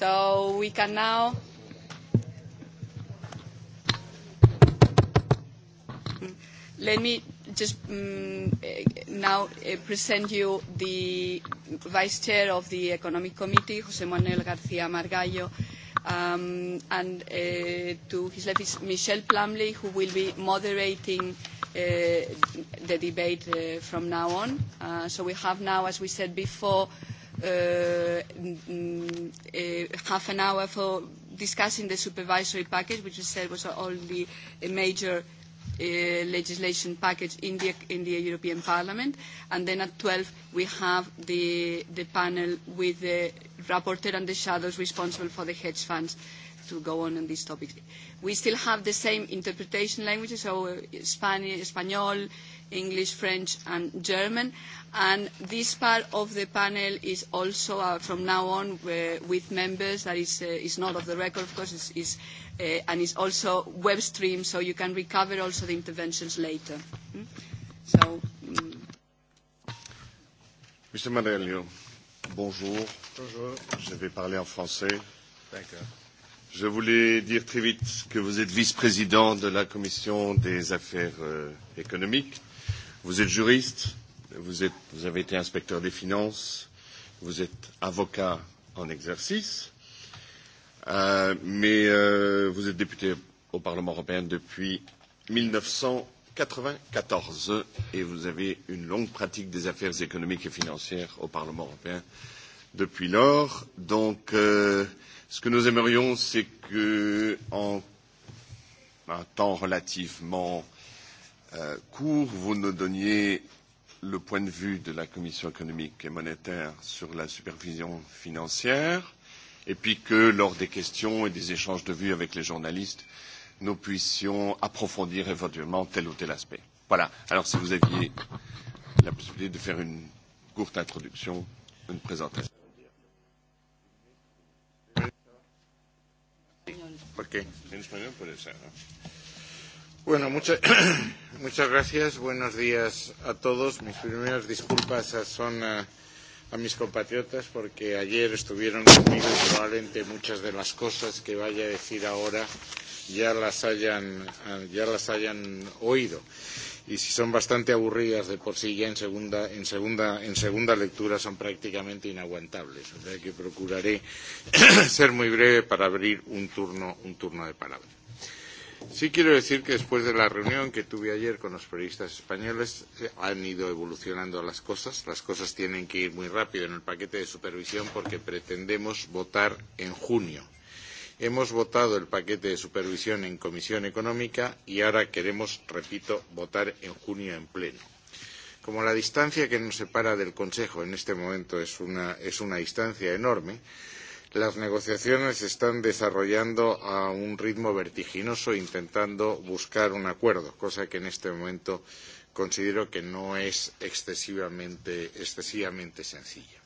So we can now let me just um, now present you the Vice Chair of the Economic Committee, José Manuel García Margallo, um, and uh, to his left is Michelle Plumley, who will be moderating uh, the debate uh, from now on. Uh, so we have now, as we said before, uh, uh half an hour for discussing the supervisory package, which we said was only a major legislation package in the, in the European Parliament. And then at 12, we have the, the panel with the rapporteur and the shadows responsible for the hedge funds to go on on these topics. We still have the same interpretation languages, so Spanish, Spanish, English, French and German. And this part of the panel is also uh, from now on uh, with members that is, uh, is not of the record, of course, is, it's, uh, and is also web streamed, so you can recover also the interventions later. Mm? So, mm. Mr. Madelio, bonjour. Bonjour. Je vais parler en français. you. Je voulais dire très vite que vous êtes vice-président de la Commission des affaires économiques Vous êtes juriste, vous, êtes, vous avez été inspecteur des finances, vous êtes avocat en exercice, euh, mais euh, vous êtes député au Parlement européen depuis 1994 et vous avez une longue pratique des affaires économiques et financières au Parlement européen depuis lors. Donc, euh, ce que nous aimerions, c'est que en un temps relativement court, vous nous donniez le point de vue de la Commission économique et monétaire sur la supervision financière, et puis que lors des questions et des échanges de vues avec les journalistes, nous puissions approfondir éventuellement tel ou tel aspect. Voilà. Alors si vous aviez la possibilité de faire une courte introduction, une présentation. Okay. en puede ser, ¿no? Bueno, muchas gracias. Buenos días a todos. Mis primeras disculpas son a, a mis compatriotas porque ayer estuvieron conmigo y probablemente muchas de las cosas que vaya a decir ahora ya las hayan, ya las hayan oído. Y si son bastante aburridas de por sí ya en segunda, en segunda, en segunda lectura son prácticamente inaguantables. O sea que procuraré ser muy breve para abrir un turno, un turno de palabra. Sí quiero decir que después de la reunión que tuve ayer con los periodistas españoles han ido evolucionando las cosas. Las cosas tienen que ir muy rápido en el paquete de supervisión porque pretendemos votar en junio. Hemos votado el paquete de supervisión en Comisión Económica y ahora queremos, repito, votar en junio en pleno. Como la distancia que nos separa del Consejo en este momento es una, distancia enorme, Las negociaciones se están desarrollando a un ritmo vertiginoso intentando buscar un acuerdo, cosa que en este momento considero que no es excesivamente, excesivamente sencilla.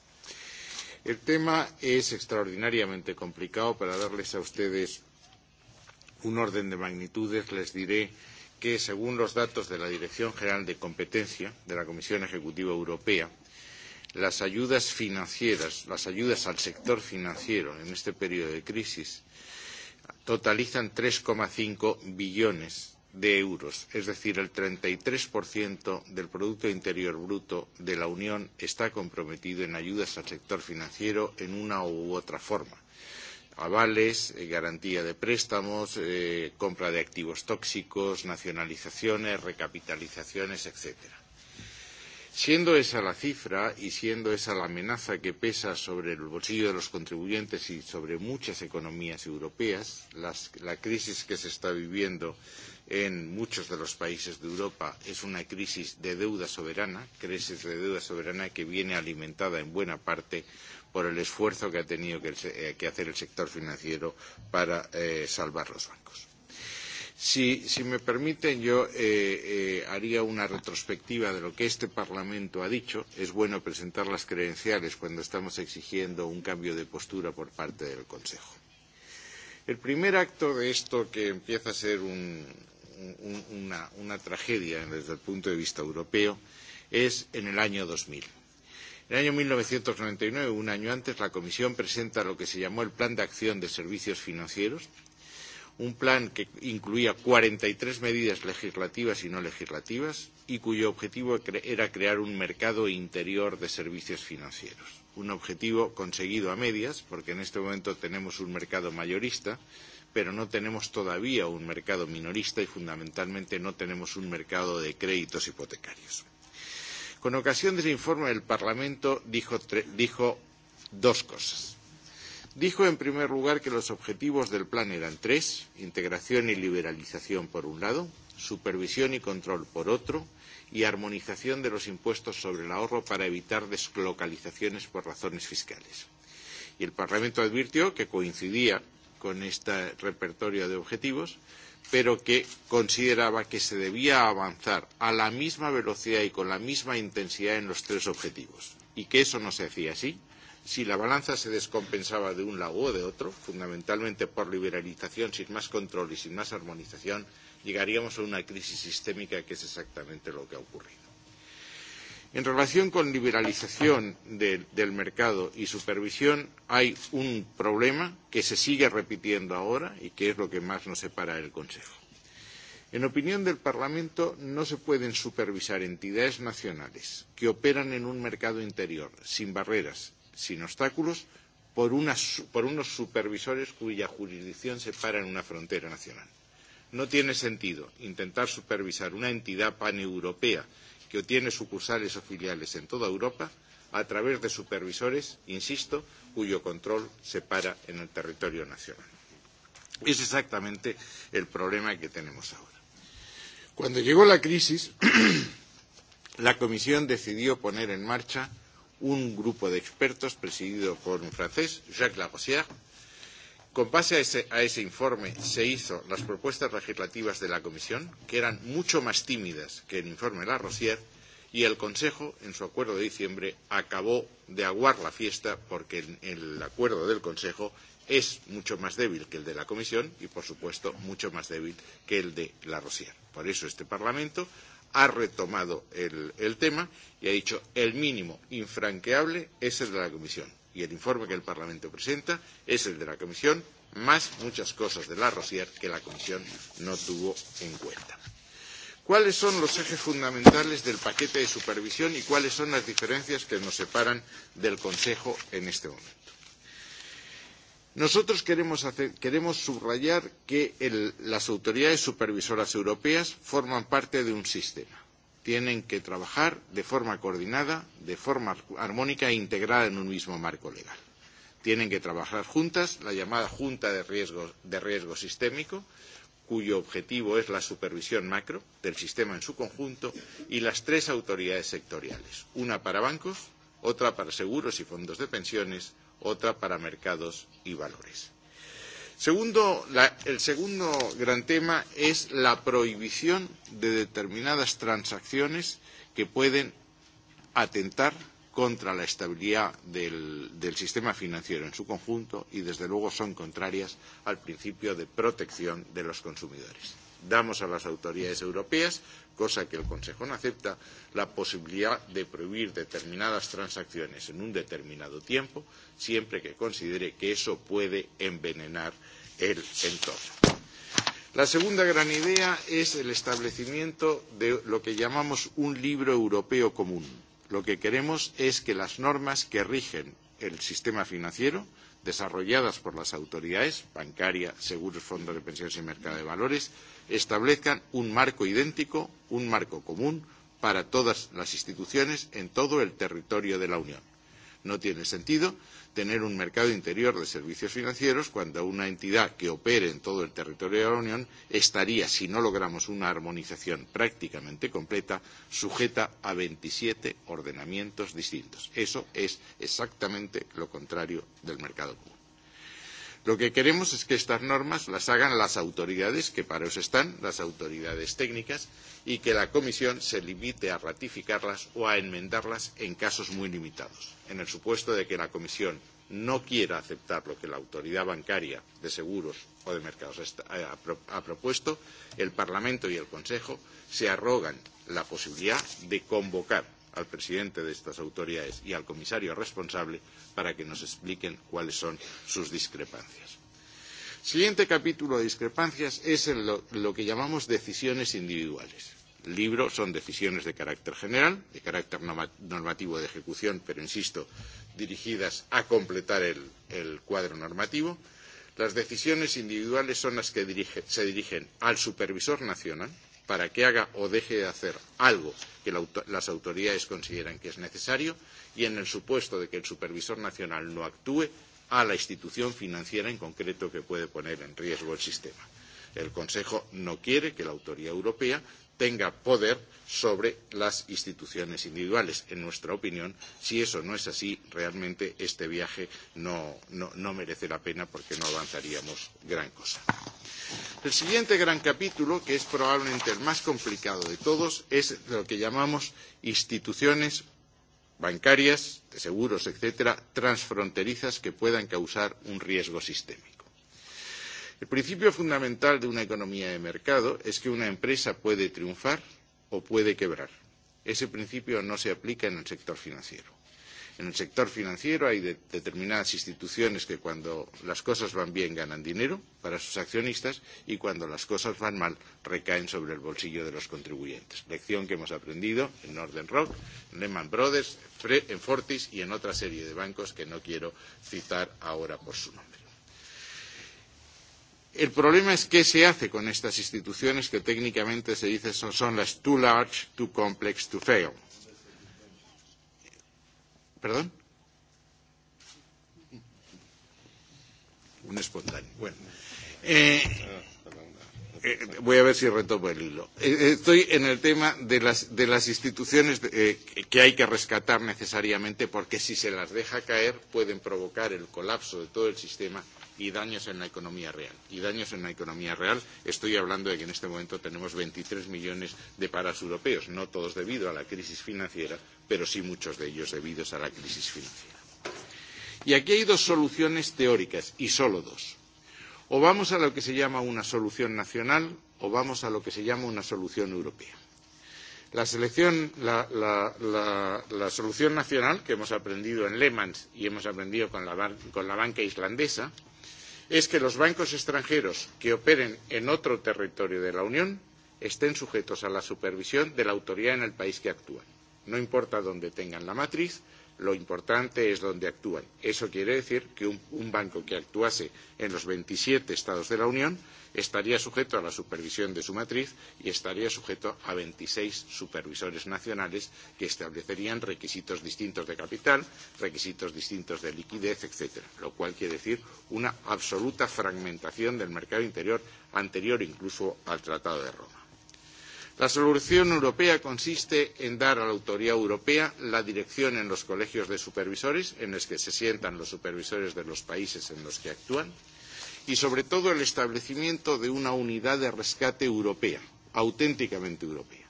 El tema es extraordinariamente complicado. Para darles a ustedes un orden de magnitudes, les diré que, según los datos de la Dirección General de Competencia de la Comisión Ejecutiva Europea, las ayudas financieras, las ayudas al sector financiero en este periodo de crisis totalizan tres cinco billones de euros, es decir, el treinta y tres del Producto Interior Bruto de la Unión está comprometido en ayudas al sector financiero en una u otra forma. Avales, garantía de préstamos, compra de activos tóxicos, nacionalizaciones, recapitalizaciones, etcétera Siendo esa la cifra y siendo esa la amenaza que pesa sobre el bolsillo de los contribuyentes y sobre muchas economías europeas, las, la crisis que se está viviendo en muchos de los países de Europa es una crisis de deuda soberana, crisis de deuda soberana que viene alimentada en buena parte por el esfuerzo que ha tenido que, hacer el sector financiero para salvar los bancos. Si, me permiten, yo haría una retrospectiva de lo que este Parlamento ha dicho. Es bueno presentar las credenciales cuando estamos exigiendo un cambio de postura por parte del Consejo. El primer acto de esto que empieza a ser una, tragedia desde el punto de vista europeo es en el año dos mil. En el año mil novecientos noventa y nueve, un año antes, la Comisión presenta lo que se llamó el Plan de Acción de Servicios Financieros, un plan que incluía 43 medidas legislativas y no legislativas y cuyo objetivo era crear un mercado interior de servicios financieros. Un objetivo conseguido a medias, porque en este momento tenemos un mercado mayorista, pero no tenemos todavía un mercado minorista y fundamentalmente no tenemos un mercado de créditos hipotecarios. Con ocasión del informe el Parlamento dijo, dijo dos cosas. Dijo, en primer lugar, que los objetivos del plan eran tres, integración y liberalización por un lado, supervisión y control por otro, y armonización de los impuestos sobre el ahorro para evitar deslocalizaciones por razones fiscales. Y el Parlamento advirtió que coincidía con este repertorio de objetivos, pero que consideraba que se debía avanzar a la misma velocidad y con la misma intensidad en los tres objetivos, y que eso no se hacía así, si la balanza se descompensaba de un lado o de otro, fundamentalmente por liberalización sin más control y sin más armonización, llegaríamos a una crisis sistémica que es exactamente lo que ha ocurrido. En relación con liberalización del mercado y supervisión, hay un problema que se sigue repitiendo ahora y que es lo que más nos separa del Consejo. En opinión del Parlamento, no se pueden supervisar entidades nacionales que operan en un mercado interior sin barreras, sin obstáculos por, unas, por unos supervisores cuya jurisdicción se para en una frontera nacional. No tiene sentido intentar supervisar una entidad paneuropea que tiene sucursales o filiales en toda Europa a través de supervisores, insisto, cuyo control se para en el territorio nacional. Es exactamente el problema que tenemos ahora. Cuando llegó la crisis, la Comisión decidió poner en marcha un grupo de expertos presidido por un francés, Jacques Lagosière. Con base a ese, a ese informe se hizo las propuestas legislativas de la Comisión, que eran mucho más tímidas que el informe Larosière, y el Consejo, en su acuerdo de diciembre, acabó de aguar la fiesta porque el, el acuerdo del Consejo es mucho más débil que el de la Comisión y, por supuesto, mucho más débil que el de la Rosier. Por eso este Parlamento ha retomado el, el tema y ha dicho el mínimo infranqueable es el de la Comisión. Y el informe que el Parlamento presenta es el de la Comisión, más muchas cosas de la Rosier que la Comisión no tuvo en cuenta. ¿Cuáles son los ejes fundamentales del paquete de supervisión y cuáles son las diferencias que nos separan del Consejo en este momento? Nosotros queremos, subrayar que las autoridades supervisoras europeas forman parte de un sistema. Tienen que trabajar de forma coordinada, de forma armónica e integrada en un mismo marco legal. Tienen que trabajar juntas, la llamada Junta de Riesgo Sistémico, cuyo objetivo es la supervisión macro del sistema en su conjunto, y las tres autoridades sectoriales, una para bancos, otra para seguros y fondos de pensiones otra para mercados y valores. Segundo, la, el segundo gran tema es la prohibición de determinadas transacciones que pueden atentar contra la estabilidad del, del sistema financiero en su conjunto y, desde luego, son contrarias al principio de protección de los consumidores damos a las autoridades europeas, cosa que el Consejo no acepta, la posibilidad de prohibir determinadas transacciones en un determinado tiempo, siempre que considere que eso puede envenenar el entorno. La segunda gran idea es el establecimiento de lo que llamamos un libro europeo común. Lo que queremos es que las normas que rigen el sistema financiero desarrolladas por las autoridades bancaria, seguros, fondos de pensiones y mercado de valores establezcan un marco idéntico, un marco común para todas las instituciones en todo el territorio de la Unión. No tiene sentido tener un mercado interior de servicios financieros cuando una entidad que opere en todo el territorio de la Unión estaría, si no logramos una armonización prácticamente completa, sujeta a veintisiete ordenamientos distintos. Eso es exactamente lo contrario del mercado común. Lo que queremos es que estas normas las hagan las autoridades, que para eso están, las autoridades técnicas, y que la Comisión se limite a ratificarlas o a enmendarlas en casos muy limitados. En el supuesto de que la Comisión no quiera aceptar lo que la autoridad bancaria de seguros o de mercados ha propuesto, el Parlamento y el Consejo se arrogan la posibilidad de convocar al presidente de estas autoridades y al comisario responsable para que nos expliquen cuáles son sus discrepancias. El Siguiente capítulo de discrepancias es lo que llamamos decisiones individuales. El libro son decisiones de carácter general, de carácter normativo de ejecución, pero insisto, dirigidas a completar el, cuadro normativo. Las decisiones individuales son las que se dirigen al supervisor nacional, para que haga o deje de hacer algo que las autoridades consideran que es necesario y en el supuesto de que el supervisor nacional no actúe a la institución financiera en concreto que puede poner en riesgo el sistema. El Consejo no quiere que la autoridad europea tenga poder sobre las instituciones individuales. En nuestra opinión, si eso no es así, realmente este viaje no, merece la pena porque no avanzaríamos gran cosa. El siguiente gran capítulo, que es probablemente el más complicado de todos, es lo que llamamos instituciones bancarias, de seguros, etcétera, transfronterizas que puedan causar un riesgo sistémico. El principio fundamental de una economía de mercado es que una empresa puede triunfar o puede quebrar. Ese principio no se aplica en el sector financiero. En el sector financiero hay determinadas instituciones que cuando las cosas van bien ganan dinero para sus accionistas y cuando las cosas van mal recaen sobre el bolsillo de los contribuyentes. Lección que hemos aprendido en Northern Rock, en Lehman Brothers, en Fortis y en otra serie de bancos que no quiero citar ahora por su nombre. El problema es qué se hace con estas instituciones que técnicamente se dice son, las too large, too complex, to fail ¿Perdón? Un espontáneo. Bueno. Eh, eh, voy a ver si retomo el hilo. Eh, estoy en el tema de las, de las instituciones eh, que hay que rescatar necesariamente porque si se las deja caer pueden provocar el colapso de todo el sistema y daños en la economía real. Y daños en la economía real, estoy hablando de que en este momento tenemos veintitrés millones de paras europeos, no todos debido a la crisis financiera, pero sí muchos de ellos debidos a la crisis financiera. Y aquí hay dos soluciones teóricas, y solo dos. O vamos a lo que se llama una solución nacional o vamos a lo que se llama una solución europea. La, selección, la, la, la, la solución nacional que hemos aprendido en Lehmann y hemos aprendido con la, con la banca islandesa es que los bancos extranjeros que operen en otro territorio de la Unión estén sujetos a la supervisión de la autoridad en el país que actúan, no importa dónde tengan la matriz, lo importante es dónde actúan. Eso quiere decir que un, banco que actuase en los veintisiete estados de la Unión estaría sujeto a la supervisión de su matriz y estaría sujeto a veintiséis supervisores nacionales que establecerían requisitos distintos de capital, requisitos distintos de liquidez, etcétera, lo cual quiere decir una absoluta fragmentación del mercado interior anterior incluso al Tratado de Roma. La solución europea consiste en dar a la autoridad europea la dirección en los colegios de supervisores, en los que se sientan los supervisores de los países en los que actúan, y sobre todo el establecimiento de una unidad de rescate europea, auténticamente europea.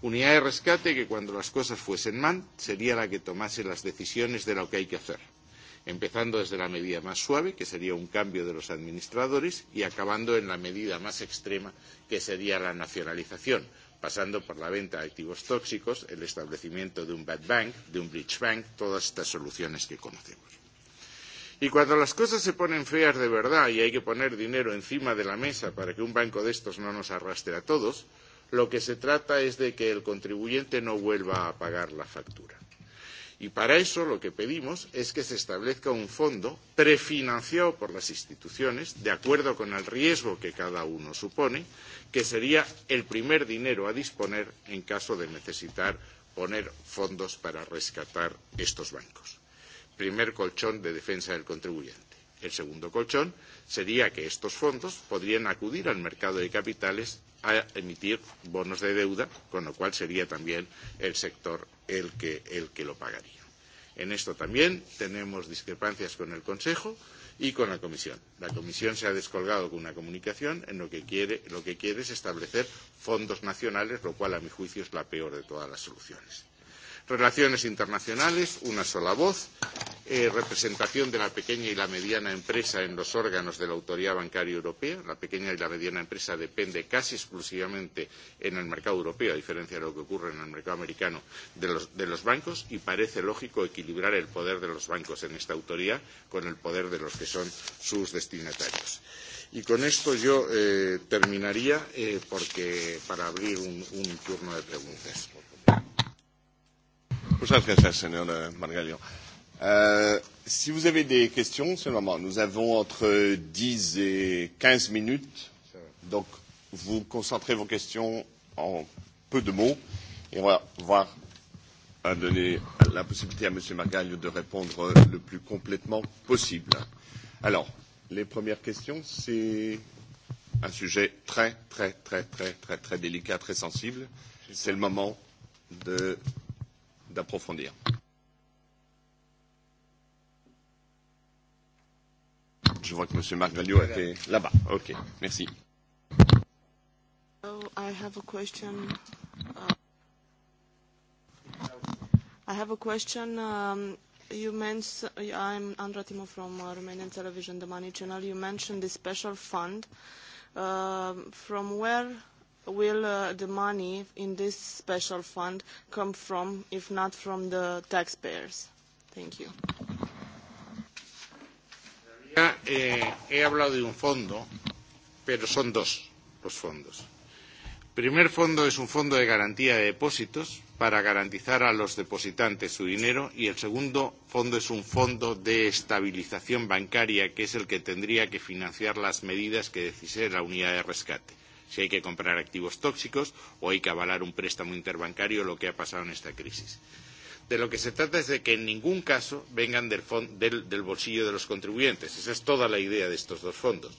Unidad de rescate que cuando las cosas fuesen mal sería la que tomase las decisiones de lo que hay que hacer empezando desde la medida más suave, que sería un cambio de los administradores, y acabando en la medida más extrema, que sería la nacionalización, pasando por la venta de activos tóxicos, el establecimiento de un bad bank, de un bridge bank, todas estas soluciones que conocemos. Y cuando las cosas se ponen feas de verdad y hay que poner dinero encima de la mesa para que un banco de estos no nos arrastre a todos, lo que se trata es de que el contribuyente no vuelva a pagar la factura. Y para eso lo que pedimos es que se establezca un fondo prefinanciado por las instituciones, de acuerdo con el riesgo que cada uno supone, que sería el primer dinero a disponer en caso de necesitar poner fondos para rescatar estos bancos. Primer colchón de defensa del contribuyente. El segundo colchón sería que estos fondos podrían acudir al mercado de capitales a emitir bonos de deuda, con lo cual sería también el sector el que, el que lo pagaría. En esto también tenemos discrepancias con el Consejo y con la Comisión. La Comisión se ha descolgado con una comunicación en lo que quiere, lo que quiere es establecer fondos nacionales, lo cual a mi juicio es la peor de todas las soluciones. Relaciones internacionales, una sola voz representación de la pequeña y la mediana empresa en los órganos de la Autoridad Bancaria Europea. La pequeña y la mediana empresa depende casi exclusivamente en el mercado europeo, a diferencia de lo que ocurre en el mercado americano, de los, bancos y parece lógico equilibrar el poder de los bancos en esta autoridad con el poder de los que son sus destinatarios. Y con esto yo terminaría porque para abrir un, turno de preguntas. Muchas gracias, señor Margallo si vous avez des questions, c'est le moment. Nous avons entre dix et quinze minutes. Donc, vous concentrez vos questions en peu de mots et on va voir à donner la possibilité à M. Margaglio de répondre le plus complètement possible. Alors, les premières questions, c'est un sujet très, très, très, très, très, très délicat, très sensible. C'est le moment d'approfondir. je vois que M. Margalio était là-bas. OK, merci. I have a question. I have a question. Um, you mentioned I'm Andra Timo from uh, Romanian Television, the Money Channel. You mentioned the special fund. Uh, from where will uh, the money in this special fund come from, if not from the taxpayers? Thank you. Ya eh, he hablado de un fondo, pero son dos los fondos. El primer fondo es un fondo de garantía de depósitos para garantizar a los depositantes su dinero y el segundo fondo es un fondo de estabilización bancaria que es el que tendría que financiar las medidas que decise la unidad de rescate. Si hay que comprar activos tóxicos o hay que avalar un préstamo interbancario, lo que ha pasado en esta crisis. De lo que se trata es de que en ningún caso vengan del, del, del bolsillo de los contribuyentes. Esa es toda la idea de estos dos fondos.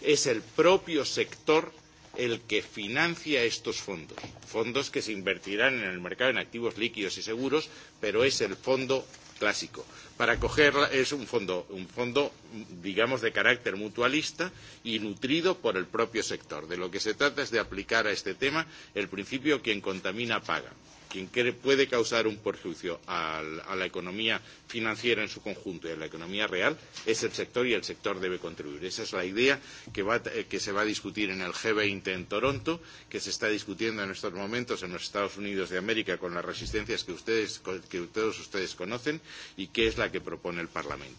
Es el propio sector el que financia estos fondos, fondos que se invertirán en el mercado en activos líquidos y seguros, pero es el fondo clásico. Para cogerla es un fondo, un fondo, digamos, de carácter mutualista y nutrido por el propio sector. De lo que se trata es de aplicar a este tema el principio quien contamina paga quien puede causar un perjuicio a la economía financiera en su conjunto y a la economía real es el sector y el sector debe contribuir. Esa es la idea que, se va a discutir en el g veinte en Toronto, que se está discutiendo en estos momentos en los Estados Unidos de América con las resistencias que, todos ustedes conocen y que es la que propone el Parlamento.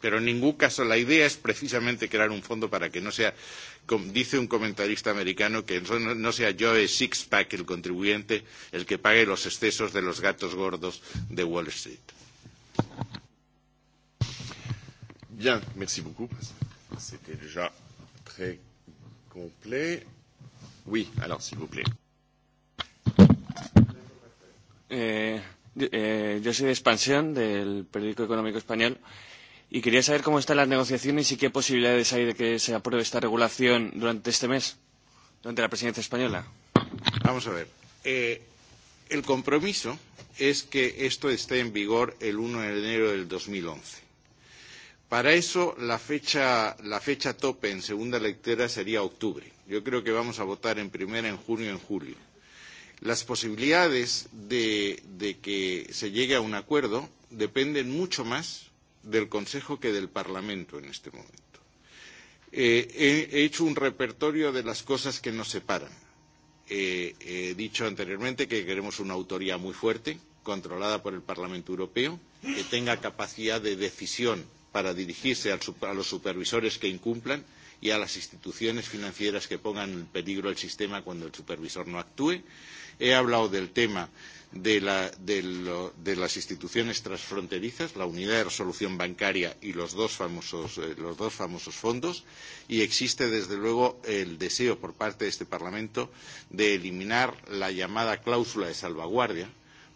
Pero en ningún caso la idea es precisamente crear un fondo para que no sea, como dice un comentarista americano, que no sea Joe Sixpack el contribuyente el que pague los excesos de los gatos gordos de Wall Street. Bien, merci beaucoup. C'était déjà très complet. Oui, alors s'il vous plaît. Eh, eh, yo soy de Expansión, del periódico económico español Y quería saber cómo están las negociaciones y qué posibilidades hay de que se apruebe esta regulación durante este mes, durante la presidencia española. Vamos a ver. Eh, el compromiso es que esto esté en vigor el 1 de enero del 2011. Para eso, la fecha, la fecha tope en segunda lectura sería octubre. Yo creo que vamos a votar en primera, en junio, en julio. Las posibilidades de, de que se llegue a un acuerdo dependen mucho más del Consejo que del Parlamento en este momento. Eh, he, he hecho un repertorio de las cosas que nos separan. Eh, he dicho anteriormente que queremos una autoría muy fuerte, controlada por el Parlamento Europeo, que tenga capacidad de decisión para dirigirse al, a los supervisores que incumplan y a las instituciones financieras que pongan en peligro el sistema cuando el supervisor no actúe. He hablado del tema de, las instituciones transfronterizas, la unidad de resolución bancaria y los dos famosos, fondos, y existe desde luego el deseo por parte de este Parlamento de eliminar la llamada cláusula de salvaguardia,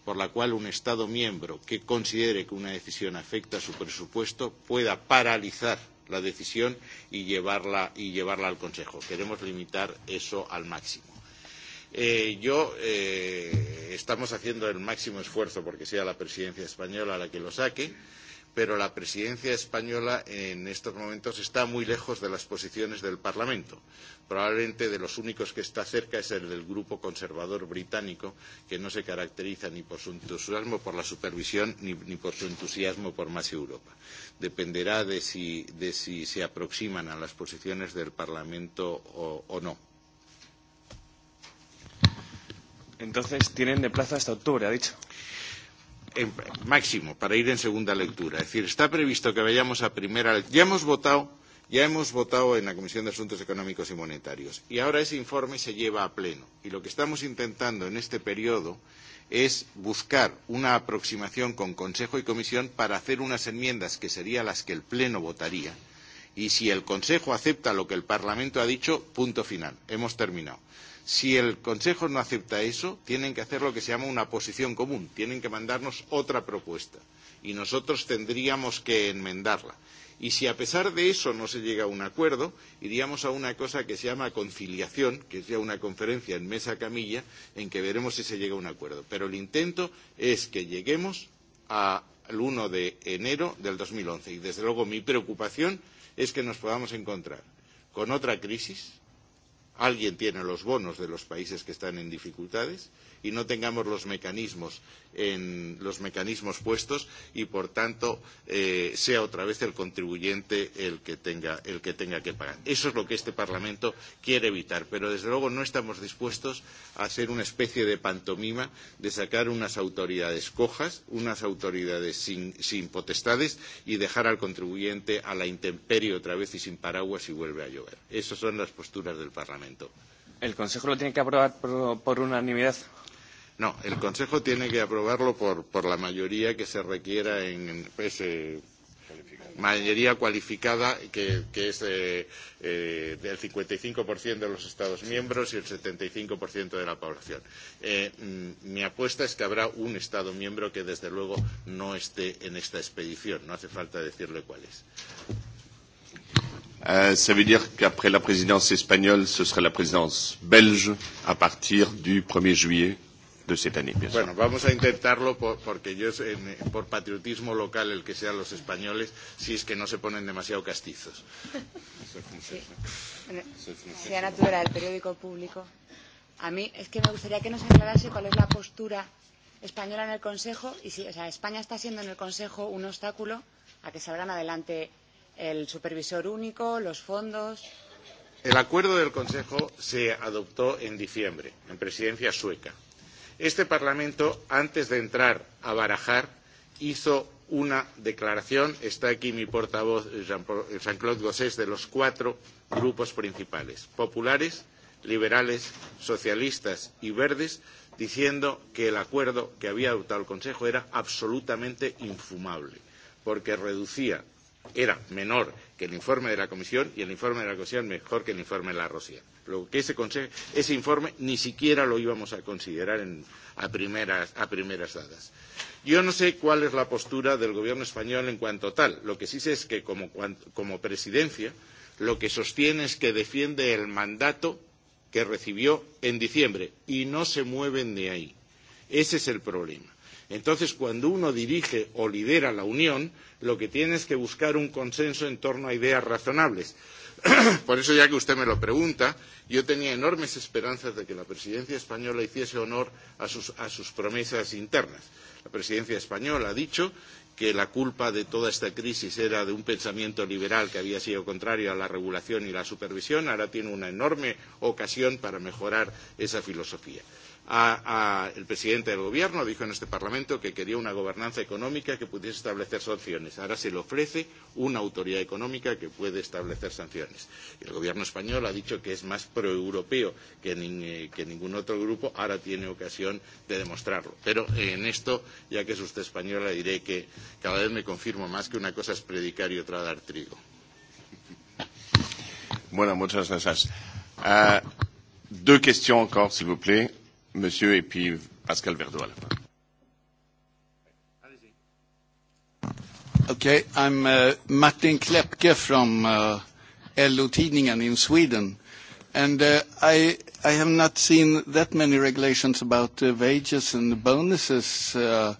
por la cual un Estado miembro que considere que una decisión afecta a su presupuesto pueda paralizar la decisión y llevarla al Consejo. Queremos limitar eso al máximo. Eh, yo eh, estamos haciendo el máximo esfuerzo porque sea la presidencia española la que lo saque, pero la presidencia española en estos momentos está muy lejos de las posiciones del Parlamento. Probablemente de los únicos que está cerca es el del grupo conservador británico, que no se caracteriza ni por su entusiasmo por la supervisión ni, ni por su entusiasmo por más Europa. Dependerá de si, de si se aproximan a las posiciones del Parlamento o, o no Entonces tienen de plazo hasta octubre, ha dicho. En, máximo, para ir en segunda lectura. Es decir, está previsto que vayamos a primera lectura. Ya hemos votado, ya hemos votado en la Comisión de Asuntos Económicos y Monetarios. Y ahora ese informe se lleva a pleno. Y lo que estamos intentando en este periodo es buscar una aproximación con Consejo y Comisión para hacer unas enmiendas que serían las que el Pleno votaría. Y si el Consejo acepta lo que el Parlamento ha dicho, punto final. Hemos terminado. Si el Consejo no acepta eso, tienen que hacer lo que se llama una posición común, tienen que mandarnos otra propuesta y nosotros tendríamos que enmendarla. Y si a pesar de eso no se llega a un acuerdo, iríamos a una cosa que se llama conciliación, que es ya una conferencia en mesa camilla, en que veremos si se llega a un acuerdo. Pero el intento es que lleguemos al 1 de enero del 2011. Y desde luego mi preocupación es que nos podamos encontrar con otra crisis, alguien tiene los bonos de los países que están en dificultades y no tengamos los mecanismos en los mecanismos puestos y por tanto eh, sea otra vez el contribuyente el que, tenga, el que tenga que pagar. Eso es lo que este Parlamento quiere evitar, pero desde luego no estamos dispuestos a hacer una especie de pantomima de sacar unas autoridades cojas, unas autoridades sin, sin potestades y dejar al contribuyente a la intemperie otra vez y sin paraguas y vuelve a llover. Esas son las posturas del Parlamento. El Consejo lo tiene que aprobar por, por unanimidad. No, el Consejo tiene que aprobarlo por, por la mayoría que se requiera en, pues, eh, mayoría cualificada que, que es eh, eh, del 55% de los Estados miembros y el 75% de la población. Eh, mi apuesta es que habrá un Estado miembro que desde luego no esté en esta expedición. No hace falta decirle cuál es. Euh, ça veut dire qu'après la présidence espagnole, ce sera la présidence belge à partir du 1er juillet de siete année, Bueno, vamos a intentarlo por, porque yo, en, por patriotismo local, el que sean los españoles, si es que no se ponen demasiado castizos. Sí. Bueno, sea natural, el periódico público. A mí es que me gustaría que nos aclarase cuál es la postura española en el Consejo y si o sea, España está siendo en el Consejo un obstáculo a que salgan adelante el supervisor único, los fondos. El acuerdo del Consejo se adoptó en diciembre, en presidencia sueca Este Parlamento, antes de entrar a barajar, hizo una declaración. Está aquí mi portavoz, Jean-Claude Gosset de los cuatro grupos principales, populares, liberales, socialistas y verdes, diciendo que el acuerdo que había adoptado el Consejo era absolutamente infumable, porque reducía, era menor que el informe de la Comisión y el informe de la Comisión mejor que el informe de la Rosia. Lo que ese, ese informe ni siquiera lo íbamos a considerar en, a, primeras, a primeras dadas. Yo no sé cuál es la postura del Gobierno español en cuanto a tal. Lo que sí sé es que como, como presidencia lo que sostiene es que defiende el mandato que recibió en diciembre y no se mueven de ahí. Ese es el problema. Entonces, cuando uno dirige o lidera la Unión, lo que tiene es que buscar un consenso en torno a ideas razonables. Por eso, ya que usted me lo pregunta, yo tenía enormes esperanzas de que la presidencia española hiciese honor a sus, promesas internas. La presidencia española ha dicho que la culpa de toda esta crisis era de un pensamiento liberal que había sido contrario a la regulación y la supervisión. Ahora tiene una enorme ocasión para mejorar esa filosofía el presidente del gobierno dijo en este Parlamento que quería una gobernanza económica que pudiese establecer sanciones. Ahora se le ofrece una autoridad económica que puede establecer sanciones. El gobierno español ha dicho que es más proeuropeo que, ningún otro grupo. Ahora tiene ocasión de demostrarlo. Pero en esto, ya que es usted española, diré que cada vez me confirmo más que una cosa es predicar y otra dar trigo. Bueno, muchas gracias. questions encore, s'il vous plaît monsieur et puis Pascal Verdeau à la fin. Okay, I'm uh, Martin Klepke from uh, LO-Tidningen in Sweden. And uh, I, I have not seen that many regulations about uh, wages and bonuses. Uh,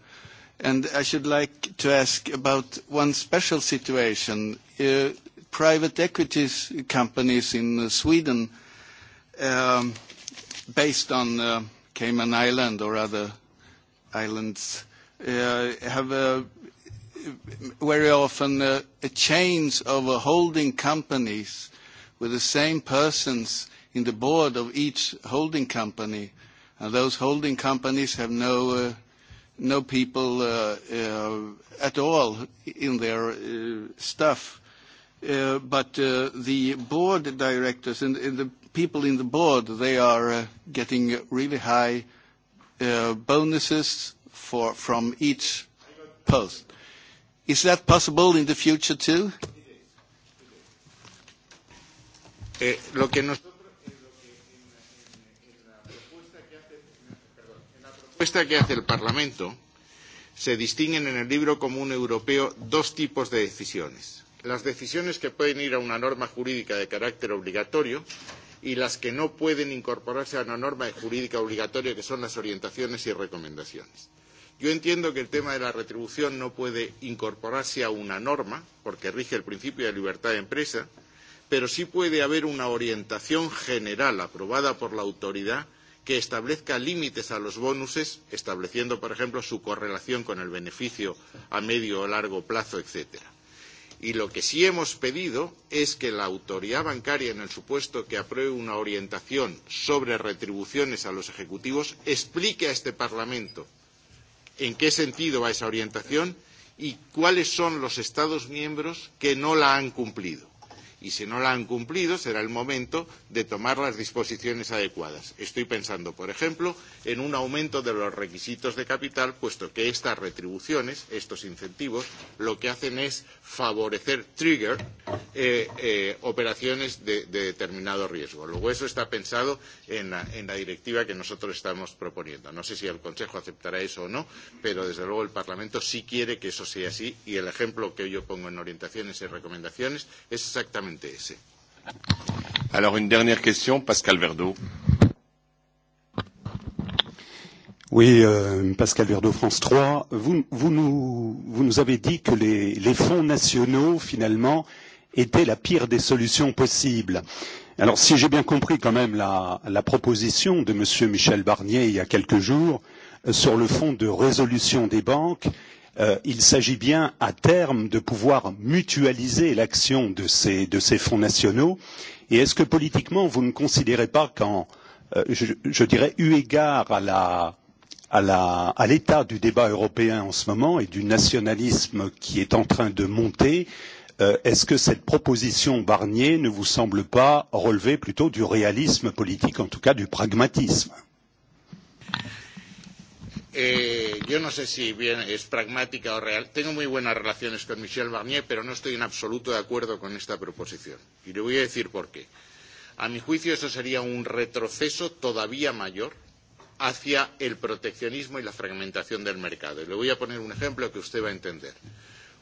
and I should like to ask about one special situation. Uh, private equity companies in Sweden um, based on uh, Cayman Island or other islands uh, have a, very often a, a change of holding companies with the same persons in the board of each holding company. And those holding companies have no, uh, no people uh, uh, at all in their uh, stuff. Uh, but uh, the board directors and, and the people in the board, they are getting really high bonuses for from each post. Is that possible in the future too? Lo que nos propuesta que hace el Parlamento se distinguen en el libro común europeo dos tipos de decisiones. Las decisiones que pueden ir a una norma jurídica de carácter obligatorio, y las que no pueden incorporarse a una norma jurídica obligatoria, que son las orientaciones y recomendaciones. Yo entiendo que el tema de la retribución no puede incorporarse a una norma, porque rige el principio de libertad de empresa, pero sí puede haber una orientación general aprobada por la autoridad que establezca límites a los bonuses, estableciendo, por ejemplo, su correlación con el beneficio a medio o largo plazo, etcétera. Y lo que sí hemos pedido es que la autoridad bancaria, en el supuesto que apruebe una orientación sobre retribuciones a los ejecutivos, explique a este Parlamento en qué sentido va esa orientación y cuáles son los Estados miembros que no la han cumplido y si no la han cumplido será el momento de tomar las disposiciones adecuadas. Estoy pensando, por ejemplo, en un aumento de los requisitos de capital, puesto que estas retribuciones, estos incentivos, lo que hacen es favorecer trigger eh, eh, operaciones de, de determinado riesgo. Luego eso está pensado en la, en la directiva que nosotros estamos proponiendo. No sé si el Consejo aceptará eso o no, pero desde luego el Parlamento sí quiere que eso sea así y el ejemplo que yo pongo en orientaciones y recomendaciones es exactamente MTS. Alors une dernière question, Pascal Verdeau. Oui, euh, Pascal Verdeau, France 3. Vous, vous, nous, vous nous avez dit que les, les fonds nationaux, finalement, étaient la pire des solutions possibles. Alors, si j'ai bien compris quand même la, la proposition de M. Michel Barnier il y a quelques jours euh, sur le fonds de résolution des banques, euh, il s'agit bien à terme de pouvoir mutualiser l'action de ces, fonds nationaux et est-ce que politiquement vous ne considérez pas qu'en je, dirais eu égard à l'état du débat européen en ce moment et du nationalisme qui est en train de monter est-ce que cette proposition Barnier ne vous semble pas relever plutôt du réalisme politique, en tout cas du pragmatisme Eh, yo no sé si bien es pragmática o real. Tengo muy buenas relaciones con Michel Barnier, pero no estoy en absoluto de acuerdo con esta proposición. Y le voy a decir por qué. A mi juicio, eso sería un retroceso todavía mayor hacia el proteccionismo y la fragmentación del mercado. Y le voy a poner un ejemplo que usted va a entender.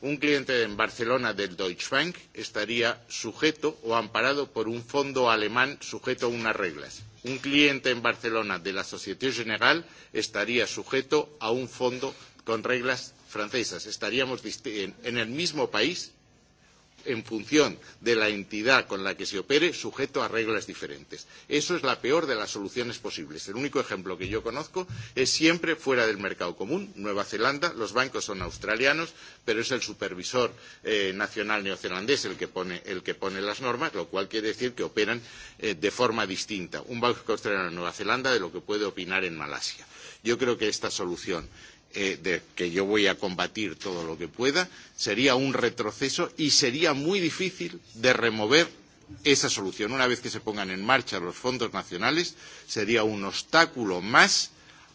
Un cliente en Barcelona del Deutsche Bank estaría sujeto o amparado por un fondo alemán sujeto a unas reglas un cliente en Barcelona de la Société Générale estaría sujeto a un fondo con reglas francesas. Estaríamos en el mismo país en función de la entidad con la que se opere, sujeto a reglas diferentes. Eso es la peor de las soluciones posibles. El único ejemplo que yo conozco es siempre fuera del mercado común, Nueva Zelanda, los bancos son australianos, pero es el supervisor eh, nacional neozelandés el que, pone, el que pone las normas, lo cual quiere decir que operan eh, de forma distinta un banco australiano en Nueva Zelanda de lo que puede opinar en Malasia. Yo creo que esta solución eh, de, que yo voy a combatir todo lo que pueda, sería un retroceso y sería muy difícil de remover esa solución. Una vez que se pongan en marcha los fondos nacionales, sería un obstáculo más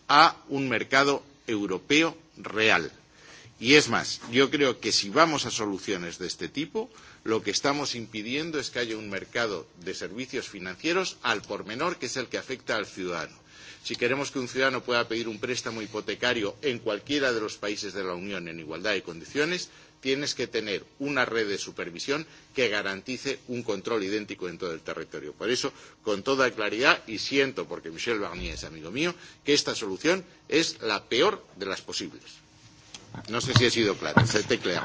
a un mercado europeo real. Y es más, yo creo que si vamos a soluciones de este tipo, lo que estamos impidiendo es que haya un mercado de servicios financieros al por menor, que es el que afecta al ciudadano Si queremos que un ciudadano pueda pedir un préstamo hipotecario en cualquiera de los países de la Unión en igualdad de condiciones, tienes que tener una red de supervisión que garantice un control idéntico en todo el territorio. Por eso, con toda claridad, y siento, porque Michel Barnier es amigo mío, que esta solución es la peor de las posibles. No sé si he sido claro. C'était clair.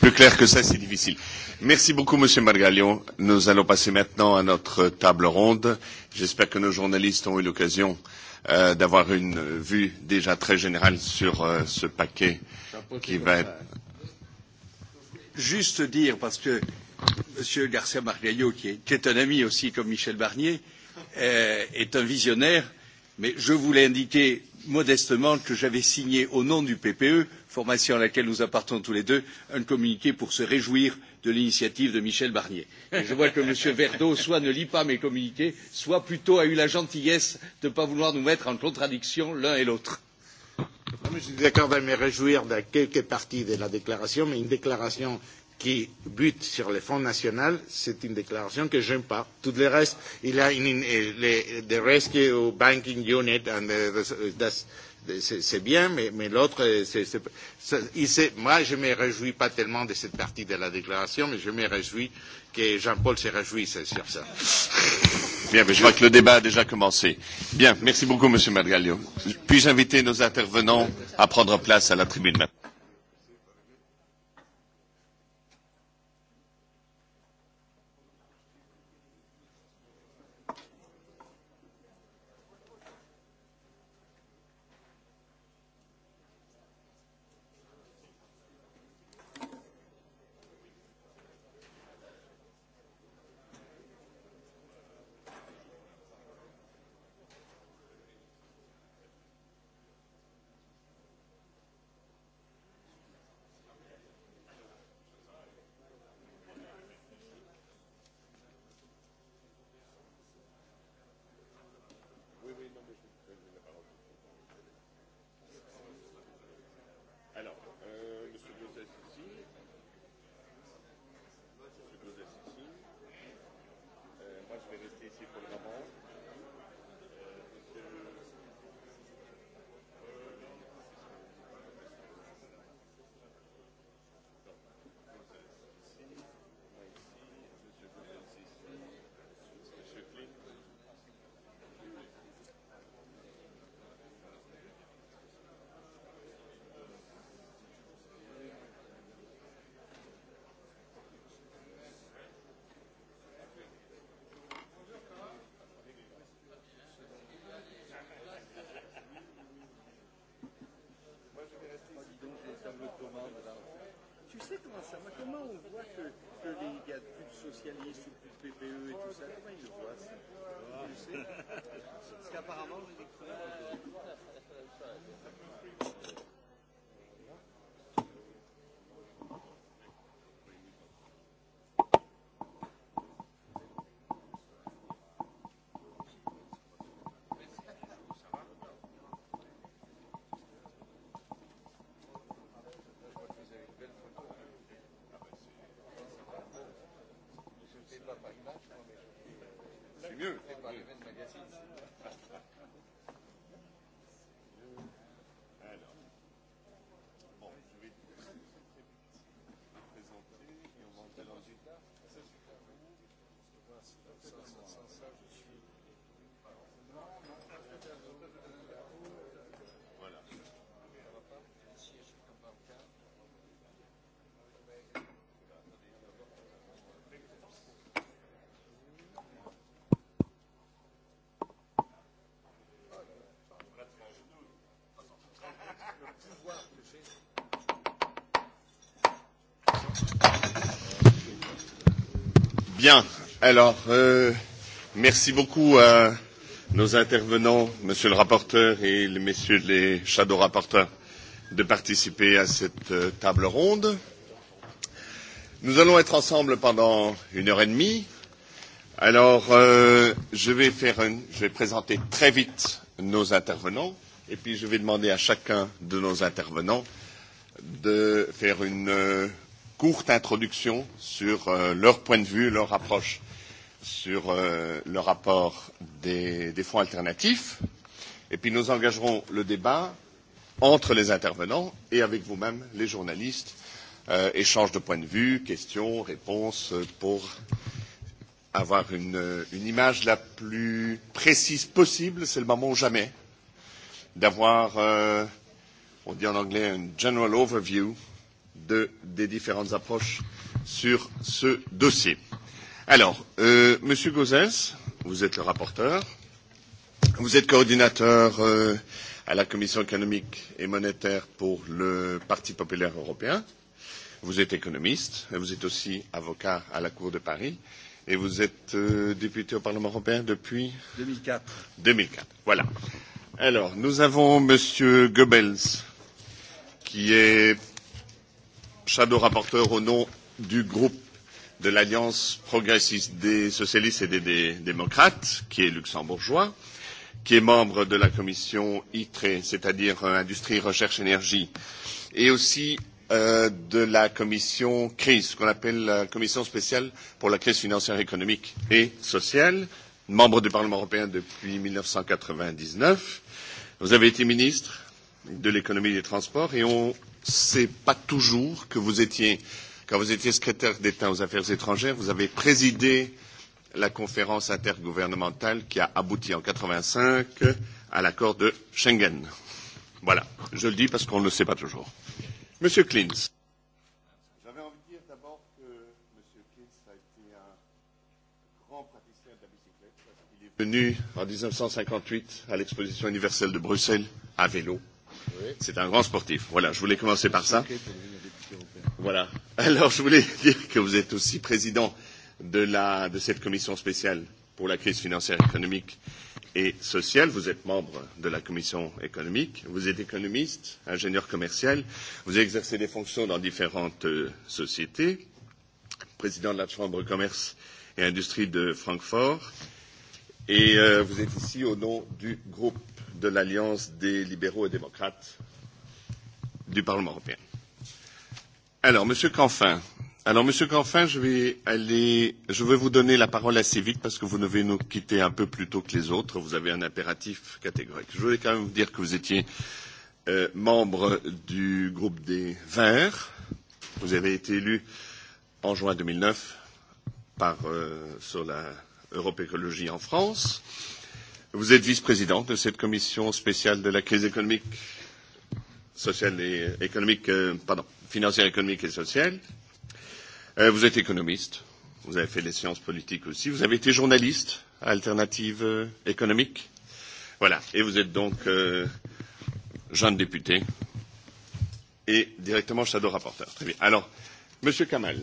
Plus clair que ça, c'est difficile. Merci beaucoup, Monsieur Margalion. Nous allons passer maintenant à notre table ronde. J'espère que nos journalistes ont eu l'occasion euh, d'avoir une vue déjà très générale sur euh, ce paquet qui va être. Juste dire, parce que Monsieur Garcia Margallo, qui est, qui est un ami aussi comme Michel Barnier, euh, est un visionnaire, mais je voulais indiquer modestement que j'avais signé au nom du PPE formation à laquelle nous appartenons tous les deux, un communiqué pour se réjouir de l'initiative de Michel Barnier. je vois que M. Verdot soit ne lit pas mes communiqués, soit plutôt a eu la gentillesse de ne pas vouloir nous mettre en contradiction l'un et l'autre. Je suis d'accord de me réjouir de quelques parties de la déclaration, mais une déclaration qui bute sur le Fonds national, c'est une déclaration que je n'aime pas. Tout le reste, il y a une, the rescue banking unit and the, the, c'est bien, mais, mais l'autre, moi, je ne me réjouis pas tellement de cette partie de la déclaration, mais je me réjouis que Jean-Paul se réjouisse sur ça. Bien, mais je vois que le débat a déjà commencé. Bien, merci beaucoup, Monsieur Madgalio. Puis-je inviter nos intervenants à prendre place à la tribune maintenant ça. va comment on voit que, que les, il y a plus de socialistes ou plus de PPE et tout ça Comment ils le voient ça Parce qu'apparemment, j'ai des Bien. Alors, euh, merci beaucoup à nos intervenants, Monsieur le rapporteur et les messieurs les shadow rapporteurs, de participer à cette euh, table ronde. Nous allons être ensemble pendant une heure et demie. Alors, euh, je, vais faire une, je vais présenter très vite nos intervenants et puis je vais demander à chacun de nos intervenants de faire une courte introduction sur euh, leur point de vue, leur approche sur euh, le rapport des, des fonds alternatifs. Et puis nous engagerons le débat entre les intervenants et avec vous-même, les journalistes, euh, échange de points de vue, questions, réponses, pour avoir une, une image la plus précise possible. C'est le moment ou jamais d'avoir, euh, on dit en anglais, une general overview des différentes approches sur ce dossier. Alors, euh, Monsieur Gauzès, vous êtes le rapporteur, vous êtes coordinateur euh, à la Commission économique et monétaire pour le Parti populaire européen. Vous êtes économiste, et vous êtes aussi avocat à la Cour de Paris et vous êtes euh, député au Parlement européen depuis 2004. 2004, voilà. Alors, nous avons Monsieur Goebbels qui est shadow rapporteur au nom du groupe de l'Alliance progressiste des socialistes et des, démocrates, qui est luxembourgeois, qui est membre de la commission ITRE, c'est-à-dire Industrie, Recherche, Énergie, et aussi de la commission crise, qu'on appelle la commission spéciale pour la crise financière, économique et sociale, membre du Parlement européen depuis mille neuf cent quatre-vingt-dix-neuf. Vous avez été ministre de l'économie des transports et on ne sait pas toujours que vous étiez, quand vous étiez secrétaire d'État aux affaires étrangères, vous avez présidé la conférence intergouvernementale qui a abouti en 85 à l'accord de Schengen. Voilà, je le dis parce qu'on ne le sait pas toujours. Monsieur Klins. J'avais envie de dire d'abord que Monsieur Klintz a été un grand praticien de la bicyclette. Il est venu en 1958 à l'exposition universelle de Bruxelles à vélo C'est un grand sportif. Voilà, je voulais commencer par ça. Voilà. Alors, je voulais dire que vous êtes aussi président de, la, de cette commission spéciale pour la crise financière, économique et sociale. Vous êtes membre de la commission économique. Vous êtes économiste, ingénieur commercial. Vous exercez des fonctions dans différentes euh, sociétés. Président de la Chambre de commerce et industrie de Francfort. Et euh, vous êtes ici au nom du groupe de l'Alliance des libéraux et démocrates du Parlement européen. Alors, Monsieur Canfin. Alors, Monsieur Canfin, je vais aller, je vais vous donner la parole assez vite parce que vous devez nous quitter un peu plus tôt que les autres. Vous avez un impératif catégorique. Je voulais quand même vous dire que vous étiez euh, membre du groupe des Verts. Vous avez été élu en juin 2009 par, euh, sur la Europe Écologie en France. Euh, Vous êtes vice-présidente de cette commission spéciale de la crise économique, sociale et économique, euh, pardon, financière, économique et sociale. Euh, vous êtes économiste. Vous avez fait des sciences politiques aussi. Vous avez été journaliste à Alternative euh, économique. Voilà. Et vous êtes donc euh, jeune député et directement shadow rapporteur. Très bien. Alors, Monsieur Kamal,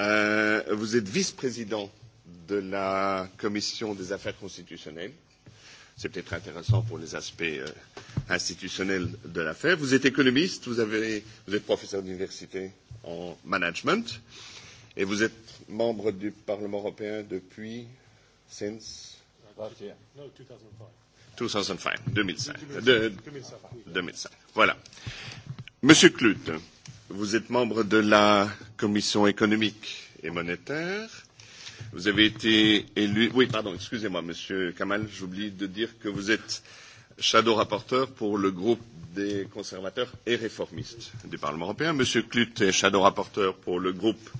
euh, vous êtes vice-président de la commission des affaires constitutionnelles. C'est peut-être intéressant pour les aspects institutionnels de l'affaire. Vous êtes économiste, vous, avez, vous êtes professeur d'université en management et vous êtes membre du Parlement européen depuis since last year. No, 2005. 2005, 2005. 2005. 2005. Voilà. Monsieur Clute, vous êtes membre de la commission économique et monétaire Vous avez été élu. Oui, pardon, excusez-moi, Monsieur Kamal, j'oublie de dire que vous êtes shadow rapporteur pour le groupe des conservateurs et réformistes du Parlement européen. Monsieur Clut est shadow rapporteur pour le groupe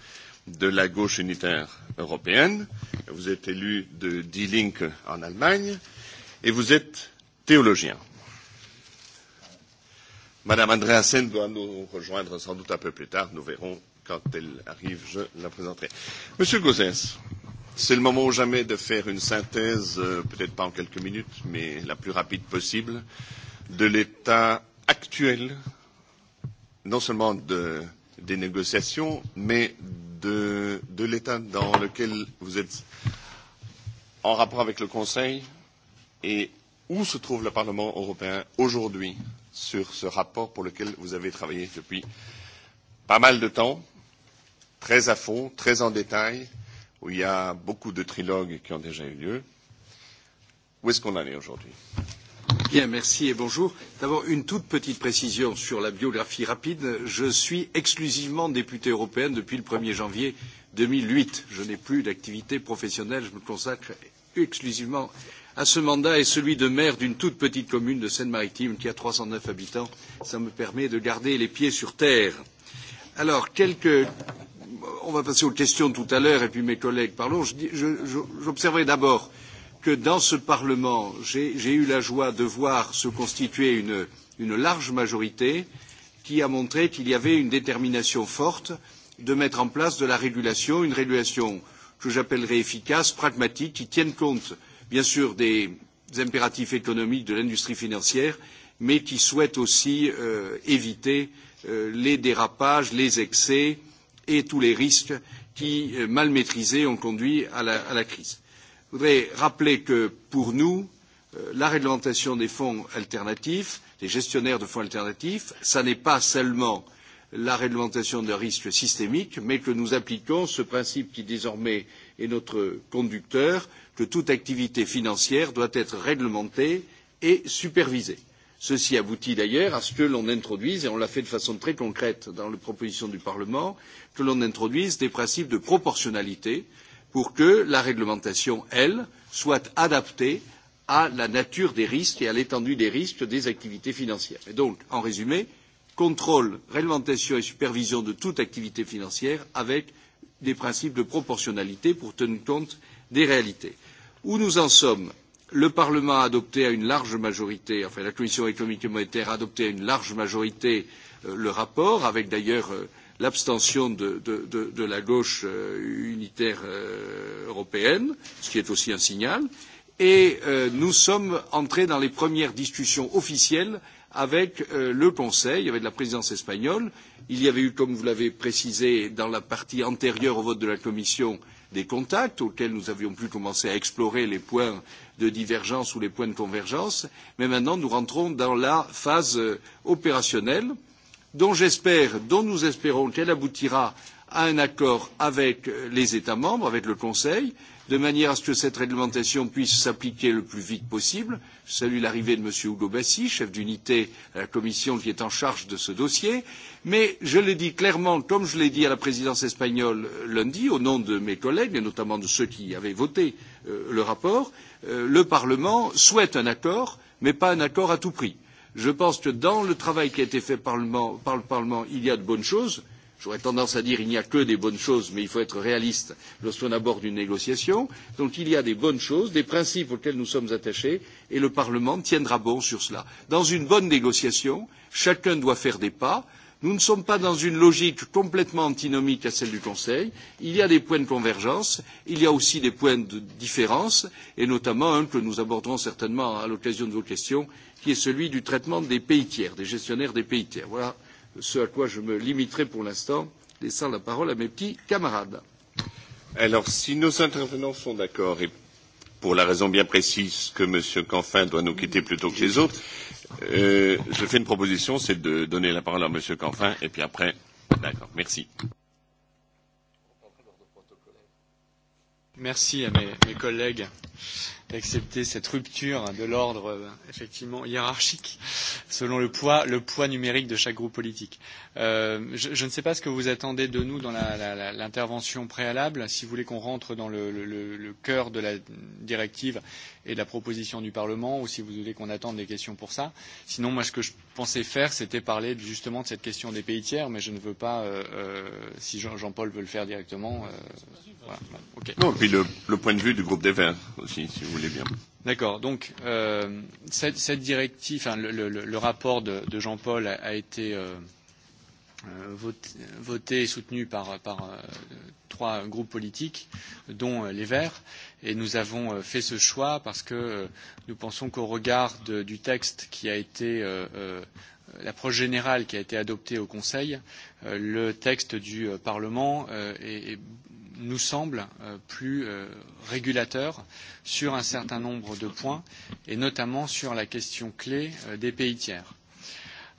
de la gauche unitaire européenne. Vous êtes élu de Die Linke en Allemagne et vous êtes théologien. Madame Andreasen doit nous rejoindre sans doute un peu plus tard. Nous verrons quand elle arrive. Je la présenterai. Monsieur Gauzès, C'est le moment ou jamais de faire une synthèse, peut-être pas en quelques minutes, mais la plus rapide possible, de l'état actuel, non seulement de, des négociations, mais de, de l'état dans lequel vous êtes en rapport avec le Conseil et où se trouve le Parlement européen aujourd'hui sur ce rapport pour lequel vous avez travaillé depuis pas mal de temps, très à fond, très en détail, où il y a beaucoup de trilogues qui ont déjà eu lieu. Où est-ce qu'on en est aujourd'hui Bien, merci et bonjour. D'abord, une toute petite précision sur la biographie rapide. Je suis exclusivement député européen depuis le 1er janvier 2008. Je n'ai plus d'activité professionnelle. Je me consacre exclusivement à ce mandat et celui de maire d'une toute petite commune de Seine-Maritime qui a trois cent neuf habitants. Cela me permet de garder les pieds sur terre. Alors, quelques on va passer aux questions tout à l'heure, et puis mes collègues parlons. J'observerai d'abord que dans ce Parlement, j'ai eu la joie de voir se constituer une, large majorité qui a montré qu'il y avait une détermination forte de mettre en place de la régulation, une régulation que j'appellerais efficace, pragmatique, qui tienne compte, bien sûr, des impératifs économiques de l'industrie financière, mais qui souhaite aussi éviter les dérapages, les excès, euh, et tous les risques qui, mal maîtrisés, ont conduit à la, crise. Je voudrais rappeler que pour nous, la réglementation des fonds alternatifs, des gestionnaires de fonds alternatifs, ce n'est pas seulement la réglementation d'un risque systémique, mais que nous appliquons ce principe qui désormais est notre conducteur, que toute activité financière doit être réglementée et supervisée. Ceci aboutit d'ailleurs à ce que l'on introduise, et on l'a fait de façon très concrète dans la proposition du Parlement, que l'on introduise des principes de proportionnalité pour que la réglementation, elle, soit adaptée à la nature des risques et à l'étendue des risques des activités financières. Et donc, en résumé, contrôle, réglementation et supervision de toute activité financière avec des principes de proportionnalité pour tenir compte des réalités. Où nous en sommes le Parlement a adopté à une large majorité, enfin la Commission économique et monétaire a adopté à une large majorité le rapport, avec d'ailleurs l'abstention de, la gauche unitaire européenne, ce qui est aussi un signal. Et nous sommes entrés dans les premières discussions officielles avec le Conseil, avec la présidence espagnole. Il y avait eu, comme vous l'avez précisé dans la partie antérieure au vote de la Commission, des contacts auxquels nous avions pu commencer à explorer les points de divergence ou les points de convergence, mais maintenant nous rentrons dans la phase opérationnelle dont j'espère, dont nous espérons qu'elle aboutira à un accord avec les États membres, avec le Conseil, de manière à ce que cette réglementation puisse s'appliquer le plus vite possible. Je salue l'arrivée de M. Hugo Bassi, chef d'unité à la Commission qui est en charge de ce dossier. Mais je le dis clairement, comme je l'ai dit à la présidence espagnole lundi, au nom de mes collègues, et notamment de ceux qui avaient voté le rapport, le Parlement souhaite un accord, mais pas un accord à tout prix. Je pense que dans le travail qui a été fait par le Parlement, il y a de bonnes choses J'aurais tendance à dire qu'il n'y a que des bonnes choses, mais il faut être réaliste lorsqu'on aborde une négociation. Donc il y a des bonnes choses, des principes auxquels nous sommes attachés, et le Parlement tiendra bon sur cela. Dans une bonne négociation, chacun doit faire des pas. Nous ne sommes pas dans une logique complètement antinomique à celle du Conseil. Il y a des points de convergence, il y a aussi des points de différence, et notamment un que nous aborderons certainement à l'occasion de vos questions, qui est celui du traitement des pays tiers, des gestionnaires des pays tiers. Voilà ce à quoi je me limiterai pour l'instant, laissant la parole à mes petits camarades. Alors, si nos intervenants sont d'accord, et pour la raison bien précise que M. Canfin doit nous quitter plus tôt que les autres, euh, je fais une proposition, c'est de donner la parole à M. Canfin, et puis après, d'accord, merci. Merci à mes, mes collègues d'accepter cette rupture de l'ordre effectivement hiérarchique selon le poids, le poids numérique de chaque groupe politique. Euh, je, je ne sais pas ce que vous attendez de nous dans l'intervention préalable. Si vous voulez qu'on rentre dans le, le, le cœur de la directive et de la proposition du Parlement, ou si vous voulez qu'on attende des questions pour ça. Sinon, moi, ce que je pensais faire, c'était parler justement de cette question des pays tiers, mais je ne veux pas, euh, si Jean-Paul veut le faire directement. Euh, voilà. okay. Non, et puis le, le point de vue du groupe des Verts aussi, si vous voulez voulez bien. D'accord. Donc, euh, cette, cette directive, enfin, le, le, le rapport de, de Jean-Paul a, a été euh, voté, voté et soutenu par, par euh, trois groupes politiques, dont euh, les Verts. Et nous avons euh, fait ce choix parce que euh, nous pensons qu'au regard de, du texte qui a été euh, euh, l'approche générale qui a été adoptée au Conseil, le texte du Parlement est, nous semble plus régulateur sur un certain nombre de points, et notamment sur la question clé des pays tiers.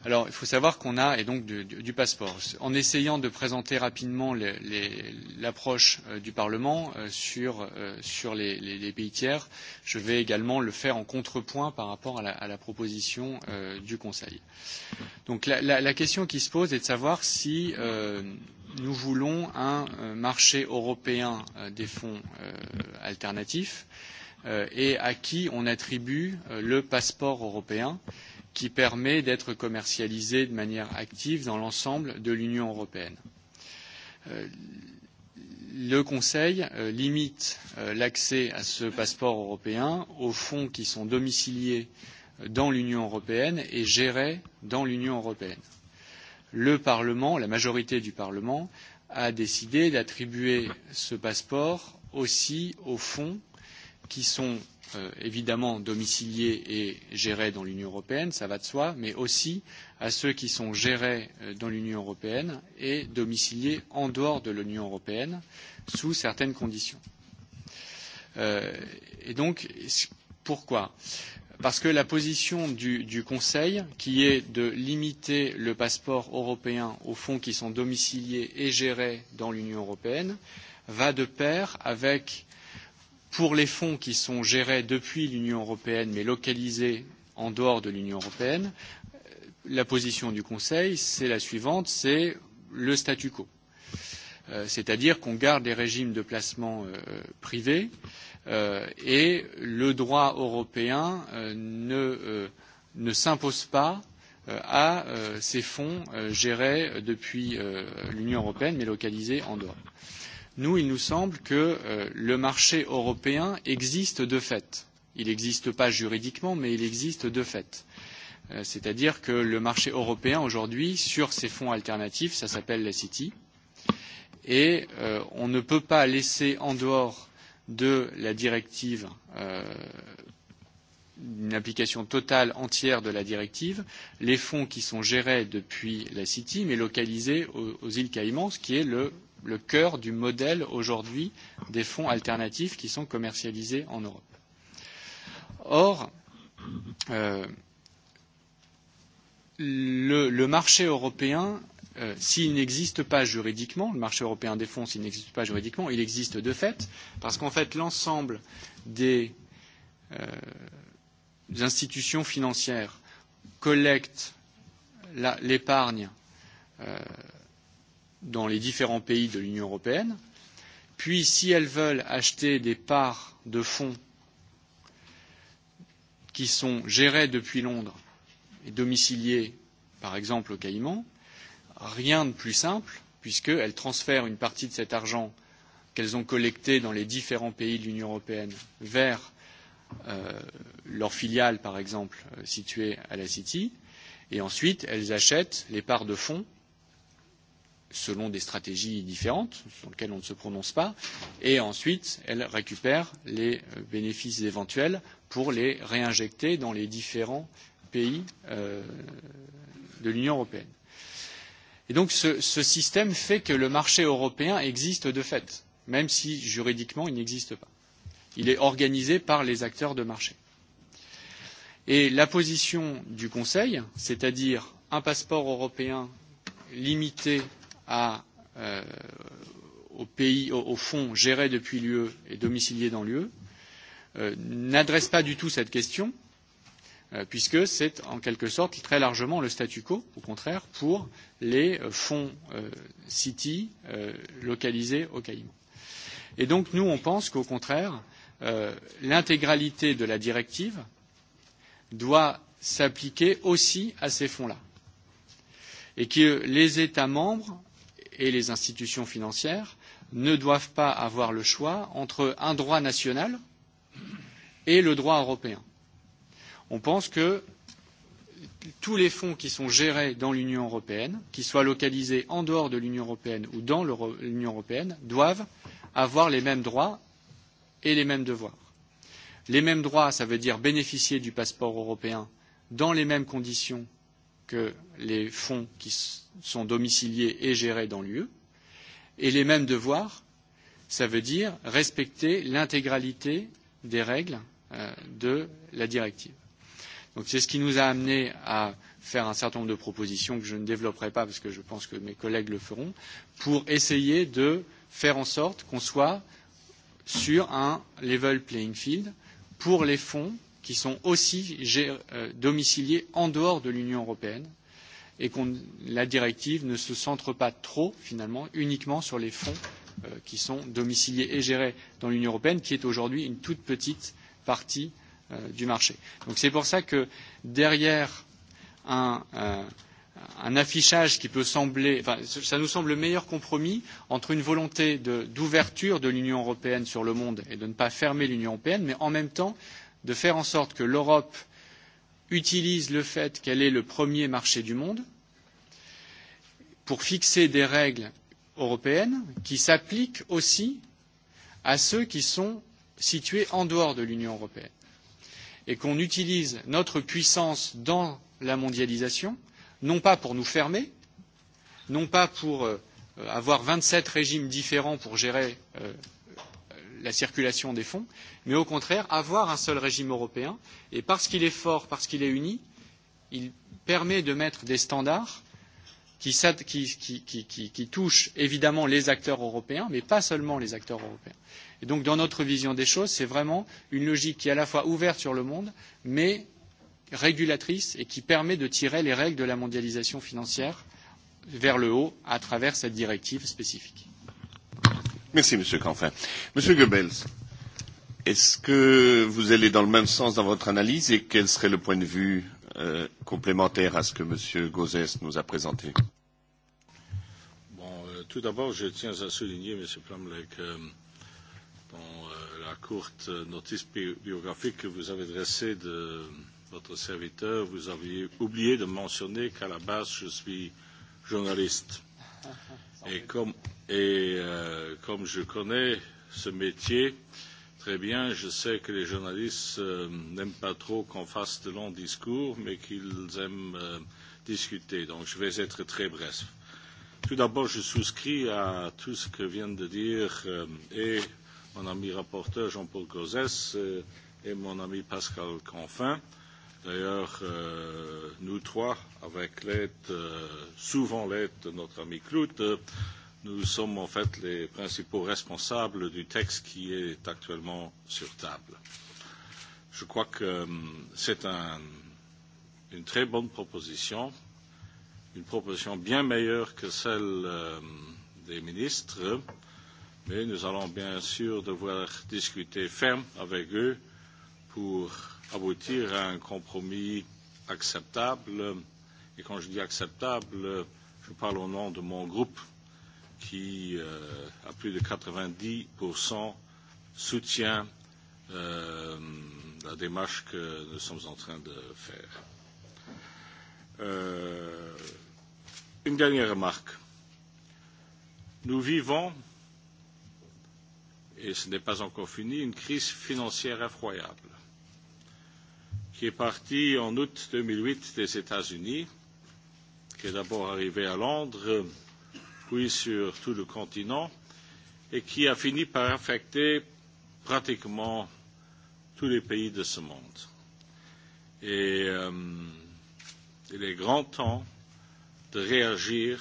Alors, il faut savoir qu'on a, et donc du, du passeport, en essayant de présenter rapidement l'approche du Parlement sur, sur les, les, les pays tiers, je vais également le faire en contrepoint par rapport à la, à la proposition du Conseil. Donc la, la, la question qui se pose est de savoir si euh, nous voulons un marché européen des fonds alternatifs et à qui on attribue le passeport européen qui permet d'être commercialisé de manière active dans l'ensemble de l'Union européenne. Le Conseil limite l'accès à ce passeport européen aux fonds qui sont domiciliés dans l'Union européenne et gérés dans l'Union européenne le Parlement, la majorité du Parlement, a décidé d'attribuer ce passeport aussi aux fonds qui sont évidemment domiciliés et gérés dans l'Union européenne, ça va de soi, mais aussi à ceux qui sont gérés dans l'Union européenne et domiciliés en dehors de l'Union européenne, sous certaines conditions. et donc, pourquoi parce que la position du, Conseil, qui est de limiter le passeport européen aux fonds qui sont domiciliés et gérés dans l'Union européenne, va de pair avec, pour les fonds qui sont gérés depuis l'Union européenne mais localisés en dehors de l'Union européenne, la position du Conseil, c'est la suivante, c'est le statu quo. C'est-à-dire qu'on garde les régimes de placement privés, euh, et le droit européen ne, s'impose pas à ces fonds gérés depuis l'Union européenne mais localisés en dehors. Nous, il nous semble que le marché européen existe de fait. Il n'existe pas juridiquement, mais il existe de fait. C'est-à-dire que le marché européen aujourd'hui, sur ces fonds alternatifs, ça s'appelle la City, et on ne peut pas laisser en dehors de la directive une application totale entière de la directive, les fonds qui sont gérés depuis la City, mais localisés aux, îles Caïmans, ce qui est le, cœur du modèle aujourd'hui des fonds alternatifs qui sont commercialisés en Europe. Or, le, marché européen s'il n'existe pas juridiquement, le marché européen des fonds, s'il n'existe pas juridiquement, il existe de fait, parce qu'en fait, l'ensemble des institutions financières collectent l'épargne dans les différents pays de l'Union européenne, puis si elles veulent acheter des parts de fonds qui sont gérés depuis Londres et domiciliés, par exemple, au Caïmans, rien de plus simple, puisqu'elles transfèrent une partie de cet argent qu'elles ont collecté dans les différents pays de l'Union européenne vers leurs filiales, par exemple, situées à la City, et ensuite elles achètent les parts de fonds selon des stratégies différentes sur lesquelles on ne se prononce pas, et ensuite elles récupèrent les bénéfices éventuels pour les réinjecter dans les différents pays de l'Union européenne. Et donc ce, ce système fait que le marché européen existe de fait, même si juridiquement il n'existe pas. Il est organisé par les acteurs de marché. Et la position du Conseil, c'est-à-dire un passeport européen limité à, euh, aux pays, aux, aux fonds gérés depuis l'UE et domiciliés dans l'UE, euh, n'adresse pas du tout cette question, euh, puisque c'est en quelque sorte très largement le statu quo, au contraire, pour euh, les fonds City localisés aux Caïmans. Et donc nous, on pense qu'au contraire, l'intégralité de la directive doit s'appliquer aussi à ces fonds-là. Et que les États membres et les institutions financières ne doivent pas avoir le choix entre un droit national et le droit européen. On pense que tous les fonds qui sont gérés dans l'Union européenne, qu'ils soient localisés en dehors de l'Union européenne ou dans l'Union européenne, doivent avoir les mêmes droits et les mêmes devoirs. Les mêmes droits, ça veut dire bénéficier du passeport européen dans les mêmes conditions que les fonds qui sont domiciliés et gérés dans l'UE, et les mêmes devoirs, ça veut dire respecter l'intégralité des règles de la directive. Donc c'est ce qui nous a amené à faire un certain nombre de propositions que je ne développerai pas parce que je pense que mes collègues le feront, pour essayer de faire en sorte qu'on soit sur un level playing field pour les fonds qui sont aussi domiciliés en dehors de l'Union européenne et que la directive ne se centre pas trop finalement uniquement sur les fonds qui sont domiciliés et gérés dans l'Union européenne, qui est aujourd'hui une toute petite partie euh, du marché. Donc c'est pour ça que derrière un, un affichage qui peut sembler, enfin, ça nous semble le meilleur compromis entre une volonté d'ouverture de l'Union européenne sur le monde et de ne pas fermer l'Union européenne, mais en même temps de faire en sorte que l'Europe utilise le fait qu'elle est le premier marché du monde pour fixer des règles européennes qui s'appliquent aussi à ceux qui sont situés en dehors de l'Union européenne et qu'on utilise notre puissance dans la mondialisation, non pas pour nous fermer, non pas pour avoir vingt sept régimes différents pour gérer la circulation des fonds, mais au contraire avoir un seul régime européen. Et parce qu'il est fort, parce qu'il est uni, il permet de mettre des standards qui, touchent évidemment les acteurs européens, mais pas seulement les acteurs européens. Et donc, dans notre vision des choses, c'est vraiment une logique qui est à la fois ouverte sur le monde, mais régulatrice et qui permet de tirer les règles de la mondialisation financière vers le haut à travers cette directive spécifique. Merci, Monsieur Canfin. Monsieur Goebbels, est-ce que vous allez dans le même sens dans votre analyse et quel serait le point de vue complémentaire à ce que M. Gauzès nous a présenté Tout d'abord, je tiens à souligner, Monsieur Plumley, que Dans la courte notice biographique que vous avez dressée de votre serviteur, vous aviez oublié de mentionner qu'à la base, je suis journaliste. Et comme, et, euh, comme je connais ce métier très bien, je sais que les journalistes euh, n'aiment pas trop qu'on fasse de longs discours, mais qu'ils aiment euh, discuter. Donc je vais être très bref. Tout d'abord, je souscris à tout ce que viennent de dire euh, et mon ami rapporteur Jean-Paul Gauzès et mon ami Pascal Canfin. D'ailleurs, nous trois, avec l'aide, souvent l'aide de notre ami Clout, nous sommes en fait les principaux responsables du texte qui est actuellement sur table. Je crois que c'est une très bonne proposition, une proposition bien meilleure que celle des ministres mais nous allons bien sûr devoir discuter ferme avec eux pour aboutir à un compromis acceptable. Et quand je dis acceptable, je parle au nom de mon groupe qui, à plus de quatre vingt dix soutient la démarche que nous sommes en train de faire. une dernière remarque. Nous vivons et ce n'est pas encore fini, une crise financière effroyable qui est partie en août deux mille huit des États-Unis, qui est d'abord arrivée à Londres, puis sur tout le continent, et qui a fini par affecter pratiquement tous les pays de ce monde. Et il est grand temps de réagir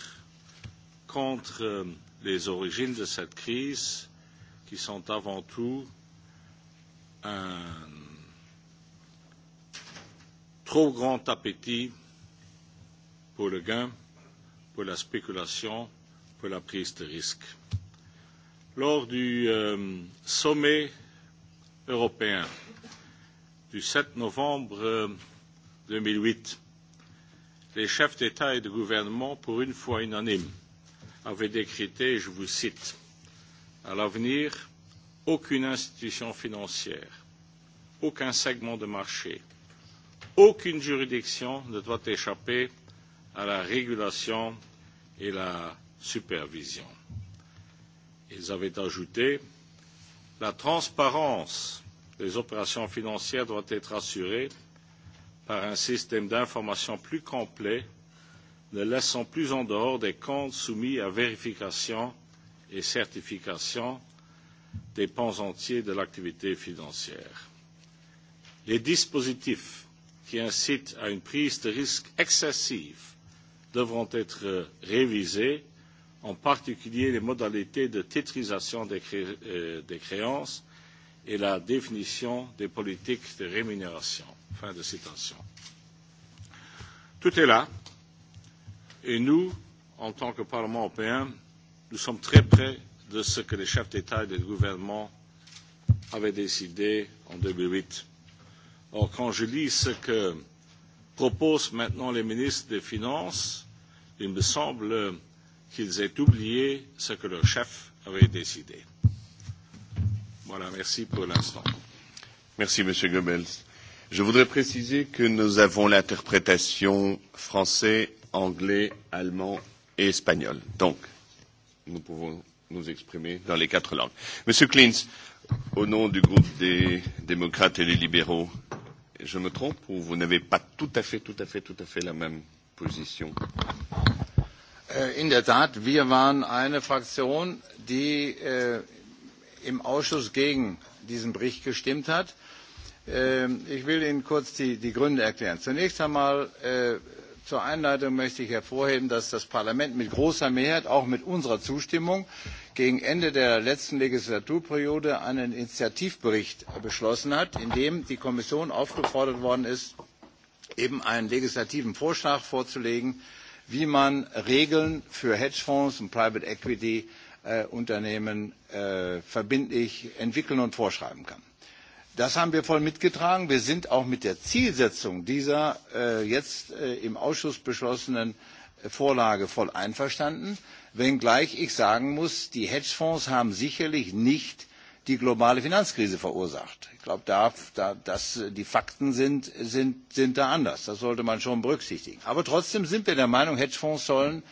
contre les origines de cette crise qui sont avant tout un trop grand appétit pour le gain, pour la spéculation, pour la prise de risque. Lors du sommet européen du sept novembre deux mille huit, les chefs d'État et de gouvernement, pour une fois unanimes, avaient décrété, je vous cite, À l'avenir, aucune institution financière, aucun segment de marché, aucune juridiction ne doit échapper à la régulation et la supervision. Ils avaient ajouté la transparence des opérations financières doit être assurée par un système d'information plus complet, ne laissant plus en dehors des comptes soumis à vérification et certification des pans entiers de l'activité financière. Les dispositifs qui incitent à une prise de risque excessive devront être révisés, en particulier les modalités de titrisation des créances et la définition des politiques de rémunération. Fin de citation. Tout est là et nous, en tant que Parlement européen, nous sommes très près de ce que les chefs d'État et de gouvernement avaient décidé en deux mille huit. Or, quand je lis ce que proposent maintenant les ministres des Finances, il me semble qu'ils aient oublié ce que leur chef avait décidé. Voilà, merci pour l'instant. Merci, Monsieur Goebbels. Je voudrais préciser que nous avons l'interprétation français, anglais, allemand et espagnol. Donc, nous pouvons nous exprimer dans les quatre langues. Monsieur Klintz, au nom du groupe des démocrates et des libéraux, je me trompe ou vous n'avez pas tout à fait, tout à fait, tout à fait la même position In der Tat, wir waren eine Fraktion, die im Ausschuss gegen diesen Bericht gestimmt hat. Ich will Ihnen kurz die Gründe erklären. Zunächst einmal Zur Einleitung möchte ich hervorheben, dass das Parlament mit großer Mehrheit, auch mit unserer Zustimmung, gegen Ende der letzten Legislaturperiode einen Initiativbericht beschlossen hat, in dem die Kommission aufgefordert worden ist, eben einen legislativen Vorschlag vorzulegen, wie man Regeln für Hedgefonds und Private Equity Unternehmen verbindlich entwickeln und vorschreiben kann. Das haben wir voll mitgetragen. Wir sind auch mit der Zielsetzung dieser jetzt im Ausschuss beschlossenen Vorlage voll einverstanden, wenngleich ich sagen muss, die Hedgefonds haben sicherlich nicht die globale Finanzkrise verursacht. Ich glaube, die Fakten sind, da anders. Das sollte man schon berücksichtigen. Aber trotzdem sind wir der Meinung, Hedgefonds sollen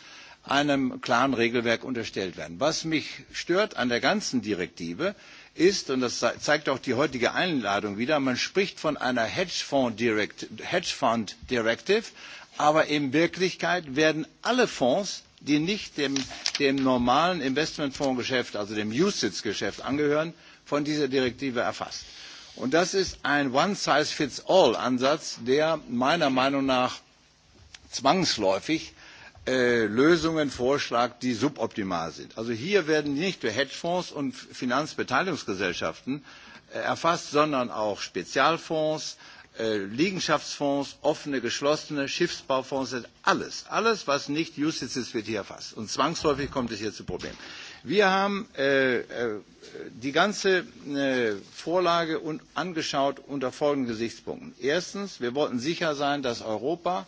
einem klaren Regelwerk unterstellt werden. Was mich stört an der ganzen Direktive, ist, und das zeigt auch die heutige Einladung wieder, man spricht von einer Hedgefonds Directive, aber in Wirklichkeit werden alle Fonds, die nicht dem, normalen Investmentfondsgeschäft, also dem UCITS-Geschäft angehören, von dieser Direktive erfasst. Und das ist ein One-Size-Fits-All-Ansatz, der meiner Meinung nach zwangsläufig Lösungen vorschlägt, die suboptimal sind. Also hier werden nicht nur Hedgefonds und Finanzbeteiligungsgesellschaften erfasst, sondern auch Spezialfonds, Liegenschaftsfonds, offene, geschlossene, Schiffsbaufonds, alles. Alles, was nicht Justiz ist, wird hier erfasst. Und zwangsläufig kommt es hier zu Problemen. Wir haben die ganze Vorlage angeschaut unter folgenden Gesichtspunkten. Erstens, wir wollten sicher sein, dass Europa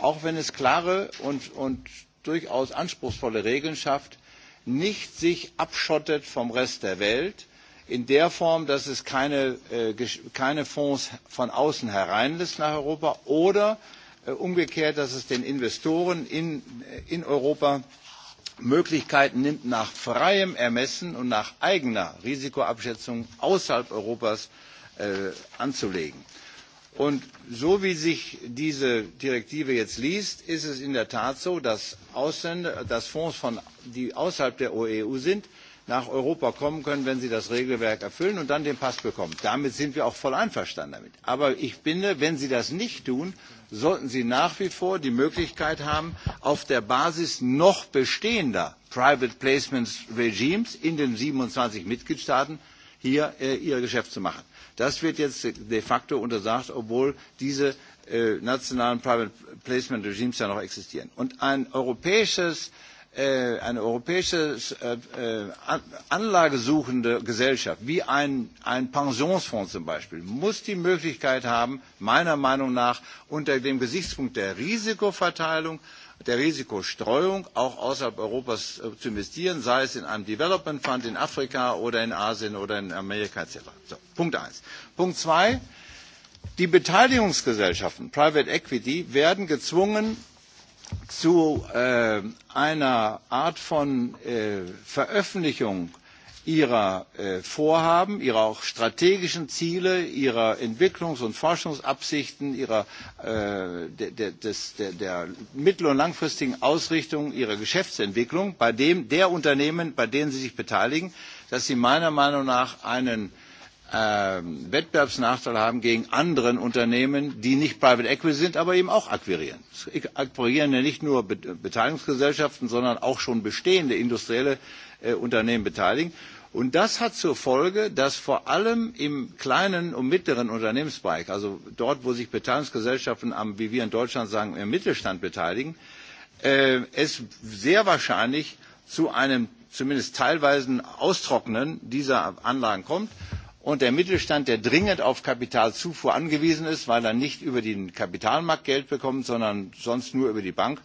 auch wenn es klare und durchaus anspruchsvolle Regeln schafft, nicht sich abschottet vom Rest der Welt in der Form, dass es keine, Fonds von außen hereinlässt nach Europa oder umgekehrt, dass es den Investoren in Europa Möglichkeiten nimmt, nach freiem Ermessen und nach eigener Risikoabschätzung außerhalb Europas anzulegen. Und so wie sich diese Direktive jetzt liest, ist es in der Tat so, dass, Fonds, die außerhalb der EU sind, nach Europa kommen können, wenn sie das Regelwerk erfüllen und dann den Pass bekommen. Damit sind wir auch voll einverstanden damit. Aber ich finde, wenn Sie das nicht tun, sollten Sie nach wie vor die Möglichkeit haben, auf der Basis noch bestehender Private placement Regimes in den 27 Mitgliedstaaten hier ihr Geschäft zu machen. Das wird jetzt de facto untersagt, obwohl diese nationalen Private Placement Regimes ja noch existieren. Und ein europäisches eine europäische anlagesuchende Gesellschaft, wie ein, Pensionsfonds zum Beispiel, muss die Möglichkeit haben, meiner Meinung nach unter dem Gesichtspunkt der Risikoverteilung der Risikostreuung auch außerhalb Europas zu investieren, sei es in einem Development Fund in Afrika oder in Asien oder in Amerika etc. Punkt eins. Punkt zwei. Die Beteiligungsgesellschaften, Private Equity, werden gezwungen, zu einer Art von Veröffentlichung ihrer Vorhaben, ihrer auch strategischen Ziele, ihrer Entwicklungs- und Forschungsabsichten, ihrer, der, mittel- und langfristigen Ausrichtung ihrer Geschäftsentwicklung bei dem, der Unternehmen, bei denen sie sich beteiligen, dass sie meiner Meinung nach einen Wettbewerbsnachteil haben gegen anderen Unternehmen, die nicht Private Equity sind, aber eben auch akquirieren. Es akquirieren ja nicht nur Beteiligungsgesellschaften, sondern auch schon bestehende industrielle Unternehmen beteiligen. Und das hat zur Folge, dass vor allem im kleinen und mittleren Unternehmensbereich, also dort, wo sich Beteiligungsgesellschaften am, wie wir in Deutschland sagen, im Mittelstand beteiligen, es sehr wahrscheinlich zu einem zumindest teilweisen Austrocknen dieser Anlagen kommt und der Mittelstand, der dringend auf Kapitalzufuhr angewiesen ist, weil er nicht über den Kapitalmarkt Geld bekommt, sondern sonst nur über die Bank,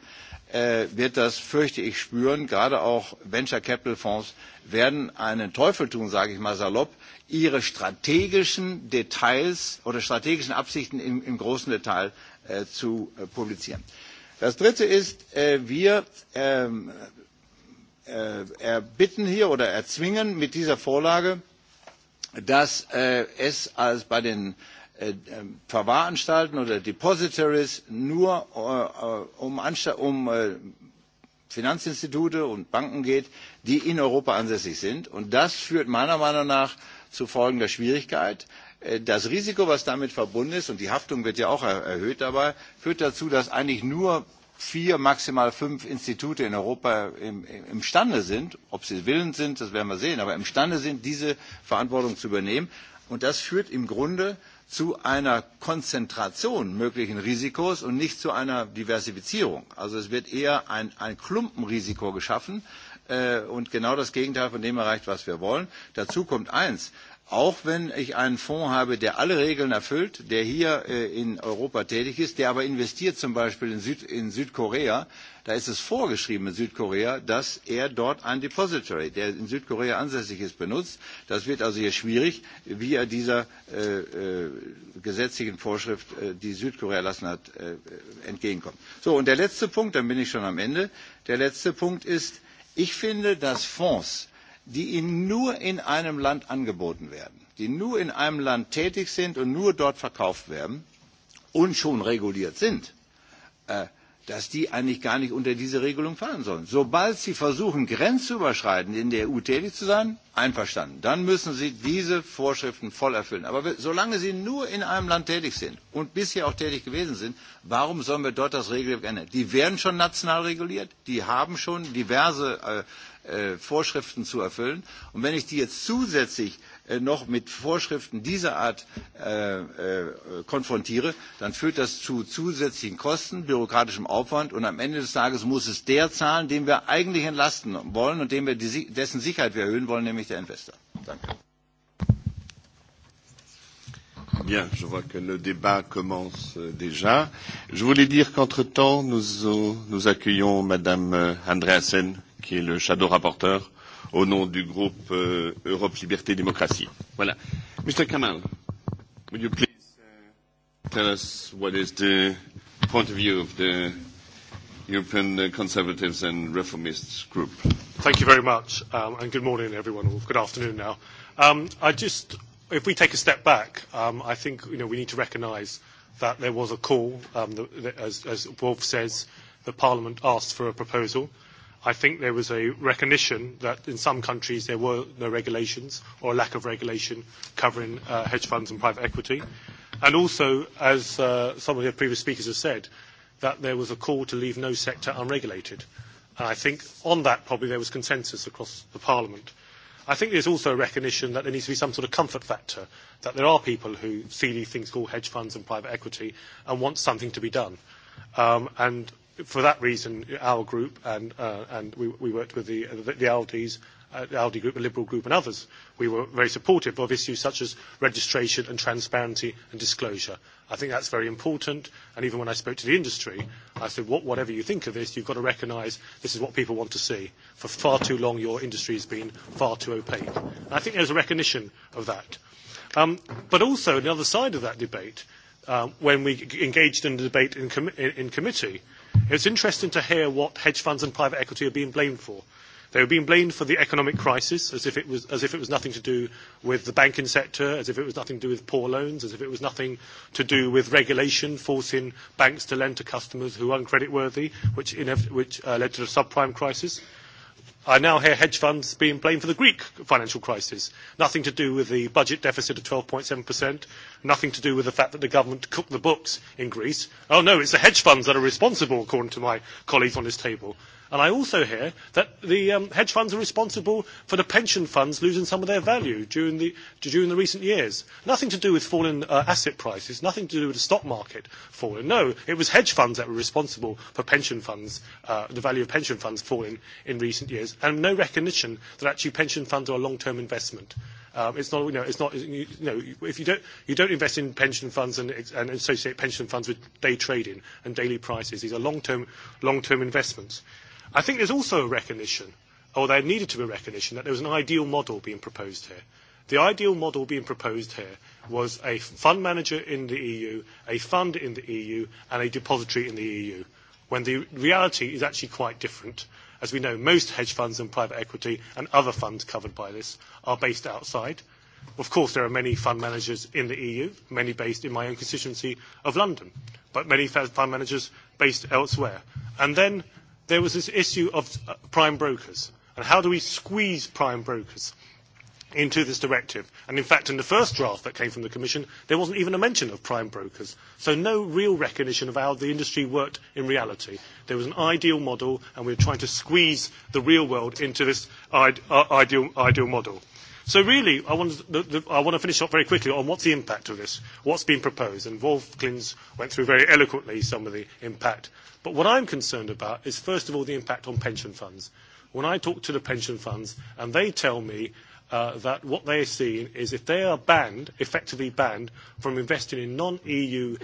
wird das, fürchte ich, spüren. Gerade auch Venture Capital Fonds werden einen Teufel tun, sage ich mal salopp, ihre strategischen Details oder strategischen Absichten im, großen Detail zu publizieren. Das Dritte ist, wir erbitten hier oder erzwingen mit dieser Vorlage, dass es als bei den Verwahranstalten oder Depositories nur um, Finanzinstitute und Banken geht, die in Europa ansässig sind. Und das führt meiner Meinung nach zu folgender Schwierigkeit. Das Risiko, das damit verbunden ist, und die Haftung wird ja auch erhöht dabei, führt dazu, dass eigentlich nur vier, maximal fünf Institute in Europa imstande sind, ob sie willens sind, das werden wir sehen, aber imstande sind, diese Verantwortung zu übernehmen. Und das führt im Grunde zu einer Konzentration möglichen Risikos und nicht zu einer Diversifizierung. Also es wird eher ein, Klumpenrisiko geschaffen und genau das Gegenteil von dem erreicht, was wir wollen. Dazu kommt eins auch wenn ich einen Fonds habe, der alle Regeln erfüllt, der hier in Europa tätig ist, der aber investiert zum Beispiel in, Südkorea, da ist es vorgeschrieben in Südkorea, dass er dort ein Depository, der in Südkorea ansässig ist, benutzt. Das wird also hier schwierig, wie er dieser gesetzlichen Vorschrift, die Südkorea erlassen hat, entgegenkommt. So, und der letzte Punkt, dann bin ich schon am Ende. Der letzte Punkt ist, ich finde, dass Fonds, die ihnen nur in einem Land angeboten werden, die nur in einem Land tätig sind und nur dort verkauft werden und schon reguliert sind, dass die eigentlich gar nicht unter diese Regelung fallen sollen. Sobald sie versuchen, grenzüberschreitend in der EU tätig zu sein, einverstanden, dann müssen sie diese Vorschriften voll erfüllen. Aber solange sie nur in einem Land tätig sind und bisher auch tätig gewesen sind, warum sollen wir dort das Regelwerk ändern? Die werden schon national reguliert, die haben schon diverse Vorschriften zu erfüllen. Und wenn ich die jetzt zusätzlich noch mit Vorschriften dieser Art konfrontiere, dann führt das zu zusätzlichen Kosten, bürokratischem Aufwand und am Ende des Tages muss es der zahlen, den wir eigentlich entlasten wollen und dessen Sicherheit wir erhöhen wollen, nämlich der Investor. Bien, je vois que le débat commence déjà. Je voulais dire qu'entre-temps, nous, accueillons Madame Andreasen qui est le shadow rapporteur au nom du groupe euh, Europe Liberté Démocratie. Voilà. Mr. Kamal, would you please uh, tell us what is the point of view of the European Conservatives and Reformists group? Thank you very much, um, and good morning, everyone, or good afternoon now. Um, I just, if we take a step back, um, I think you know we need to recognise that there was a call, um, that, that, as, as Wolf says, the Parliament asked for a proposal I think there was a recognition that in some countries there were no regulations or a lack of regulation covering uh, hedge funds and private equity. And also, as uh, some of the previous speakers have said, that there was a call to leave no sector unregulated. And I think on that probably there was consensus across the Parliament. I think there's also a recognition that there needs to be some sort of comfort factor, that there are people who see these things called hedge funds and private equity and want something to be done. Um, and for that reason, our group and, uh, and we, we worked with the, the, the ALDEs, uh, the ALDE group, the Liberal group and others, we were very supportive of issues such as registration and transparency and disclosure. I think that's very important. And even when I spoke to the industry, I said, what, whatever you think of this, you've got to recognise this is what people want to see. For far too long, your industry has been far too opaque. And I think there's a recognition of that. Um, but also, on the other side of that debate, uh, when we engaged in the debate in, com- in in committee, it was interesting to hear what hedge funds and private equity are being blamed for. They were being blamed for the economic crisis as if, it was, as if it was nothing to do with the banking sector, as if it was nothing to do with poor loans, as if it was nothing to do with regulation forcing banks to lend to customers who are uncreditworthy, which, which uh, led to the subprime crisis. I now hear hedge funds being blamed for the Greek financial crisis. Nothing to do with the budget deficit of 12.7%, nothing to do with the fact that the government cooked the books in Greece. Oh no, it's the hedge funds that are responsible, according to my colleagues on this table. And I also hear that the um, hedge funds are responsible for the pension funds losing some of their value during the, during the recent years. Nothing to do with falling uh, asset prices, nothing to do with the stock market falling. No, it was hedge funds that were responsible for pension funds, uh, the value of pension funds falling in recent years, and no recognition that actually pension funds are a long-term investment. Um, it's not, you know, it's not, you know, if you don't, you don't invest in pension funds and associate pension funds with day trading and daily prices. These are long-term, long-term investments. I think there's also a recognition, or there needed to be a recognition, that there was an ideal model being proposed here. The ideal model being proposed here was a fund manager in the EU, a fund in the EU, and a depository in the EU, when the reality is actually quite different As we know, most hedge funds and private equity and other funds covered by this are based outside. Of course, there are many fund managers in the EU, many based in my own constituency of London, but many fund managers based elsewhere. And then there was this issue of prime brokers. And how do we squeeze prime brokers? into this directive. And in fact, in the first draft that came from the Commission, there wasn't even a mention of prime brokers. So no real recognition of how the industry worked in reality. There was an ideal model, and we were trying to squeeze the real world into this ideal, ideal model. So really, I want, the, the, I want to finish up very quickly on what's the impact of this, what's been proposed. And Wolf Klins went through very eloquently some of the impact. But what I'm concerned about is, first of all, the impact on pension funds. When I talk to the pension funds, and they tell me that what they are seeing is if they are banned, effectively banned, from investing in non-EU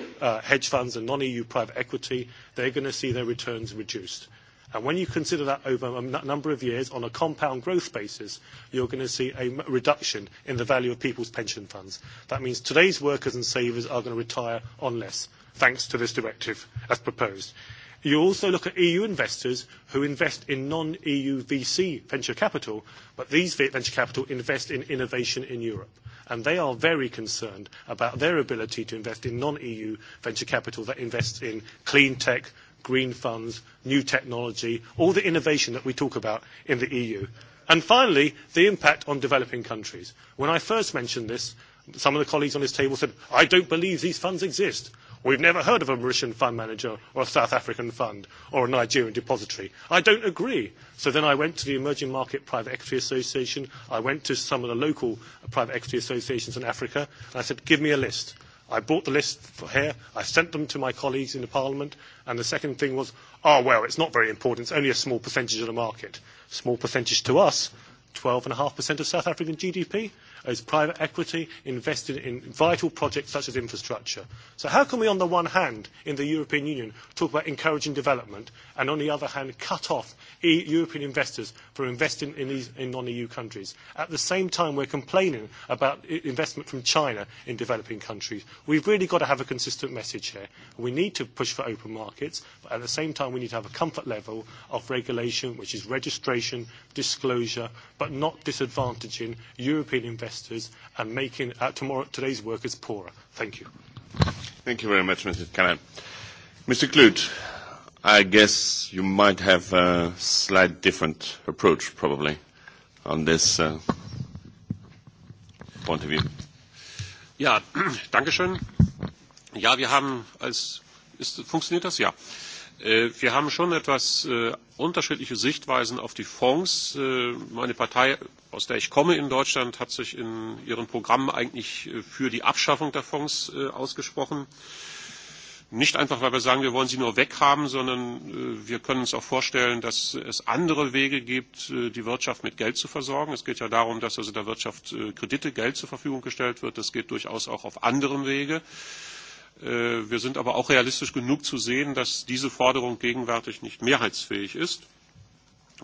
hedge funds and non-EU private equity, they are going to see their returns reduced. And when you consider that over a number of years on a compound growth basis, you're going to see a reduction in the value of people's pension funds. That means today's workers and savers are going to retire on less, thanks to this directive as proposed. You also look at EU investors who invest in non-EU VC venture capital, but these venture capital invest in innovation in Europe. And they are very concerned about their ability to invest in non-EU venture capital that invests in clean tech, green funds, new technology, all the innovation that we talk about in the EU. And finally, the impact on developing countries. When I first mentioned this, some of the colleagues on this table said, I don't believe these funds exist. We've never heard of a Mauritian fund manager or a South African fund or a Nigerian depository. I don't agree. So then I went to the Emerging Market Private Equity Association. I went to some of the local private equity associations in Africa. And I said, give me a list. I bought the list for here. I sent them to my colleagues in the Parliament. And the second thing was, oh, well, it's not very important. It's only a small percentage of the market. Small percentage to us, 12.5% of South African GDP as private equity invested in vital projects such as infrastructure. So how can we, on the one hand, in the European Union, talk about encouraging development and, on the other hand, cut off European investors from investing in, these, in non-EU countries? At the same time, we're complaining about investment from China in developing countries. We've really got to have a consistent message here. We need to push for open markets, but at the same time, we need to have a comfort level of regulation, which is registration, disclosure, but not disadvantaging European investors investors and making tomorrow, today's workers poorer. Thank you. Thank you very much, Mr. Callan. Mr. Kloot, I guess you might have a slight different approach, probably, on this uh, point of view. Ja, danke schön. Ja, wir haben als ist, funktioniert das? Ja. Wir haben schon etwas unterschiedliche Sichtweisen auf die Fonds. Meine Partei, aus der ich komme in Deutschland, hat sich in ihren Programmen eigentlich für die Abschaffung der Fonds ausgesprochen. Nicht einfach, weil wir sagen, wir wollen sie nur weghaben, sondern wir können uns auch vorstellen, dass es andere Wege gibt, die Wirtschaft mit Geld zu versorgen. Es geht ja darum, dass also der Wirtschaft Kredite, Geld zur Verfügung gestellt wird. Das geht durchaus auch auf anderem Wege. Wir sind aber auch realistisch genug zu sehen, dass diese Forderung gegenwärtig nicht mehrheitsfähig ist.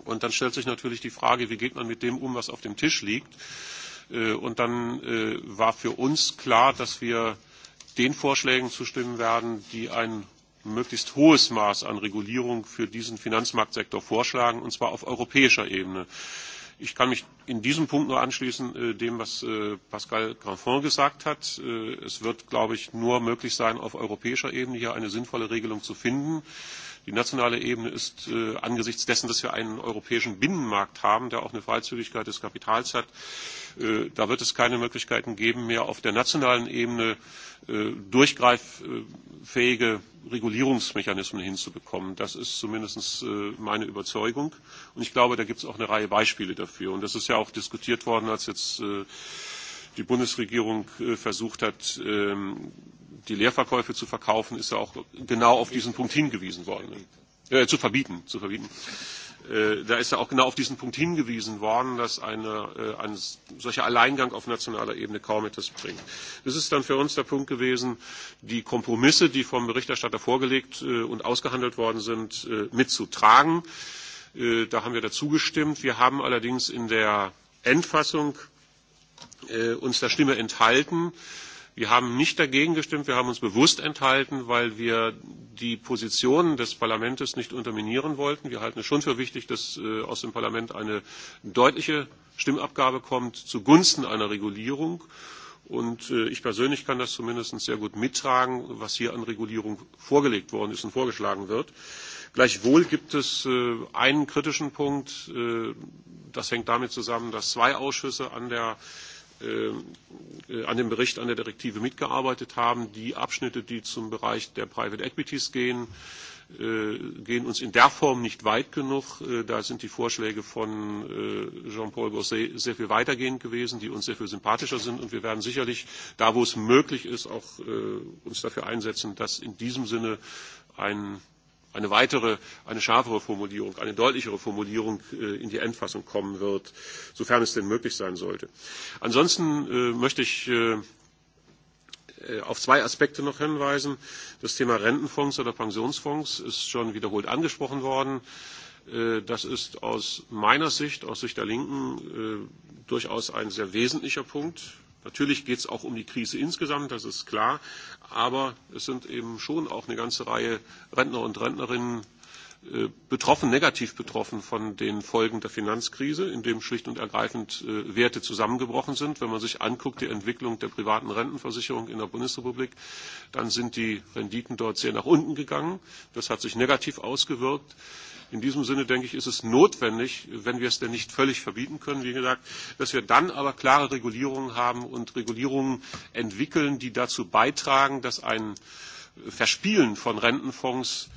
Und dann stellt sich natürlich die Frage, wie geht man mit dem um, was auf dem Tisch liegt. Und dann war für uns klar, dass wir den Vorschlägen zustimmen werden, die ein möglichst hohes Maß an Regulierung für diesen Finanzmarktsektor vorschlagen, und zwar auf europäischer Ebene. Ich kann mich in diesem Punkt nur anschließen dem, was Pascal Granfond gesagt hat. es wird, glaube ich, nur möglich sein, auf europäischer Ebene hier eine sinnvolle Regelung zu finden. Die nationale Ebene ist angesichts dessen, dass wir einen europäischen Binnenmarkt haben, der auch eine Freizügigkeit des Kapitals hat, da wird es keine Möglichkeiten geben, mehr auf der nationalen Ebene durchgreiffähige Regulierungsmechanismen hinzubekommen. Das ist zumindest meine Überzeugung. Und ich glaube, da gibt es auch eine Reihe Beispiele dafür. Und das ist ja ja auch diskutiert worden, als jetzt die Bundesregierung versucht hat, die Leerverkäufe zu verkaufen, ist ja auch genau auf diesen Punkt hingewiesen worden. zu verbieten, zu verbieten. Da ist ja auch genau auf diesen Punkt hingewiesen worden, dass eine, ein solcher Alleingang auf nationaler Ebene kaum etwas bringt. Das ist dann für uns der Punkt gewesen, die Kompromisse, die vom Berichterstatter vorgelegt und ausgehandelt worden sind, mitzutragen Da haben wir dazu gestimmt. Wir haben allerdings in der Endfassung uns der Stimme enthalten. Wir haben nicht dagegen gestimmt, wir haben uns bewusst enthalten, weil wir die Position des Parlaments nicht unterminieren wollten. Wir halten es schon für wichtig, dass aus dem Parlament eine deutliche Stimmabgabe kommt zugunsten einer Regulierung. Und ich persönlich kann das zumindest sehr gut mittragen, was hier an Regulierung vorgelegt worden ist und vorgeschlagen wird. Gleichwohl gibt es einen kritischen Punkt. das hängt damit zusammen, dass zwei Ausschüsse an der an dem Bericht, an der Direktive mitgearbeitet haben. Die Abschnitte, die zum Bereich der Private Equities gehen, gehen uns in der Form nicht weit genug. Da sind die Vorschläge von Jean-Paul Gosset sehr viel weitergehend gewesen, die uns sehr viel sympathischer sind. Und wir werden sicherlich da, wo es möglich ist, auch uns dafür einsetzen, dass in diesem Sinne ein eine weitere, eine schärfere Formulierung, eine deutlichere Formulierung in die Endfassung kommen wird, sofern es denn möglich sein sollte. Ansonsten möchte ich auf zwei Aspekte noch hinweisen. Das Thema Rentenfonds oder Pensionsfonds ist schon wiederholt angesprochen worden. Das ist aus meiner Sicht, aus Sicht der Linken, durchaus ein sehr wesentlicher Punkt. Natürlich geht es auch um die Krise insgesamt, das ist klar. Aber es sind eben schon auch eine ganze Reihe Rentner und Rentnerinnen, betroffen, negativ betroffen von den Folgen der Finanzkrise, in dem schlicht und ergreifend Werte zusammengebrochen sind. Wenn man sich anguckt, die Entwicklung der privaten Rentenversicherung in der Bundesrepublik, dann sind die Renditen dort sehr nach unten gegangen. Das hat sich negativ ausgewirkt. In diesem Sinne, denke ich, ist es notwendig, wenn wir es denn nicht völlig verbieten können, wie gesagt, dass wir dann aber klare Regulierungen haben und Regulierungen entwickeln, die dazu beitragen, dass ein Verspielen von Rentenfonds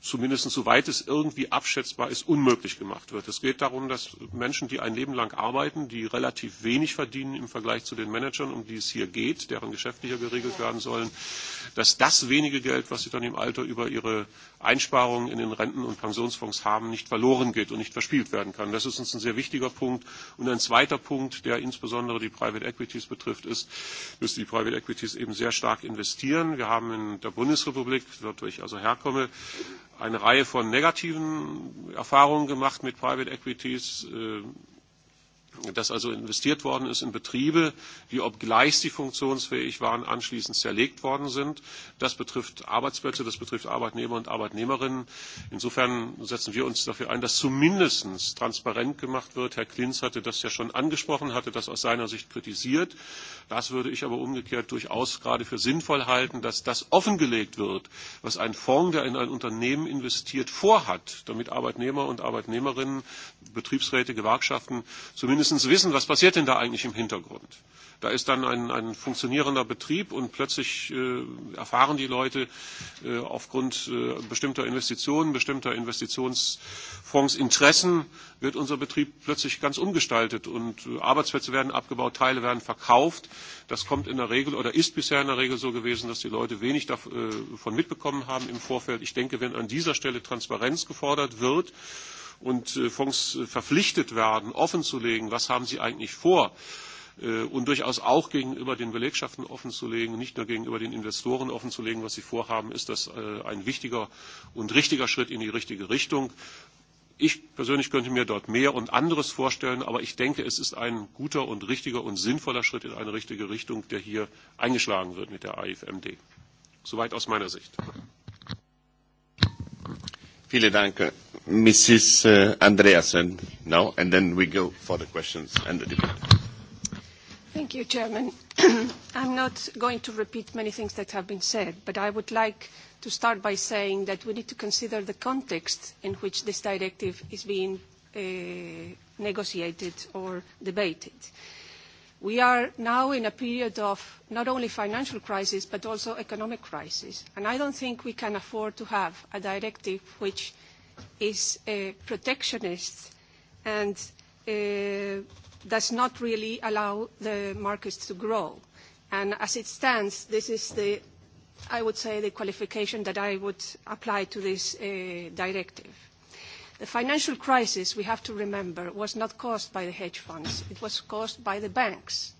zumindest soweit es irgendwie abschätzbar ist, unmöglich gemacht wird. Es geht darum, dass Menschen, die ein Leben lang arbeiten, die relativ wenig verdienen im Vergleich zu den Managern, um die es hier geht, deren Geschäftlicher geregelt werden sollen, dass das wenige Geld, was sie dann im Alter über ihre Einsparungen in den Renten- und Pensionsfonds haben, nicht verloren geht und nicht verspielt werden kann. Das ist uns ein sehr wichtiger Punkt. Und ein zweiter Punkt, der insbesondere die Private Equities betrifft, ist, dass die Private Equities eben sehr stark investieren. Wir haben in der Bundesrepublik, dort wo ich also herkomme, eine Reihe von negativen Erfahrungen gemacht mit Private Equities. Äh, dass also investiert worden ist in Betriebe, die, obgleich sie funktionsfähig waren, anschließend zerlegt worden sind. Das betrifft Arbeitsplätze, das betrifft Arbeitnehmer und Arbeitnehmerinnen. Insofern setzen wir uns dafür ein, dass zumindest transparent gemacht wird. Herr Klinz hatte das ja schon angesprochen, hatte das aus seiner Sicht kritisiert. Das würde ich aber umgekehrt durchaus gerade für sinnvoll halten, dass das offengelegt wird, was ein Fonds, der in ein Unternehmen investiert, vorhat, damit Arbeitnehmer und Arbeitnehmerinnen, Betriebsräte, Gewerkschaften zumindest müssen wissen, was passiert denn da eigentlich im Hintergrund. Da ist dann ein, ein funktionierender Betrieb und plötzlich äh, erfahren die Leute äh, aufgrund äh, bestimmter Investitionen, bestimmter Investitionsfonds Interessen, wird unser Betrieb plötzlich ganz umgestaltet und äh, Arbeitsplätze werden abgebaut, Teile werden verkauft. Das kommt in der Regel oder ist bisher in der Regel so gewesen, dass die Leute wenig davon mitbekommen haben im Vorfeld. Ich denke, wenn an dieser Stelle Transparenz gefordert wird, und Fonds verpflichtet werden, offenzulegen, was haben sie eigentlich vor und durchaus auch gegenüber den Belegschaften offenzulegen, nicht nur gegenüber den Investoren offenzulegen, was sie vorhaben, ist das ein wichtiger und richtiger Schritt in die richtige Richtung. Ich persönlich könnte mir dort mehr und anderes vorstellen, aber ich denke, es ist ein guter und richtiger und sinnvoller Schritt in eine richtige Richtung, der hier eingeschlagen wird mit der AIFMD. Soweit aus meiner Sicht. Vielen Dank, Mrs. Andreasen now, and then we go for the questions and the debate. Thank you, Chairman. I'm not going to repeat many things that have been said, but I would like to start by saying that we need to consider the context in which this directive is being negotiated or debated. We are now in a period of not only financial crisis, but also economic crisis. And I don't think we can afford to have a directive which is uh, protectionist and uh, does not really allow the markets to grow. And as it stands, this is the, I would say, the qualification that I would apply to this uh, directive. The financial crisis, we have to remember, was not caused by the hedge funds. It was caused by the banks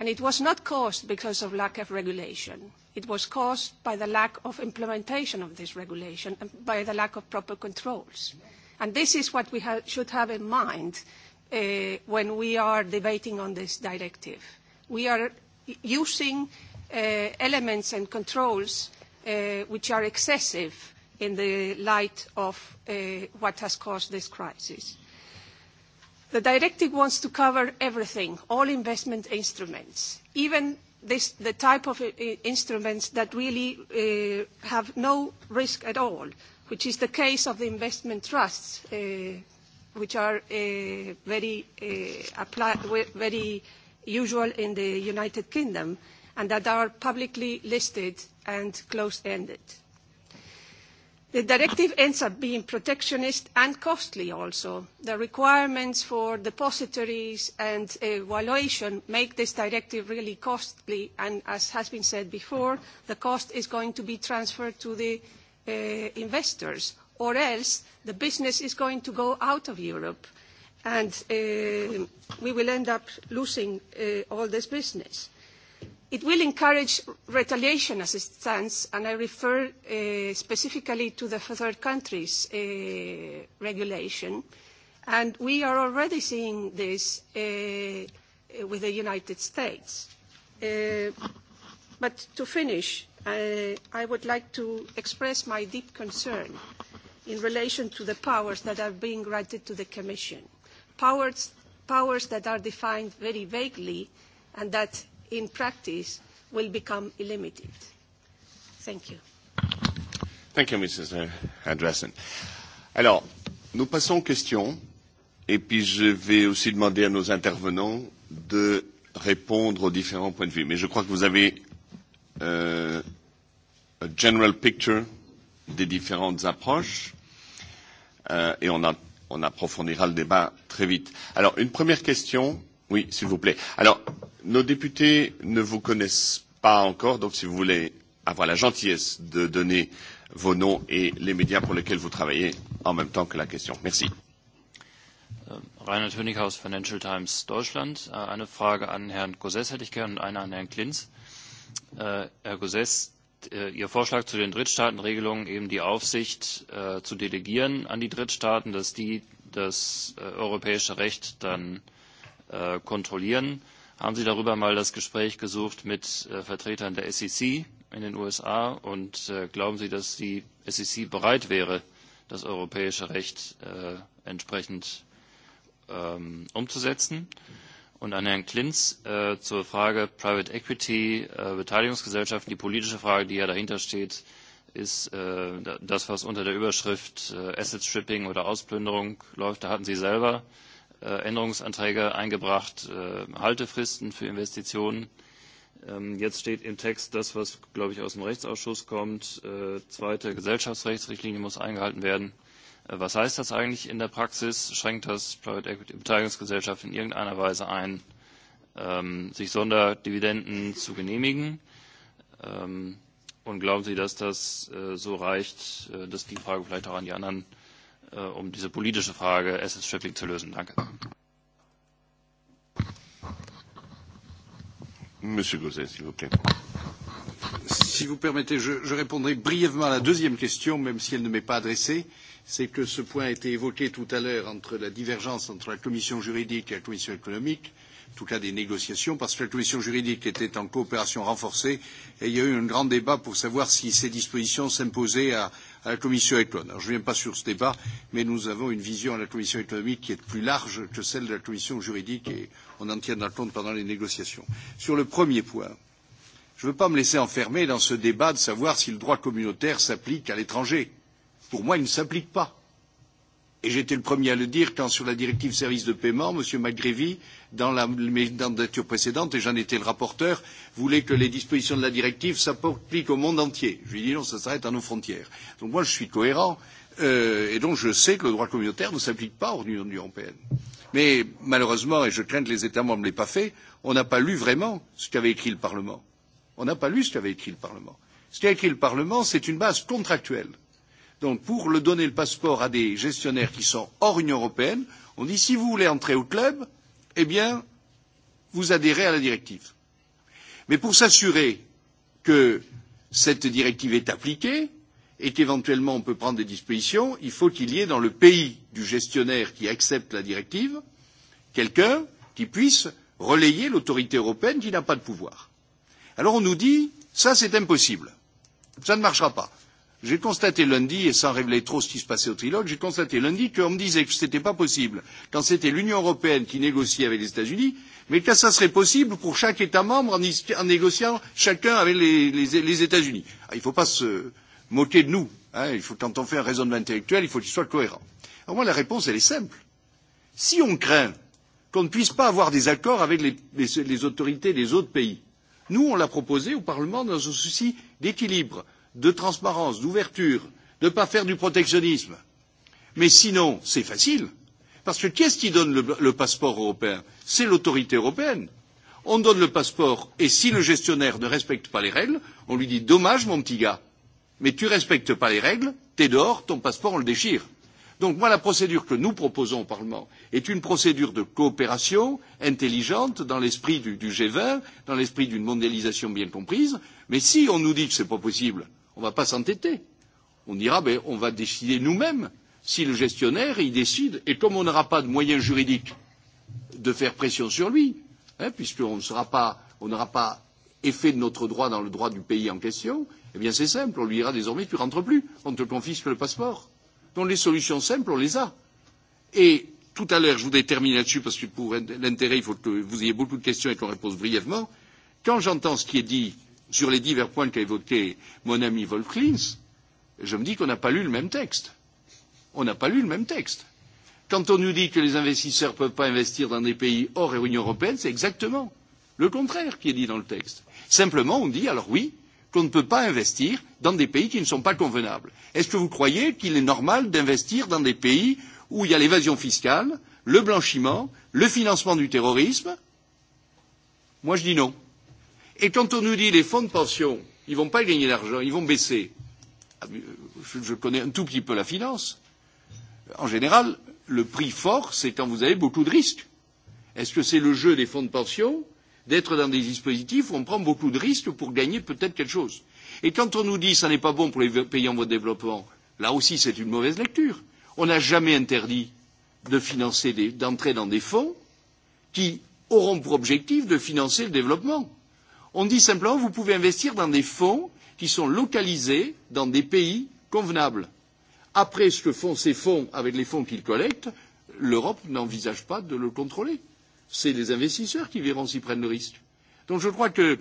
And it was not caused because of lack of regulation. It was caused by the lack of implementation of this regulation and by the lack of proper controls. And this is what we should have in mind when we are debating on this directive. We are using elements and controls which are excessive in the light of what has caused this crisis. The directive wants to cover everything, all investment instruments, even this, the type of instruments that really have no risk at all, which is the case of the investment trusts, which are very, very usual in the United Kingdom and that are publicly listed and closed-ended. The directive ends up being protectionist and costly also. The requirements for depositories and evaluation make this directive really costly and as has been said before, the cost is going to be transferred to the investors or else the business is going to go out of Europe and we will end up losing all this business. It will encourage retaliation as it stands, and I refer specifically to the third countries regulation. And we are already seeing this with the United States. but to finish, I would like to express my deep concern in relation to the powers that are being granted to the Commission, powers, powers that are defined very vaguely and that in practice will become limited. Thank you. Thank you, Mrs. Andressen. Alors, nous passons aux questions et puis je vais aussi demander à nos intervenants de répondre aux différents points de vue. Mais je crois que vous avez euh, a general picture des différentes approches euh, et on, a, on approfondira le débat très vite. Alors, une première question Oui, s'il vous plaît. Alors, nos députés ne vous connaissent pas encore, donc si vous voulez avoir la gentillesse de donner vos noms et les médias pour lesquels vous travaillez en même temps que la question. Merci. Reinhard Hönighaus, Financial Times Deutschland. Eine Frage an Herrn Gosses hätte ich gerne und eine an Herrn Klinz. Herr Gossess, Ihr Vorschlag zu den Drittstaatenregelungen, eben die Aufsicht zu delegieren an die Drittstaaten, dass die das europäische Recht dann kontrollieren. Haben Sie darüber mal das Gespräch gesucht mit Vertretern der SEC in den USA? Und glauben Sie, dass die SEC bereit wäre, das europäische Recht entsprechend umzusetzen? Und an Herrn Klinz zur Frage Private Equity, Beteiligungsgesellschaften. Die politische Frage, die ja dahinter steht, ist das, was unter der Überschrift Asset Stripping oder Ausplünderung läuft. Da hatten Sie selber Änderungsanträge eingebracht, Haltefristen für Investitionen. Jetzt steht im Text das, was, glaube ich, aus dem Rechtsausschuss kommt. Zweite Gesellschaftsrechtsrichtlinie muss eingehalten werden. Was heißt das eigentlich in der Praxis? Schränkt das Private Equity Beteiligungsgesellschaft in irgendeiner Weise ein, sich Sonderdividenden zu genehmigen? Und glauben Sie, dass das so reicht? Das ist die Frage vielleicht auch an die anderen um diese politische Frage Asset Stripping zu lösen. Danke. Monsieur s'il vous plaît. Si vous permettez, je, je répondrai brièvement à la deuxième question, même si elle ne m'est pas adressée. C'est que ce point a été évoqué tout à l'heure entre la divergence entre la commission juridique et la commission économique. Euh, tout cas des négociations, parce que la commission juridique était en coopération renforcée et il y a eu un grand débat pour savoir si ces dispositions s'imposaient à, la commission Econ. Alors je ne viens pas sur ce débat, mais nous avons une vision à la commission économique qui est plus large que celle de la commission juridique et on en tiendra compte pendant les négociations. Sur le premier point, je ne veux pas me laisser enfermer dans ce débat de savoir si le droit communautaire s'applique à l'étranger. Pour moi, il ne s'applique pas Et j'étais le premier à le dire quand, sur la directive services de paiement, M. Malgrévy, dans la mandature précédente, et j'en étais le rapporteur, voulait que les dispositions de la directive s'appliquent au monde entier. Je lui ai dit non, ça s'arrête à nos frontières. Donc moi, je suis cohérent, et donc je sais que le droit communautaire ne s'applique pas hors de l'Union européenne. Mais malheureusement, et je crains que les États membres ne l'aient pas fait, on n'a pas lu vraiment ce qu'avait écrit le Parlement. On n'a pas lu ce qu'avait écrit le Parlement. Ce qu'a écrit le Parlement, c'est une base contractuelle Donc, pour le donner le passeport à des gestionnaires qui sont hors Union européenne, on dit si vous voulez entrer au club, eh bien, vous adhérez à la directive. Mais pour s'assurer que cette directive est appliquée et qu'éventuellement on peut prendre des dispositions, il faut qu'il y ait dans le pays du gestionnaire qui accepte la directive quelqu'un qui puisse relayer l'autorité européenne qui n'a pas de pouvoir. Alors on nous dit ça c'est impossible, ça ne marchera pas. J'ai constaté lundi, et sans révéler trop ce qui se passait au trilogue, j'ai constaté lundi qu'on me disait que ce n'était pas possible quand c'était l'Union européenne qui négociait avec les États-Unis, mais que ça serait possible pour chaque État membre en, négociant chacun avec les, États-Unis. Il ne faut pas se moquer de nous. il faut, quand on fait un raisonnement intellectuel, il faut qu'il soit cohérent. Alors moi, la réponse, elle est simple. Si on craint qu'on ne puisse pas avoir des accords avec les autorités des autres pays, nous, on l'a proposé au Parlement dans un souci d'équilibre de transparence, d'ouverture, de ne pas faire du protectionnisme. Mais sinon, c'est facile. Parce que qui ce qui donne le, passeport européen C'est l'autorité européenne. On donne le passeport et si le gestionnaire ne respecte pas les règles, on lui dit dommage mon petit gars, mais tu ne respectes pas les règles, t'es dehors, ton passeport on le déchire. Donc moi la procédure que nous proposons au Parlement est une procédure de coopération intelligente dans l'esprit du, G20, dans l'esprit d'une mondialisation bien comprise, mais si on nous dit que ce n'est pas possible, On ne va pas s'entêter. On ira, ben, on va décider nous-mêmes si le gestionnaire, il décide, et comme on n'aura pas de moyens juridiques de faire pression sur lui, hein, puisqu'on n'aura pas effet de notre droit dans le droit du pays en question, eh bien c'est simple, on lui dira désormais tu ne rentres plus, on te confisque le passeport. Donc les solutions simples, on les a. Et tout à l'heure, je voudrais terminer là-dessus parce que pour l'intérêt, il faut que vous ayez beaucoup de questions et qu'on réponde brièvement. Quand j'entends ce qui est dit sur les divers points qu'a évoqués mon ami Wolf Klins, je me dis qu'on n'a pas lu le même texte. On n'a pas lu le même texte. Quand on nous dit que les investisseurs ne peuvent pas investir dans des pays hors l'Union européenne, c'est exactement le contraire qui est dit dans le texte. Simplement, on dit alors oui, qu'on ne peut pas investir dans des pays qui ne sont pas convenables. Est-ce que vous croyez qu'il est normal d'investir dans des pays où il y a l'évasion fiscale, le blanchiment, le financement du terrorisme Moi, je dis non. Et quand on nous dit les fonds de pension, ils ne vont pas gagner d'argent, ils vont baisser. Je connais un tout petit peu la finance. En général, le prix fort, c'est quand vous avez beaucoup de risques. Est-ce que c'est le jeu des fonds de pension d'être dans des dispositifs où on prend beaucoup de risques pour gagner peut-être quelque chose Et quand on nous dit que ça n'est pas bon pour les pays en voie de développement, là aussi c'est une mauvaise lecture. On n'a jamais interdit de financer, d'entrer dans des fonds qui auront pour objectif de financer le développement. On dit simplement vous pouvez investir dans des fonds qui sont localisés dans des pays convenables. Après ce que font ces fonds avec les fonds qu'ils collectent, l'Europe n'envisage pas de le contrôler. C'est les investisseurs qui verront s'ils prennent le risque. Donc je crois que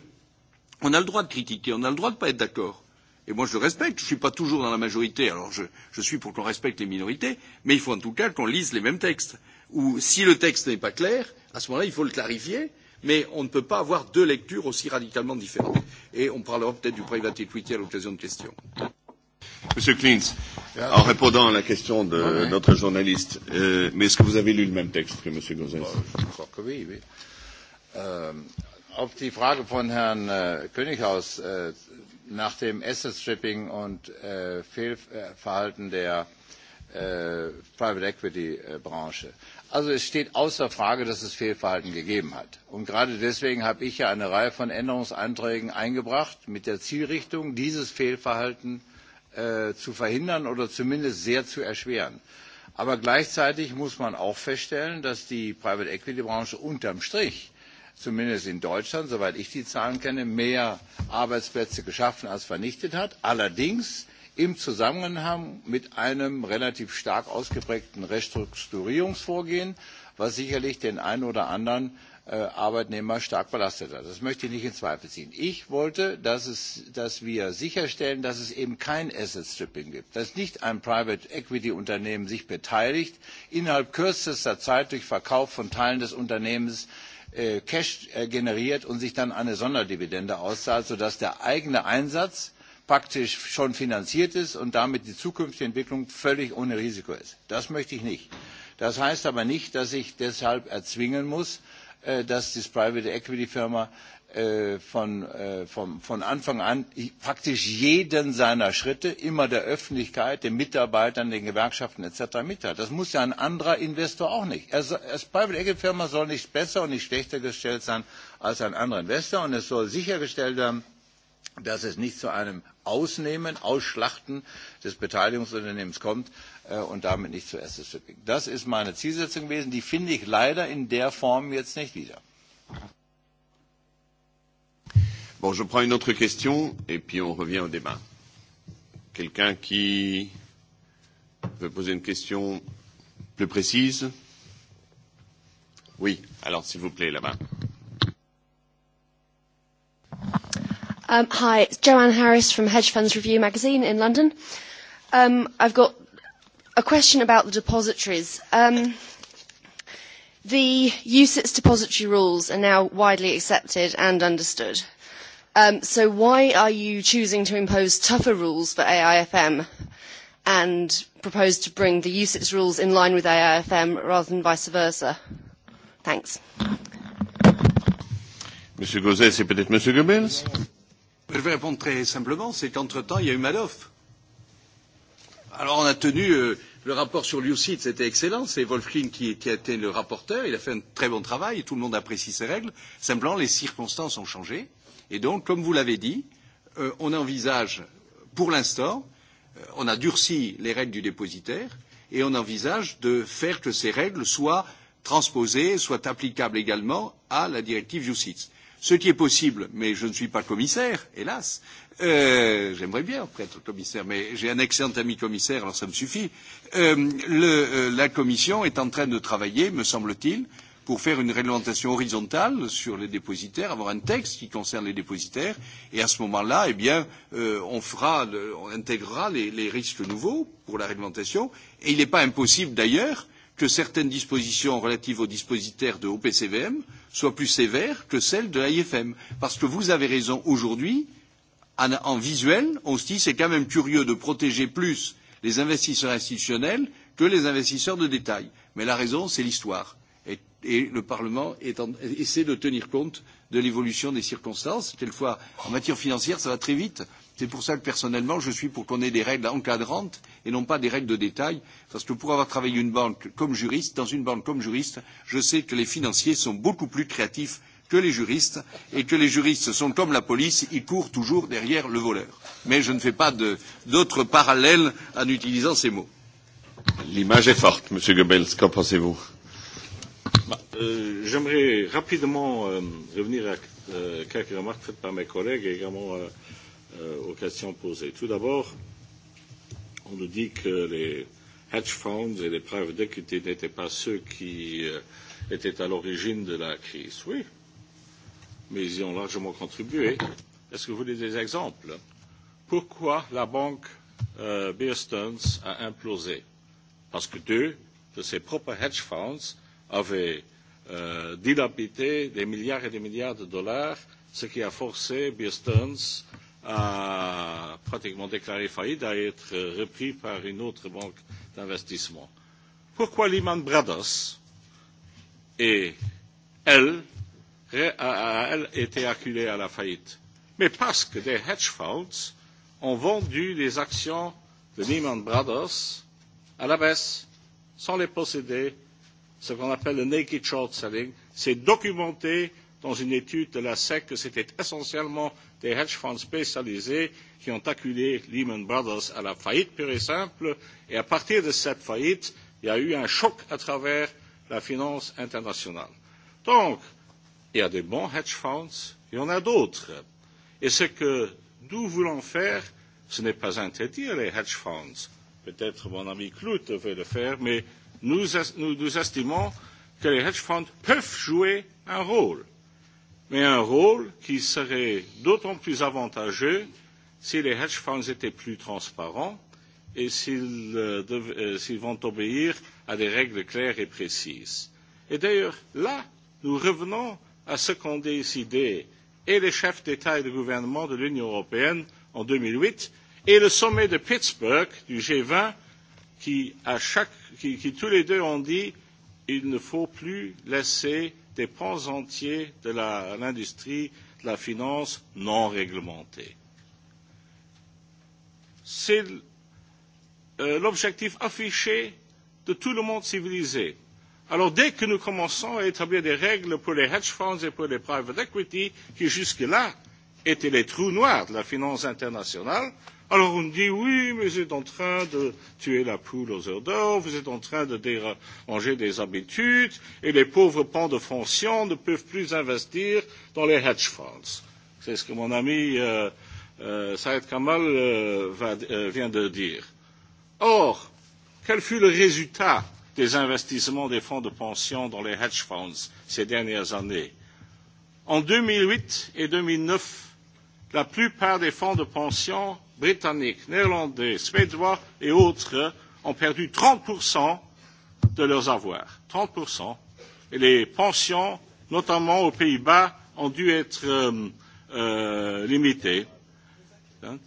on a le droit de critiquer, on a le droit de ne pas être d'accord. Et moi, je le respecte. Je ne suis pas toujours dans la majorité. Alors, je, je suis pour qu'on respecte les minorités, mais il faut en tout cas qu'on lise les mêmes textes. Ou si le texte n'est pas clair, à ce moment-là, il faut le clarifier mais on ne peut pas avoir deux lectures aussi radicalement différentes. Et on parlera peut-être du private equity à l'occasion de questions. Monsieur Klintz, en répondant à la question de notre journaliste, mais est-ce que vous avez lu le même texte que Monsieur Gauzès Auf die Frage von Herrn Könighaus nach dem Asset Stripping und Fehlverhalten der Private Equity Branche. Also es steht außer Frage, dass es Fehlverhalten gegeben hat. Und gerade deswegen habe ich ja eine Reihe von Änderungsanträgen eingebracht mit der Zielrichtung, dieses Fehlverhalten zu verhindern oder zumindest sehr zu erschweren. Aber gleichzeitig muss man auch feststellen, dass die Private Equity Branche unterm Strich zumindest in Deutschland, soweit ich die Zahlen kenne, mehr Arbeitsplätze geschaffen als vernichtet hat. Allerdings im Zusammenhang mit einem relativ stark ausgeprägten Restrukturierungsvorgehen, was sicherlich den einen oder anderen Arbeitnehmer stark belastet hat. Das möchte ich nicht in Zweifel ziehen. Ich wollte, dass, wir sicherstellen, dass es eben kein Asset Stripping gibt, dass nicht ein Private Equity Unternehmen sich beteiligt, innerhalb kürzester Zeit durch Verkauf von Teilen des Unternehmens Cash generiert und sich dann eine Sonderdividende auszahlt, sodass der eigene Einsatz praktisch schon finanziert ist und damit die zukünftige Entwicklung völlig ohne Risiko ist. Das möchte ich nicht. Das heißt aber nicht, dass ich deshalb erzwingen muss, dass die Private Equity Firma von, Anfang an praktisch jeden seiner Schritte immer der Öffentlichkeit, den Mitarbeitern, den Gewerkschaften etc. mitteilt. Das muss ja ein anderer Investor auch nicht. Als Private Equity Firma soll nicht besser und nicht schlechter gestellt sein als ein anderer Investor und es soll sichergestellt werden, dass es nicht zu einem Ausnehmen, Ausschlachten des Beteiligungsunternehmens kommt und damit nicht zu Asset Stripping. Das ist meine Zielsetzung gewesen. Die finde ich leider in der Form jetzt nicht wieder. Bon, je prends une autre question et puis on revient au débat. Quelqu'un qui veut poser une question plus précise Oui, alors s'il vous plaît, là-bas. Um, hi, it's Joanne Harris from Hedge Funds Review magazine in London. Um, I've got a question about the depositories. Um, the UCITS depository rules are now widely accepted and understood. Um, so why are you choosing to impose tougher rules for AIFM and propose to bring the UCITS rules in line with AIFM rather than vice versa? Thanks. Monsieur Gauzet, c'est peut-être Monsieur Goebbels Je vais répondre très simplement, c'est qu'entre-temps, il y a eu Madoff. Alors on a tenu euh, le rapport sur Lucid, c'était excellent, c'est Wolfkin qui, qui a été le rapporteur, il a fait un très bon travail, tout le monde apprécie ses règles, simplement les circonstances ont changé, et donc, comme vous l'avez dit, euh, on envisage, pour l'instant, euh, on a durci les règles du dépositaire, et on envisage de faire que ces règles soient transposées, soient applicables également à la directive UCITS ce qui est possible, mais je ne suis pas commissaire, hélas. Euh, J'aimerais bien être commissaire, mais j'ai un excellent ami commissaire, alors ça me suffit. Euh, le, euh, la Commission est en train de travailler, me semble-t-il, pour faire une réglementation horizontale sur les dépositaires, avoir un texte qui concerne les dépositaires, et à ce moment-là, eh bien, euh, on, fera, on intégrera les, les risques nouveaux pour la réglementation, et il n'est pas impossible d'ailleurs que certaines dispositions relatives aux dispositaires de OPCVM soient plus sévères que celles de l'AIFM. Parce que vous avez raison, aujourd'hui, en, en visuel, on se dit c'est quand même curieux de protéger plus les investisseurs institutionnels que les investisseurs de détail. Mais la raison, c'est l'histoire. Et, et le Parlement est en, essaie de tenir compte de l'évolution des circonstances. Quelquefois, en matière financière, ça va très vite. C'est pour ça que personnellement, je suis pour qu'on ait des règles encadrantes et non pas des règles de détail, parce que pour avoir travaillé une banque comme juriste, dans une banque comme juriste, je sais que les financiers sont beaucoup plus créatifs que les juristes et que les juristes sont comme la police, ils courent toujours derrière le voleur. Mais je ne fais pas d'autres parallèles en utilisant ces mots. L'image est forte, Monsieur Goebbels, qu'en pensez-vous J'aimerais rapidement revenir à quelques remarques faites par mes collègues et également aux questions posées. Tout d'abord, on nous dit que les hedge funds et les private equity n'étaient pas ceux qui étaient à l'origine de la crise. Oui, mais ils y ont largement contribué. Est-ce que vous voulez des exemples Pourquoi la banque euh, Bear Stearns a implosé Parce que deux de ses propres hedge funds avaient euh, dilapidé des milliards et des milliards de dollars, ce qui a forcé Bear Stearns a pratiquement déclaré faillite, à être repris par une autre banque d'investissement. Pourquoi Lehman Brothers et elle, a, elle été acculée à la faillite Mais parce que des hedge funds ont vendu les actions de Lehman Brothers à la baisse, sans les posséder, ce qu'on appelle le naked short selling. C'est documenté dans une étude de la SEC que c'était essentiellement des hedge funds spécialisés qui ont acculé Lehman Brothers à la faillite pure et simple. Et à partir de cette faillite, il y a eu un choc à travers la finance internationale. Donc, il y a des bons hedge funds, il y en a d'autres. Et ce que nous voulons faire, ce n'est pas interdire les hedge funds. Peut-être mon ami Clout veut le faire, mais nous, nous estimons que les hedge funds peuvent jouer un rôle mais un rôle qui serait d'autant plus avantageux si les hedge funds étaient plus transparents et s'ils vont obéir à des règles claires et précises. Et d'ailleurs, là, nous revenons à ce qu'ont décidé et les chefs d'État et de gouvernement de l'Union européenne en deux mille huit et le sommet de Pittsburgh du g vingt qui, tous les deux ont dit il ne faut plus laisser des pans entiers de l'industrie de la finance non réglementée. C'est l'objectif affiché de tout le monde civilisé. Alors dès que nous commençons à établir des règles pour les hedge funds et pour les private equity, qui jusque-là étaient les trous noirs de la finance internationale, Alors on dit oui, mais vous êtes en train de tuer la poule aux heures d'or, vous êtes en train de déranger des habitudes, et les pauvres pans de fonction ne peuvent plus investir dans les hedge funds. C'est ce que mon ami euh, euh, Saïd Kamal euh, va, euh, vient de dire. Or, quel fut le résultat des investissements des fonds de pension dans les hedge funds ces dernières années En 2008 et 2009, la plupart des fonds de pension britanniques, néerlandais, suédois et autres ont perdu 30% de leurs avoirs. 30%. Et les pensions, notamment aux Pays-Bas, ont dû être euh, euh, limitées.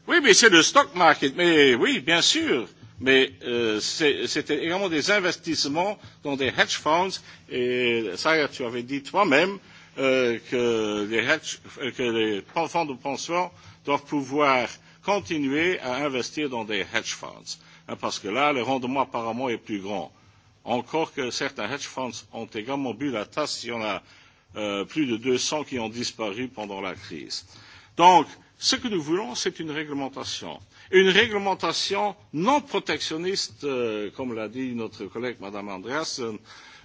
Oui, mais c'est le stock market. Mais oui, bien sûr. Mais euh, c'était également des investissements dans des hedge funds. Et ça, tu avais dit toi-même, que les, fonds de pension doivent pouvoir continuer à investir dans des hedge funds, parce que là, le rendement apparemment est plus grand. Encore que certains hedge funds ont également bu la tasse, il y en a plus de deux cents qui ont disparu pendant la crise. Donc, ce que nous voulons, c'est une réglementation. Une réglementation non protectionniste, comme l'a dit notre collègue Mme Andreasen.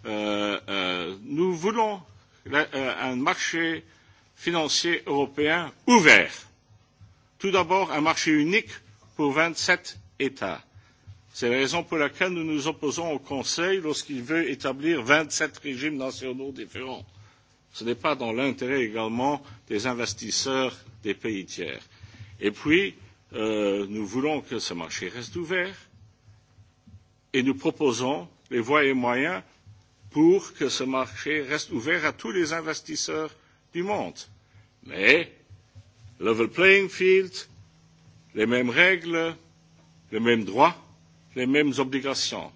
nous voulons un marché financier européen ouvert. Tout d'abord, un marché unique pour vingt sept États. C'est la raison pour laquelle nous nous opposons au Conseil lorsqu'il veut établir vingt sept régimes nationaux différents. Ce n'est pas dans l'intérêt également des investisseurs des pays tiers. Et puis, nous voulons que ce marché reste ouvert et nous proposons les voies et moyens pour que ce marché reste ouvert à tous les investisseurs du monde. Mais level playing field, les mêmes règles, les mêmes droits, les mêmes obligations.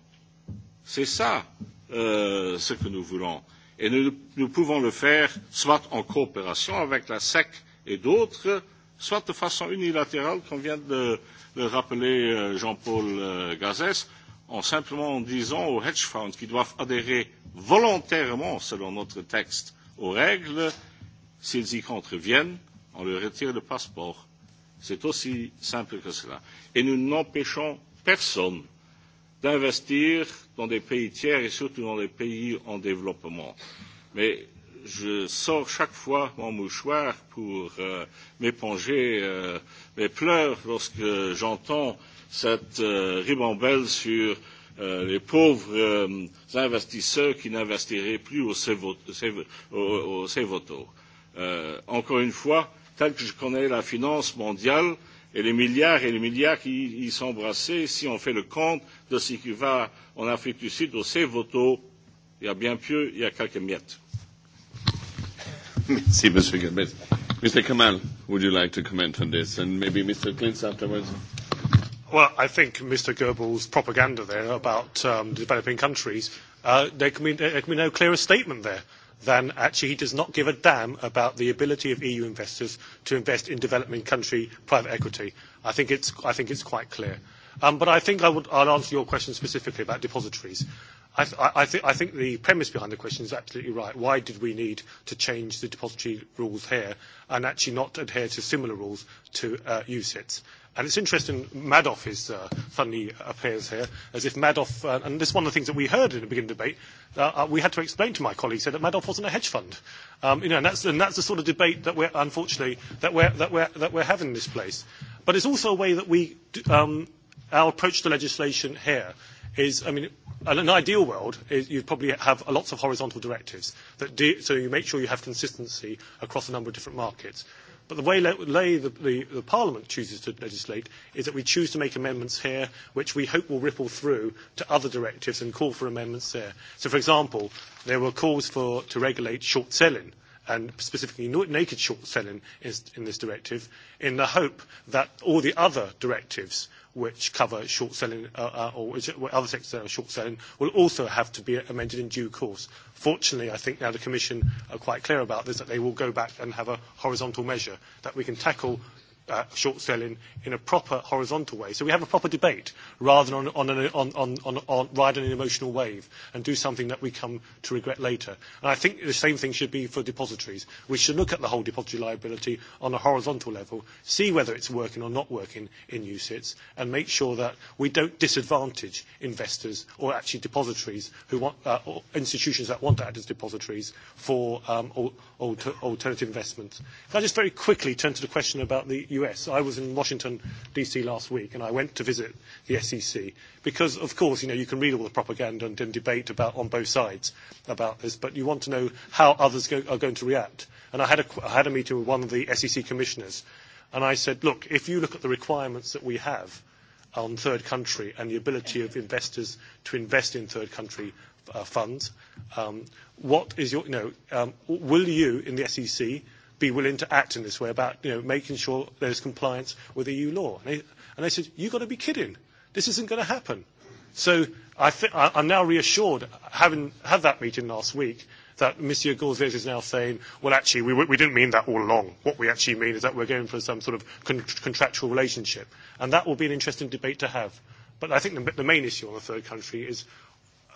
C'est ça ce que nous voulons. Et nous, pouvons le faire soit en coopération avec la SEC et d'autres, soit de façon unilatérale, comme vient de le rappeler Jean-Paul Gazès, en simplement disant aux hedge funds qui doivent adhérer volontairement, selon notre texte, aux règles, s'ils y contreviennent, on leur retire le passeport. C'est aussi simple que cela. Et nous n'empêchons personne d'investir dans des pays tiers et surtout dans les pays en développement. Mais je sors chaque fois mon mouchoir pour euh, m'éponger mes pleurs lorsque j'entends cette ribambelle sur les pauvres investisseurs qui n'investiraient plus au Cevoto. encore une fois, tel que je connais la finance mondiale et les milliards et les milliards qui y sont brassés, si on fait le compte de ce qui va en Afrique du Sud, au Cevoto, il y a bien pieux, il y a quelques miettes. Merci, M. Gabet. M. Kamal, would you like to comment on this? And maybe Mr. Klintz afterwards? Well, I think Mr. Goebbels' propaganda there about um, developing countries, uh, there, can be, there can be no clearer statement there than actually he does not give a damn about the ability of EU investors to invest in developing country private equity. I think it's, I think it's quite clear. Um, but I think I would, I'll answer your question specifically about depositories. I, th- I, th- I think the premise behind the question is absolutely right. Why did we need to change the depository rules here and actually not adhere to similar rules to uh, UCITS? And it's interesting, Madoff is uh, funny appears here, as if Madoff, uh, and this is one of the things that we heard in the beginning of the debate, uh, uh, we had to explain to my colleagues here that Madoff wasn't a hedge fund. Um, you know, and, that's, and that's the sort of debate that we're, unfortunately, that we're, that we're, that we're having in this place. But it's also a way that we, um, our approach to legislation here is, I mean, in an ideal world, is you'd probably have lots of horizontal directives that do, so you make sure you have consistency across a number of different markets. But the way lay the, the, the Parliament chooses to legislate is that we choose to make amendments here, which we hope will ripple through to other directives and call for amendments there. So, for example, there were calls for to regulate short selling and specifically naked short selling is in this directive, in the hope that all the other directives which cover short selling uh, uh, or which, other sectors that are short selling will also have to be amended in due course. Fortunately, I think now the Commission are quite clear about this that they will go back and have a horizontal measure that we can tackle short selling in a proper horizontal way. So we have a proper debate rather than on, on, an, on, on, on, on riding an emotional wave and do something that we come to regret later. And I think the same thing should be for depositories. We should look at the whole depository liability on a horizontal level, see whether it's working or not working in USITs, and make sure that we don't disadvantage investors or actually depositories who want, uh, or institutions that want to act as depositories for um, alternative investments. Can I just very quickly turn to the question about the US. I was in Washington, D.C. last week, and I went to visit the SEC because, of course, you know, you can read all the propaganda and, and debate about, on both sides about this, but you want to know how others go, are going to react. And I had, a, I had a meeting with one of the SEC commissioners, and I said, look, if you look at the requirements that we have on third country and the ability of investors to invest in third country uh, funds, um, what is your, you know, um, will you in the SEC be willing to act in this way about you know, making sure there's compliance with EU law. And they, and they said, you've got to be kidding. This isn't going to happen. So I th- I, I'm now reassured, having had that meeting last week, that Monsieur Gauzès is now saying, well, actually, we, we didn't mean that all along. What we actually mean is that we're going for some sort of con- contractual relationship. And that will be an interesting debate to have. But I think the, the main issue on the third country is,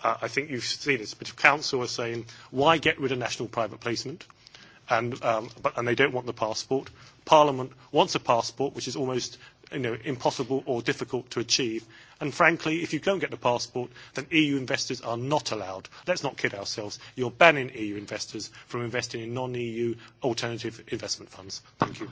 uh, I think you've seen this, but Council are saying, why get rid of national private placement? and, um, but, and they don't want the passport. Parliament wants a passport, which is almost you know, impossible or difficult to achieve. And frankly, if you don't get the passport, then EU investors are not allowed. Let's not kid ourselves. You're banning EU investors from investing in non-EU alternative investment funds. Thank you.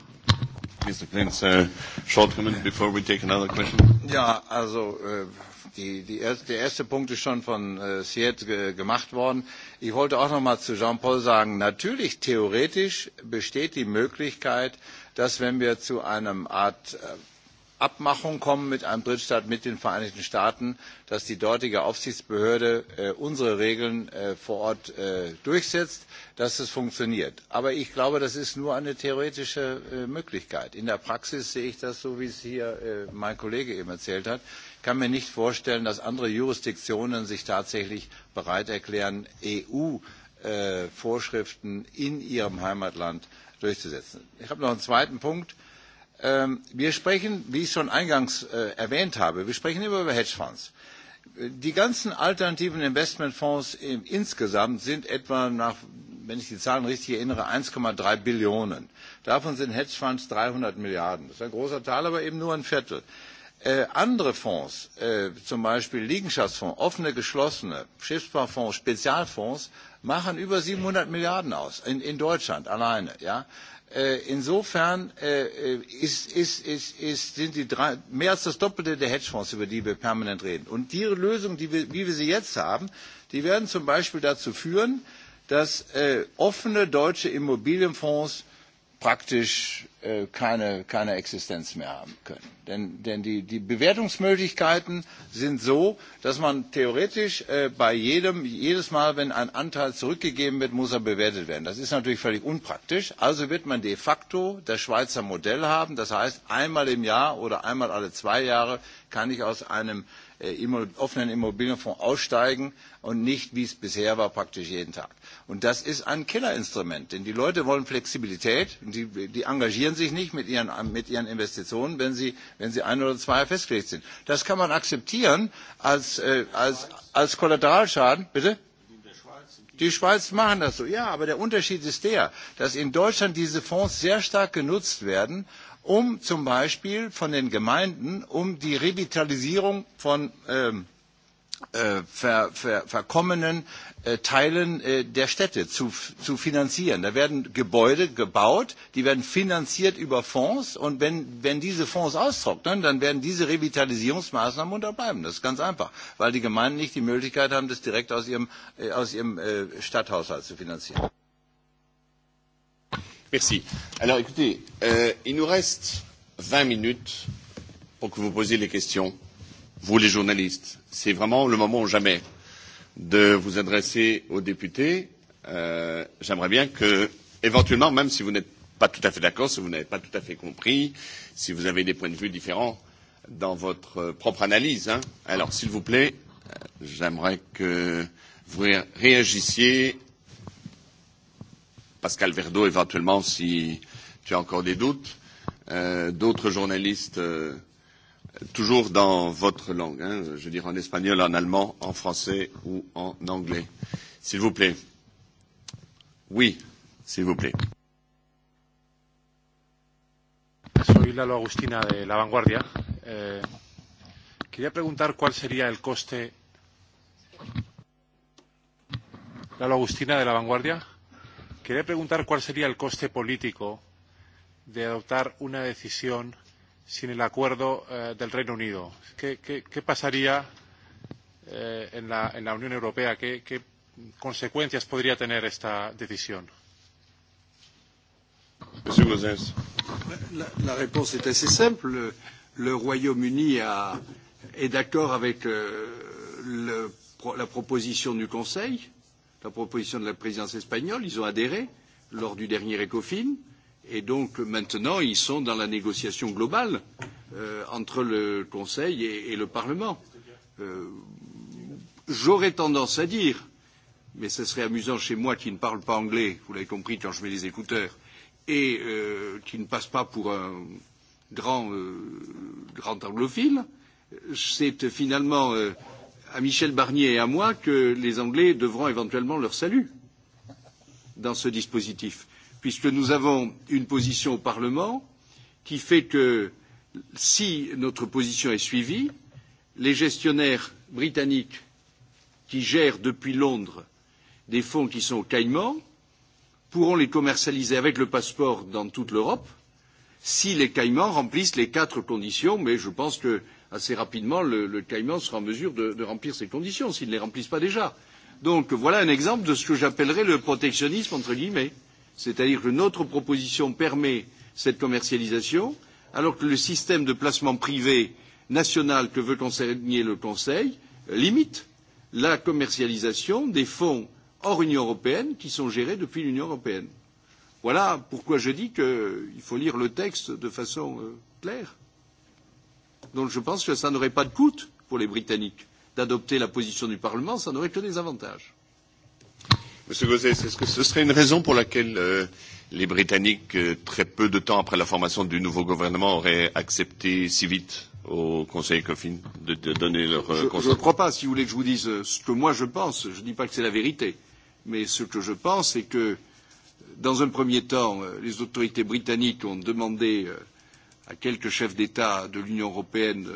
Mr. Clint, uh, short comment before we take another question. Yeah, also, uh, der erste Punkt ist schon von Siet gemacht worden. Ich wollte auch noch mal zu Jean-Paul sagen, natürlich theoretisch besteht die Möglichkeit, dass wenn wir zu einer Art Abmachung kommen mit einem Drittstaat, mit den Vereinigten Staaten, dass die dortige Aufsichtsbehörde unsere Regeln vor Ort durchsetzt, dass es funktioniert. Aber ich glaube, das ist nur eine theoretische Möglichkeit. In der Praxis sehe ich das so, wie es hier mein Kollege eben erzählt hat. Ich kann mir nicht vorstellen, dass andere Jurisdiktionen sich tatsächlich bereit erklären, EU-Vorschriften in ihrem Heimatland durchzusetzen. Ich habe noch einen zweiten Punkt. Wir sprechen, wie ich schon eingangs erwähnt habe, wir sprechen immer über Hedgefonds. Die ganzen alternativen Investmentfonds insgesamt sind etwa nach, wenn ich die Zahlen richtig erinnere, eins drei Billionen. Davon sind Hedgefonds 300 Milliarden. Das ist ein großer Teil, aber eben nur ein Viertel andere Fonds, zum Beispiel Liegenschaftsfonds, offene, geschlossene, Schiffsbaufonds, Spezialfonds, machen über 700 Milliarden aus, in, Deutschland alleine. insofern sind die mehr als das Doppelte der Hedgefonds, über die wir permanent reden. Und die Lösung, wie wir sie jetzt haben, die werden zum Beispiel dazu führen, dass offene deutsche Immobilienfonds praktisch keine, keine Existenz mehr haben können. Denn, denn die, die Bewertungsmöglichkeiten sind so, dass man theoretisch bei jedem, jedes Mal, wenn ein Anteil zurückgegeben wird, muss er bewertet werden. Das ist natürlich völlig unpraktisch. Also wird man de facto das Schweizer Modell haben. Das heißt, einmal im Jahr oder einmal alle zwei Jahre kann ich aus einem offenen Immobilienfonds aussteigen und nicht, wie es bisher war, praktisch jeden Tag. Und das ist ein Killerinstrument, denn die Leute wollen Flexibilität und die, engagieren sich nicht mit ihren, Investitionen, wenn sie, ein oder zwei Jahre festgelegt sind. Das kann man akzeptieren als, Kollateralschaden. Bitte? Die Schweiz machen das so. Ja, aber der Unterschied ist der, dass in Deutschland diese Fonds sehr stark genutzt werden, um zum Beispiel von den Gemeinden, um die Revitalisierung von verkommenen Teilen der Städte zu, finanzieren. Da werden Gebäude gebaut, die werden finanziert über Fonds und wenn, diese Fonds austrocknen, dann werden diese Revitalisierungsmaßnahmen unterbleiben. Das ist ganz einfach, weil die Gemeinden nicht die Möglichkeit haben, das direkt aus ihrem, Stadthaushalt zu finanzieren. Merci. Alors écoutez, euh, il nous reste 20 minutes pour que vous posiez les questions, vous les journalistes. C'est vraiment le moment ou jamais de vous adresser aux députés. Euh, J'aimerais bien que, éventuellement, même si vous n'êtes pas tout à fait d'accord, si vous n'avez pas tout à fait compris, si vous avez des points de vue différents dans votre propre analyse, hein, alors s'il vous plaît, j'aimerais que vous réagissiez Pascal Verdeau éventuellement si tu as encore des doutes, euh, d'autres journalistes, euh, toujours dans votre langue, hein, je veux dire en espagnol, en allemand, en français ou en anglais. S'il vous plaît. Oui, s'il vous plaît. Soy Lalo Agustina de La Vanguardia. Eh, quería preguntar cuál sería el coste. Lalo Agustina de La Vanguardia. Quería preguntar cuál sería el coste político de adoptar una decisión sin el acuerdo eh, del Reino Unido. ¿Qué, qué, qué pasaría eh, en, la, en la Unión Europea? ¿Qué, ¿Qué consecuencias podría tener esta decisión? La, la réponse est assez simple. Le Royaume-Uni est d'accord avec euh, le, la proposition du Conseil la proposition de la présidence espagnole, ils ont adhéré lors du dernier ECOFIN, et donc maintenant ils sont dans la négociation globale entre le Conseil et, le Parlement. J'aurais tendance à dire, mais ce serait amusant chez moi qui ne parle pas anglais, vous l'avez compris quand je mets les écouteurs, et qui ne passe pas pour un grand, anglophile, c'est finalement à Michel Barnier et à moi que les Anglais devront éventuellement leur salut dans ce dispositif, puisque nous avons une position au Parlement qui fait que si notre position est suivie, les gestionnaires britanniques qui gèrent depuis Londres des fonds qui sont aux Caïmans pourront les commercialiser avec le passeport dans toute l'Europe si les Caïmans remplissent les quatre conditions, mais je pense que assez rapidement, le, Caïman sera en mesure de, remplir ces conditions, s'il ne les remplissent pas déjà. Donc voilà un exemple de ce que j'appellerais le protectionnisme entre guillemets. C'est-à-dire que notre proposition permet cette commercialisation, alors que le système de placement privé national que veut conseiller le Conseil limite la commercialisation des fonds hors Union européenne qui sont gérés depuis l'Union européenne. Voilà pourquoi je dis qu'il faut lire le texte de façon claire. Donc je pense que ça n'aurait pas de coût pour les Britanniques d'adopter la position du Parlement, ça n'aurait que des avantages. Monsieur Gauzès, est-ce que ce serait une raison pour laquelle euh, les Britanniques, euh, très peu de temps après la formation du nouveau gouvernement, auraient accepté si vite au Conseil ECOFIN de, de donner leur euh, consentement Je ne crois pas, si vous voulez que je vous dise ce que moi je pense, je ne dis pas que c'est la vérité, mais ce que je pense, c'est que dans un premier temps, les autorités britanniques ont demandé euh, à quelques chefs d'État de l'Union européenne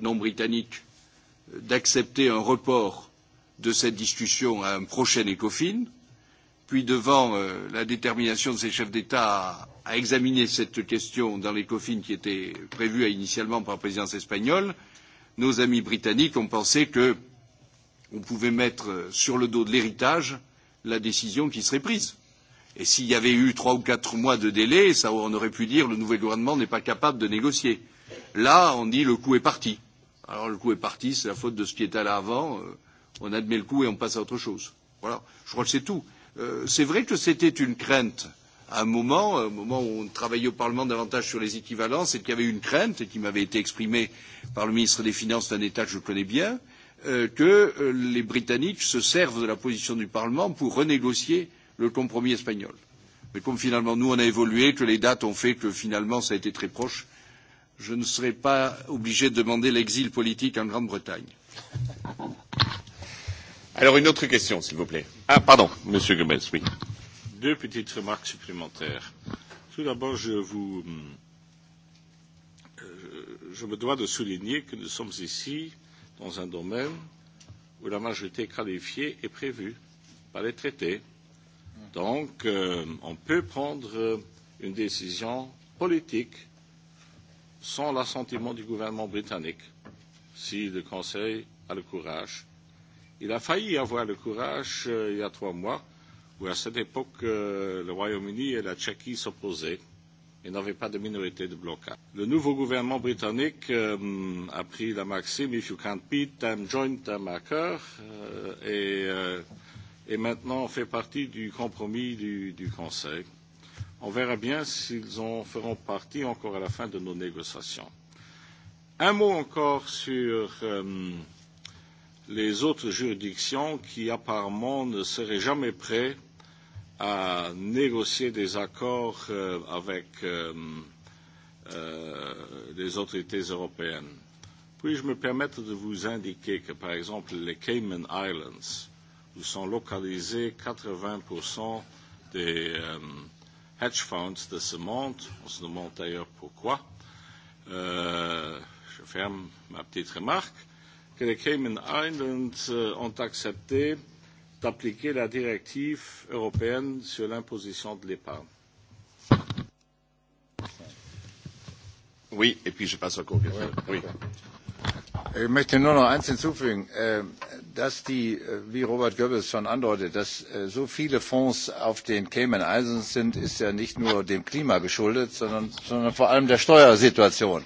non britannique d'accepter un report de cette discussion à un prochain ECOFIN, puis devant la détermination de ces chefs d'État à examiner cette question dans l'ECOFIN qui était prévu initialement par la présidence espagnole, nos amis britanniques ont pensé que on pouvait mettre sur le dos de l'héritage la décision qui serait prise. Et s'il y avait eu trois ou quatre mois de délai, on aurait pu dire que le nouvel gouvernement n'est pas capable de négocier. Là, on dit le coup est parti. Alors le coup est parti, c'est la faute de ce qui était là avant. On admet le coup et on passe à autre chose. Voilà. Je crois que c'est tout. c'est vrai que c'était une crainte à un moment, au moment où on travaillait au Parlement davantage sur les équivalences, et qu'il y avait une crainte, et qui m'avait été exprimée par le ministre des Finances d'un État que je connais bien, que les Britanniques se servent de la position du Parlement pour renégocier le compromis espagnol. Mais comme finalement nous on a évolué, que les dates ont fait que finalement ça a été très proche, je ne serai pas obligé de demander l'exil politique en Grande-Bretagne. Alors une autre question, s'il vous plaît. Ah, pardon, Monsieur Gomez, oui. Deux petites remarques supplémentaires. Tout d'abord, je vous, je me dois de souligner que nous sommes ici dans un domaine où la majorité qualifiée est prévue par les traités Donc, on peut prendre une décision politique sans l'assentiment du gouvernement britannique, si le Conseil a le courage. Il a failli avoir le courage il y a trois mois, où à cette époque, le Royaume-Uni et la Tchéquie s'opposaient et n'avaient pas de minorité de blocage. Le nouveau gouvernement britannique a pris la maxime If you can't beat them, join them à cœur et et maintenant fait partie du compromis du, Conseil. On verra bien s'ils en feront partie encore à la fin de nos négociations. Un mot encore sur les autres juridictions qui apparemment ne seraient jamais prêtes à négocier des accords avec les autorités européennes. Puis-je me permettre de vous indiquer que, par exemple, les Cayman Islands, où sont localisés 80% des euh, hedge funds de ce monde. On se demande d'ailleurs pourquoi. Euh, je ferme ma petite remarque que les Cayman Islands euh, ont accepté d'appliquer la directive européenne sur l'imposition de l'épargne. Oui, et puis je passe au cours. Oui. Ich möchte nur noch eins hinzufügen, dass die, wie Robert Goebbels schon andeutet, dass so viele Fonds auf den Cayman Islands sind, ist ja nicht nur dem Klima geschuldet, sondern, vor allem der Steuersituation.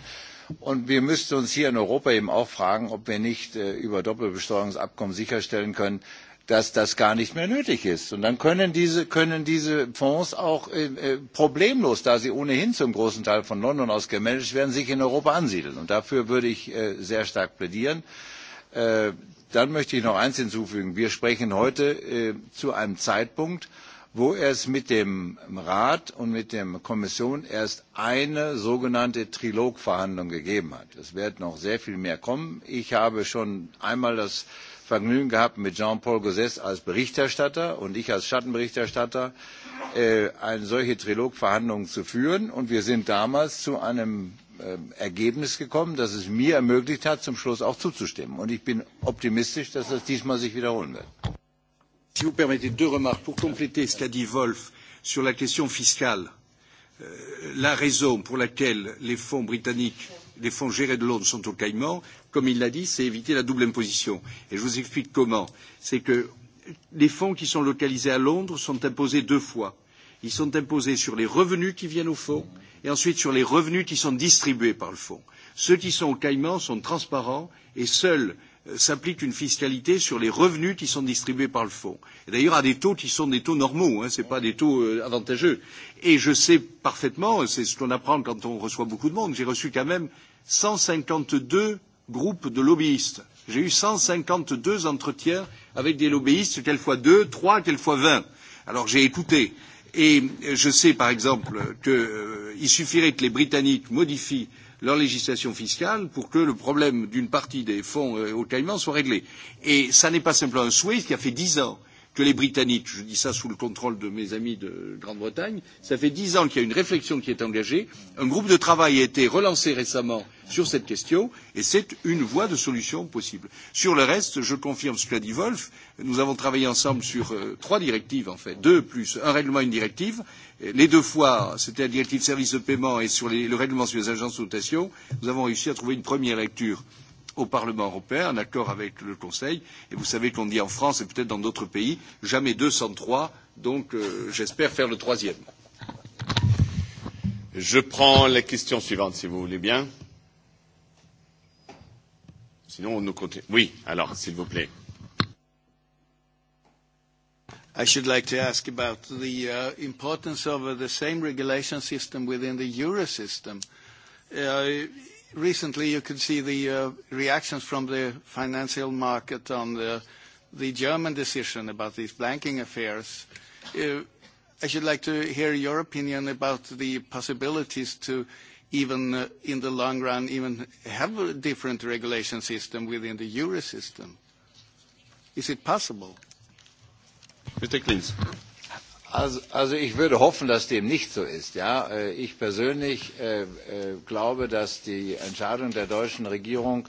Und wir müssten uns hier in Europa eben auch fragen, ob wir nicht über Doppelbesteuerungsabkommen sicherstellen können, dass das gar nicht mehr nötig ist. Und dann können diese, können diese Fonds auch problemlos, da sie ohnehin zum großen Teil von London aus gemanagt werden, sich in Europa ansiedeln. Und dafür würde ich sehr stark plädieren. dann möchte ich noch eins hinzufügen. Wir sprechen heute zu einem Zeitpunkt, wo es mit dem Rat und mit der Kommission erst eine sogenannte Trilogverhandlung gegeben hat. Es wird noch sehr viel mehr kommen. Ich habe schon einmal das Vergnügen gehabt, mit Jean-Paul Gauzès als Berichterstatter und ich als Schattenberichterstatter solche Trilogverhandlungen zu führen. Und wir sind damals zu einem Ergebnis gekommen, das es mir ermöglicht hat, zum Schluss auch zuzustimmen. Und ich bin optimistisch, dass das diesmal sich wiederholen wird. Si vous permettez deux remarques pour compléter ce qu'a dit Wolf sur la question fiscale, la raison pour laquelle les fonds britanniques les fonds gérés de Londres sont aux Caïmans, comme il l'a dit, c'est éviter la double imposition. Et je vous explique comment. C'est que les fonds qui sont localisés à Londres sont imposés deux fois. Ils sont imposés sur les revenus qui viennent au fonds et ensuite sur les revenus qui sont distribués par le fonds. Ceux qui sont aux Caïmans sont transparents et seuls s'applique une fiscalité sur les revenus qui sont distribués par le fonds. Et d'ailleurs à des taux qui sont des taux normaux, hein, ce pas des taux avantageux. Et je sais parfaitement, c'est ce qu'on apprend quand on reçoit beaucoup de monde, j'ai reçu quand même cent cinquante deux groupes de lobbyistes. J'ai eu cent cinquante deux entretiens avec des lobbyistes, quelquefois deux, trois, quelquefois vingt. Alors j'ai écouté. Et je sais par exemple qu'il suffirait que les Britanniques modifient leur législation fiscale pour que le problème d'une partie des fonds aux Caïmans soit réglé. Et ça n'est pas simplement un souhait qui a fait dix ans que les Britanniques. Je dis ça sous le contrôle de mes amis de Grande-Bretagne. Ça fait dix ans qu'il y a une réflexion qui est engagée. Un groupe de travail a été relancé récemment sur cette question et c'est une voie de solution possible. Sur le reste, je confirme ce qu'a dit Wolf. Nous avons travaillé ensemble sur trois directives en fait, deux plus un règlement et une directive. Les deux fois, c'était la directive services de paiement et sur le règlement sur les agences de notation. Nous avons réussi à trouver une première lecture au Parlement européen, en accord avec le Conseil. Et vous savez qu'on dit en France et peut-être dans d'autres pays, jamais deux sans trois. Donc j'espère faire le troisième. Je prends la question suivante, si vous voulez bien. Sinon, on nous compte. Oui, alors, s'il vous plaît. I should like to ask about the uh, importance of uh, the same regulation system within the euro Uh, recently you could see the reactions from the financial market on the German decision about these banking affairs. I should like to hear your opinion about the possibilities to even in the long run, even have a different regulation system within the Eurosystem. Is it possible? Mr. Klinz. Also ich würde hoffen, dass dem nicht so ist. Ich persönlich glaube, dass die Entscheidung der deutschen Regierung,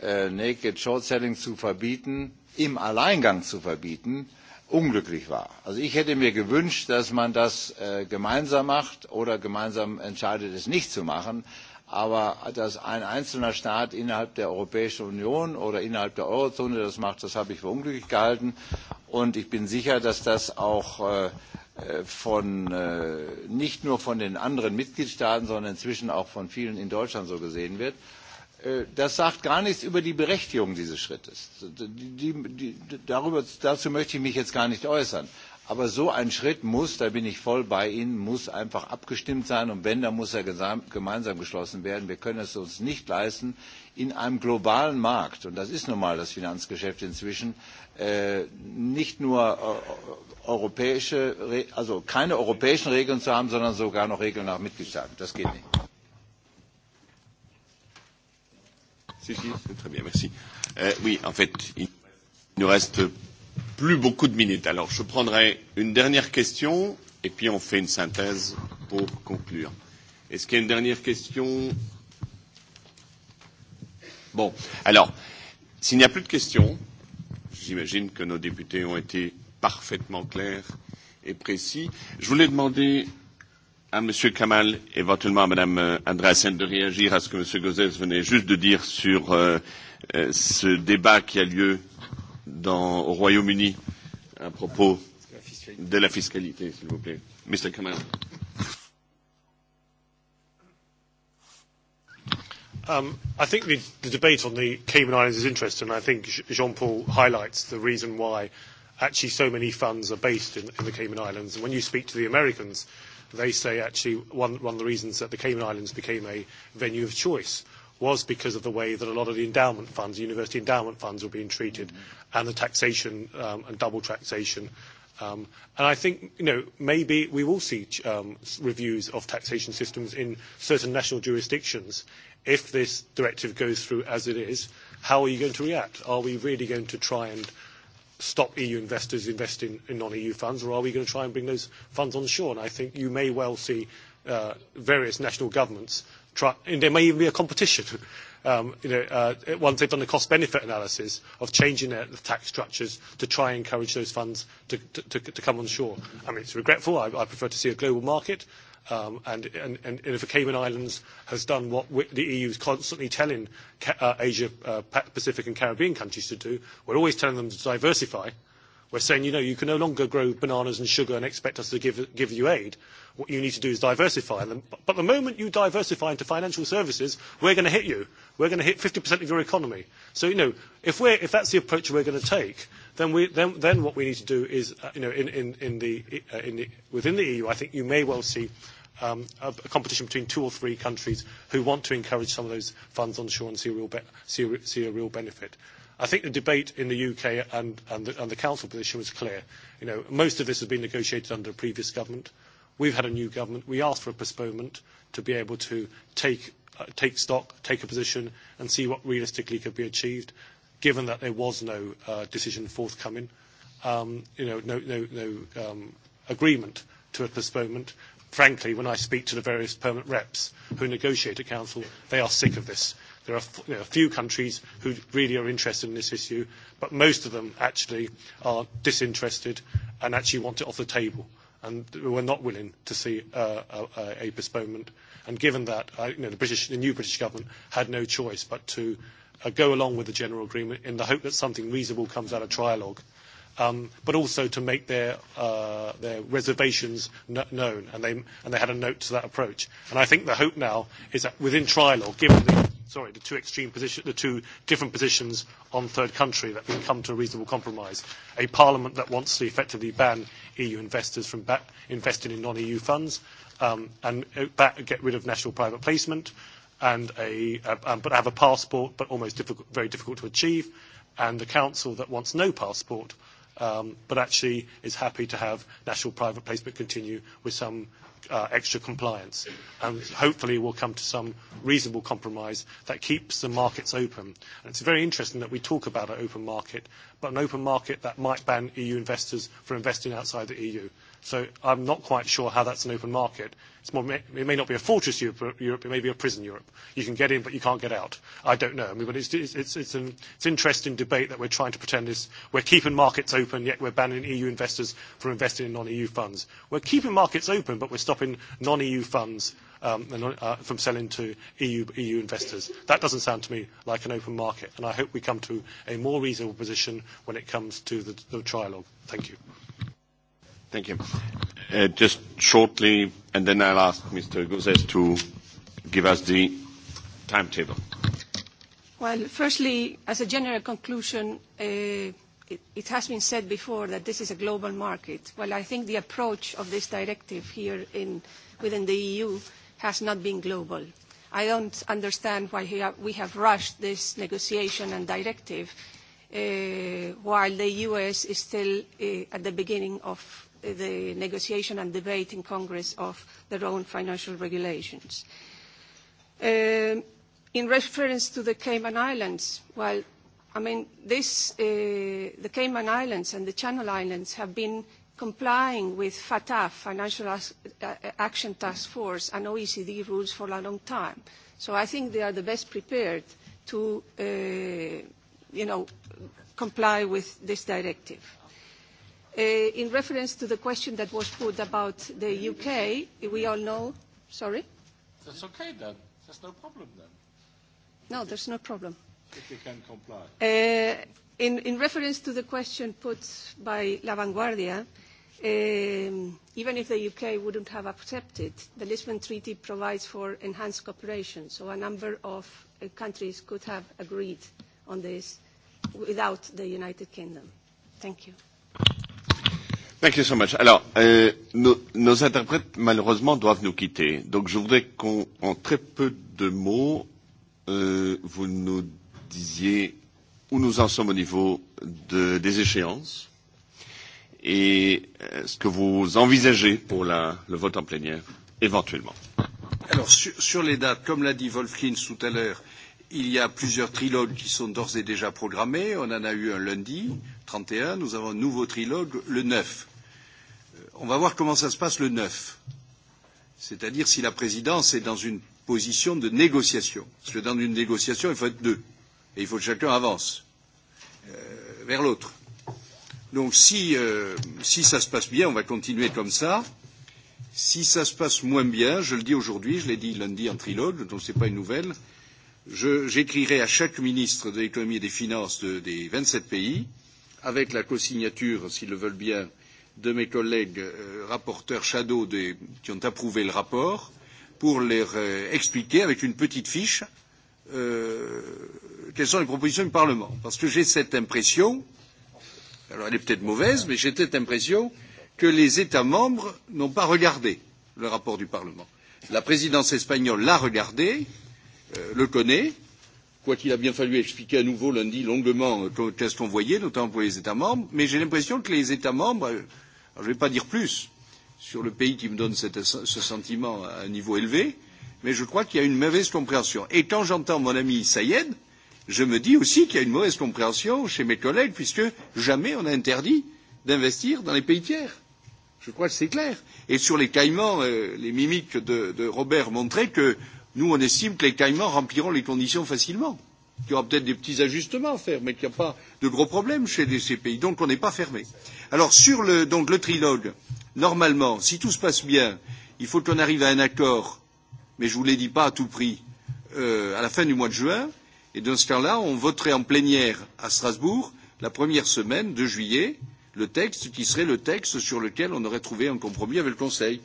Naked Short Selling zu verbieten, im Alleingang zu verbieten, unglücklich war. Also ich hätte mir gewünscht, dass man das gemeinsam macht oder gemeinsam entscheidet, es nicht zu machen. Aber dass ein einzelner Staat innerhalb der Europäischen Union oder innerhalb der Eurozone das macht, das habe ich für unglücklich gehalten. Und ich bin sicher, dass das auch nicht nur von den anderen Mitgliedstaaten, sondern inzwischen auch von vielen in Deutschland so gesehen wird. Das sagt gar nichts über die Berechtigung dieses Schrittes. dazu möchte ich mich jetzt gar nicht äußern. Aber so ein Schritt muss, da bin ich voll bei Ihnen, muss einfach abgestimmt sein. Und wenn, dann muss er gemeinsam geschlossen werden. Wir können es uns nicht leisten, in einem globalen Markt, und das ist nun mal das Finanzgeschäft inzwischen, nicht nur europäische, also keine europäischen Regeln zu haben, sondern sogar noch Regeln nach Mitgliedstaaten. Das geht nicht. oui, en fait, il ne reste plus beaucoup de minutes. Alors, je prendrai une dernière question et puis on fait une synthèse pour conclure. Est-ce qu'il y a une dernière question Bon, alors, s'il n'y a plus de questions, j'imagine que nos députés ont été parfaitement clairs et précis. Je voulais demander à M. Kamal, éventuellement à Mme Andreasen, de réagir à ce que M. Gauzès venait juste de dire sur ce débat qui a lieu dans, au Royaume-Uni à propos de la fiscalité, s'il vous plaît. Mr. Kamal. Um, I think the, the debate on the Cayman Islands is interesting. I think Jean-Paul highlights the reason why actually so many funds are based in, in the Cayman Islands. And when you speak to the Americans, they say actually one, one of the reasons that the Cayman Islands became a venue of choice was because of the way that a lot of the endowment funds, university endowment funds, were being treated, and the taxation um, and double taxation. Um, and I think you know maybe we will see um, reviews of taxation systems in certain national jurisdictions if this directive goes through as it is, how are you going to react? Are we really going to try and stop EU investors investing in non-EU funds, or are we going to try and bring those funds on shore? And I think you may well see uh, various national governments try, and there may even be a competition. Um, you know, uh, once they've done the cost-benefit analysis of changing their tax structures to try and encourage those funds to, to, to, to come on shore. I mean, it's regretful. I, I prefer to see a global market, Um, and, and, if the Cayman Islands has done what the EU is constantly telling Asia, uh, Pacific and Caribbean countries to do, we're always telling them to diversify. We're saying, you know, you can no longer grow bananas and sugar and expect us to give, give you aid. What you need to do is diversify them. But the moment you diversify into financial services, we're going to hit you. We're going to hit 50% of your economy. So, you know, if, we're, if that's the approach we're going to take, then, we, then, then what we need to do is, you know, in, in, in the, uh, in the, within the EU, I think you may well see um, a, a competition between two or three countries who want to encourage some of those funds onshore and see a real, be- see a, see a real benefit. I think the debate in the UK and, and, the, and the council position was clear. You know, most of this has been negotiated under a previous government. We've had a new government. We asked for a postponement to be able to take, uh, take stock, take a position, and see what realistically could be achieved, given that there was no uh, decision forthcoming, um, you know, no, no, no um, agreement to a postponement frankly, when I speak to the various permanent reps who negotiate at council, they are sick of this. There are, you know, a few countries who really are interested in this issue, but most of them actually are disinterested and actually want it off the table. And we're not willing to see uh, a, a postponement. And given that, you know, the, British, the new British government had no choice but to uh, go along with the general agreement in the hope that something reasonable comes out of trialogue but also to make their, uh, their reservations known. And they, and they had a note to that approach. And I think the hope now is that within trilogue, given the, sorry, the two extreme position, the two different positions on third country, that we can come to a reasonable compromise. A parliament that wants to effectively ban EU investors from back, investing in non-EU funds um, and back, get rid of national private placement and a, uh, um, but have a passport, but almost difficult, very difficult to achieve and the council that wants no passport but actually is happy to have national private placement continue with some extra compliance. And hopefully we'll come to some reasonable compromise that keeps the markets open. And it's very interesting that we talk about an open market, but an open market that might ban EU investors from investing outside the EU. So I'm not quite sure how that's an open market. It's more, it may not be a fortress Europe, it may be a prison Europe. You can get in, but you can't get out. I don't know. I mean, but it's, it's, it's, an, it's an interesting debate that we're trying to pretend is we're keeping markets open, yet we're banning EU investors from investing in non-EU funds. We're keeping markets open, but we're stopping non-EU funds um, from selling to EU, EU investors. That doesn't sound to me like an open market, and I hope we come to a more reasonable position when it comes to the, the trilogue. Thank you. Thank you. just shortly, and then I'll ask Mr. Gauzès to give us the timetable. Well, firstly, as a general conclusion, it, has been said before that this is a global market. Well, I think the approach of this directive here in, within the EU has not been global. I don't understand why we have rushed this negotiation and directive while the US is still at the beginning of the negotiation and debate in Congress of their own financial regulations. in reference to the Cayman Islands, well, I mean, this, the Cayman Islands and the Channel Islands have been complying with FATF, Financial Action Task Force, and OECD rules for a long time. So I think they are the best prepared to, you know, comply with this directive in reference to the question that was put about the UK, we all know. Sorry? That's okay then. There's no problem then. No, there's no problem. If you can comply. Uh, in, in reference to the question put by La Vanguardia, um, even if the UK wouldn't have accepted, the Lisbon Treaty provides for enhanced cooperation, so a number of uh, countries could have agreed on this without the United Kingdom. Thank you. Thank you so much. Alors, euh, nos, nos interprètes, malheureusement, doivent nous quitter. Donc, je voudrais qu'en très peu de mots, euh, vous nous disiez où nous en sommes au niveau de, des échéances et ce que vous envisagez pour la, le vote en plénière, éventuellement. Alors, sur, sur les dates, comme l'a dit Wolfkin tout à l'heure, il y a plusieurs trilogues qui sont d'ores et déjà programmés. On en a eu un lundi, 31. Nous avons un nouveau trilogue le 9. On va voir comment ça se passe le 9, c'est-à-dire si la présidence est dans une position de négociation. Parce que dans une négociation, il faut être deux. Et il faut que chacun avance euh, vers l'autre. Donc si, euh, si ça se passe bien, on va continuer comme ça. Si ça se passe moins bien, je le dis aujourd'hui, je l'ai dit lundi en trilogue, donc ce n'est pas une nouvelle, j'écrirai à chaque ministre de l'économie et des finances de, des 27 pays, avec la cosignature, s'ils le veulent bien, euh, de mes collègues rapporteurs shadow qui ont approuvé le rapport pour leur expliquer avec une petite fiche quelles sont les propositions du Parlement. Parce que j'ai cette impression, alors elle est peut-être mauvaise, mais j'ai cette impression que les États membres n'ont pas regardé le rapport du Parlement. La présidence espagnole l'a regardé, le connaît, quoiqu'il a bien fallu expliquer à nouveau lundi longuement qu'est-ce qu'on voyait, notamment pour les États membres, mais j'ai l'impression que les États membres je ne vais pas dire plus sur le pays qui me donne ce sentiment à un niveau élevé, mais je crois qu'il y a une mauvaise compréhension. Et quand j'entends mon ami Sayed, je me dis aussi qu'il y a une mauvaise compréhension chez mes collègues, puisque jamais on n'a interdit d'investir dans les pays tiers. Je crois que c'est clair. Et sur les caïmans, les mimiques de, Robert montraient que nous, on estime que les caïmans rempliront les conditions facilement. Il y aura peut-être des petits ajustements à faire, mais qu'il n'y a pas de gros problèmes chez ces pays. Donc on n'est pas fermé. Euh, Alors sur le, donc, le trilogue, normalement, si tout se passe bien, il faut qu'on arrive à un accord, mais je ne vous l'ai dit pas à tout prix, euh, à la fin du mois de juin, et dans ce cas-là, on voterait en plénière à Strasbourg la première semaine de juillet, le texte qui serait le texte sur lequel on aurait trouvé un compromis avec le Conseil.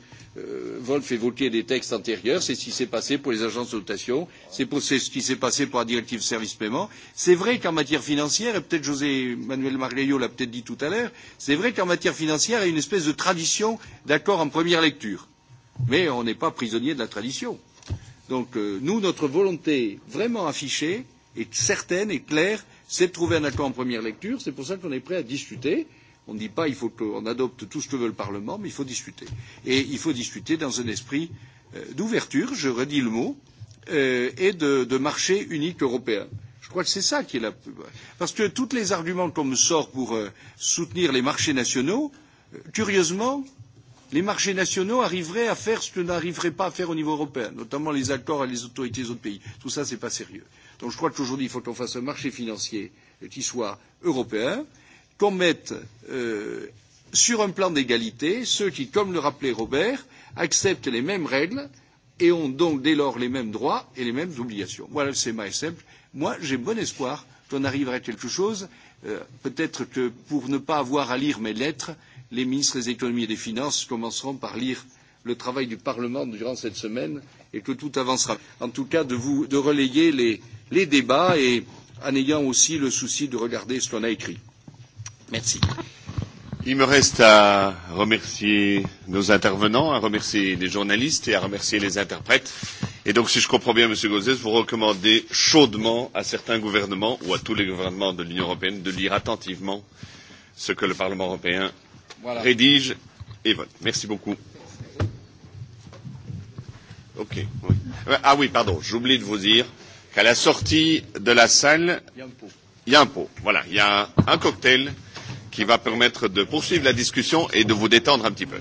Wolf évoquait des textes antérieurs, c'est ce qui s'est passé pour les agences de notation, c'est ce qui s'est passé pour la directive service paiement. C'est vrai qu'en matière financière, et peut-être José Manuel Margallo l'a peut-être dit tout à l'heure, c'est vrai qu'en matière financière, il y a une espèce de tradition d'accord en première lecture. Mais on n'est pas prisonnier de la tradition. Donc nous, notre volonté vraiment affichée est certaine et claire, c'est de trouver un accord en première lecture, c'est pour cela qu'on est prêt à discuter. On ne dit pas il faut qu'on adopte tout ce que veut le Parlement, mais il faut discuter. Et il faut discuter dans un esprit d'ouverture, je redis le mot, et de, marché unique européen. Je crois que c'est ça qui est la... Parce que tous les arguments qu'on me sort pour soutenir les marchés nationaux, curieusement, les marchés nationaux arriveraient à faire ce que n'arriveraient pas à faire au niveau européen, notamment les accords avec les autorités des autres pays. Tout ça, ce n'est pas sérieux. Donc je crois qu'aujourd'hui, il faut qu'on fasse un marché financier qui soit européen, qu'on mette sur un plan d'égalité ceux qui, comme le rappelait Robert, acceptent les mêmes règles et ont donc dès lors les mêmes droits et les mêmes obligations. Voilà le schéma est simple. Moi, j'ai bon espoir qu'on arriverait à quelque chose. Peut-être que pour ne pas avoir à lire mes lettres, les ministres des économies et des finances commenceront par lire le travail du Parlement durant cette semaine et que tout avancera. En tout cas, de, vous, de relayer les, les débats et en ayant aussi le souci de regarder ce qu'on a écrit. Merci. Il me reste à remercier nos intervenants, à remercier les journalistes et à remercier les interprètes. Et donc, si je comprends bien, Monsieur Gauzès, vous recommandez chaudement à certains gouvernements ou à tous les gouvernements de l'Union européenne de lire attentivement ce que le Parlement européen rédige et vote. Merci beaucoup. Ok. Oui. Ah oui, pardon, j'oublie de vous dire qu'à la sortie de la salle, il y a un pot. Voilà, il y a un cocktail qui va permettre de poursuivre la discussion et de vous détendre un petit peu.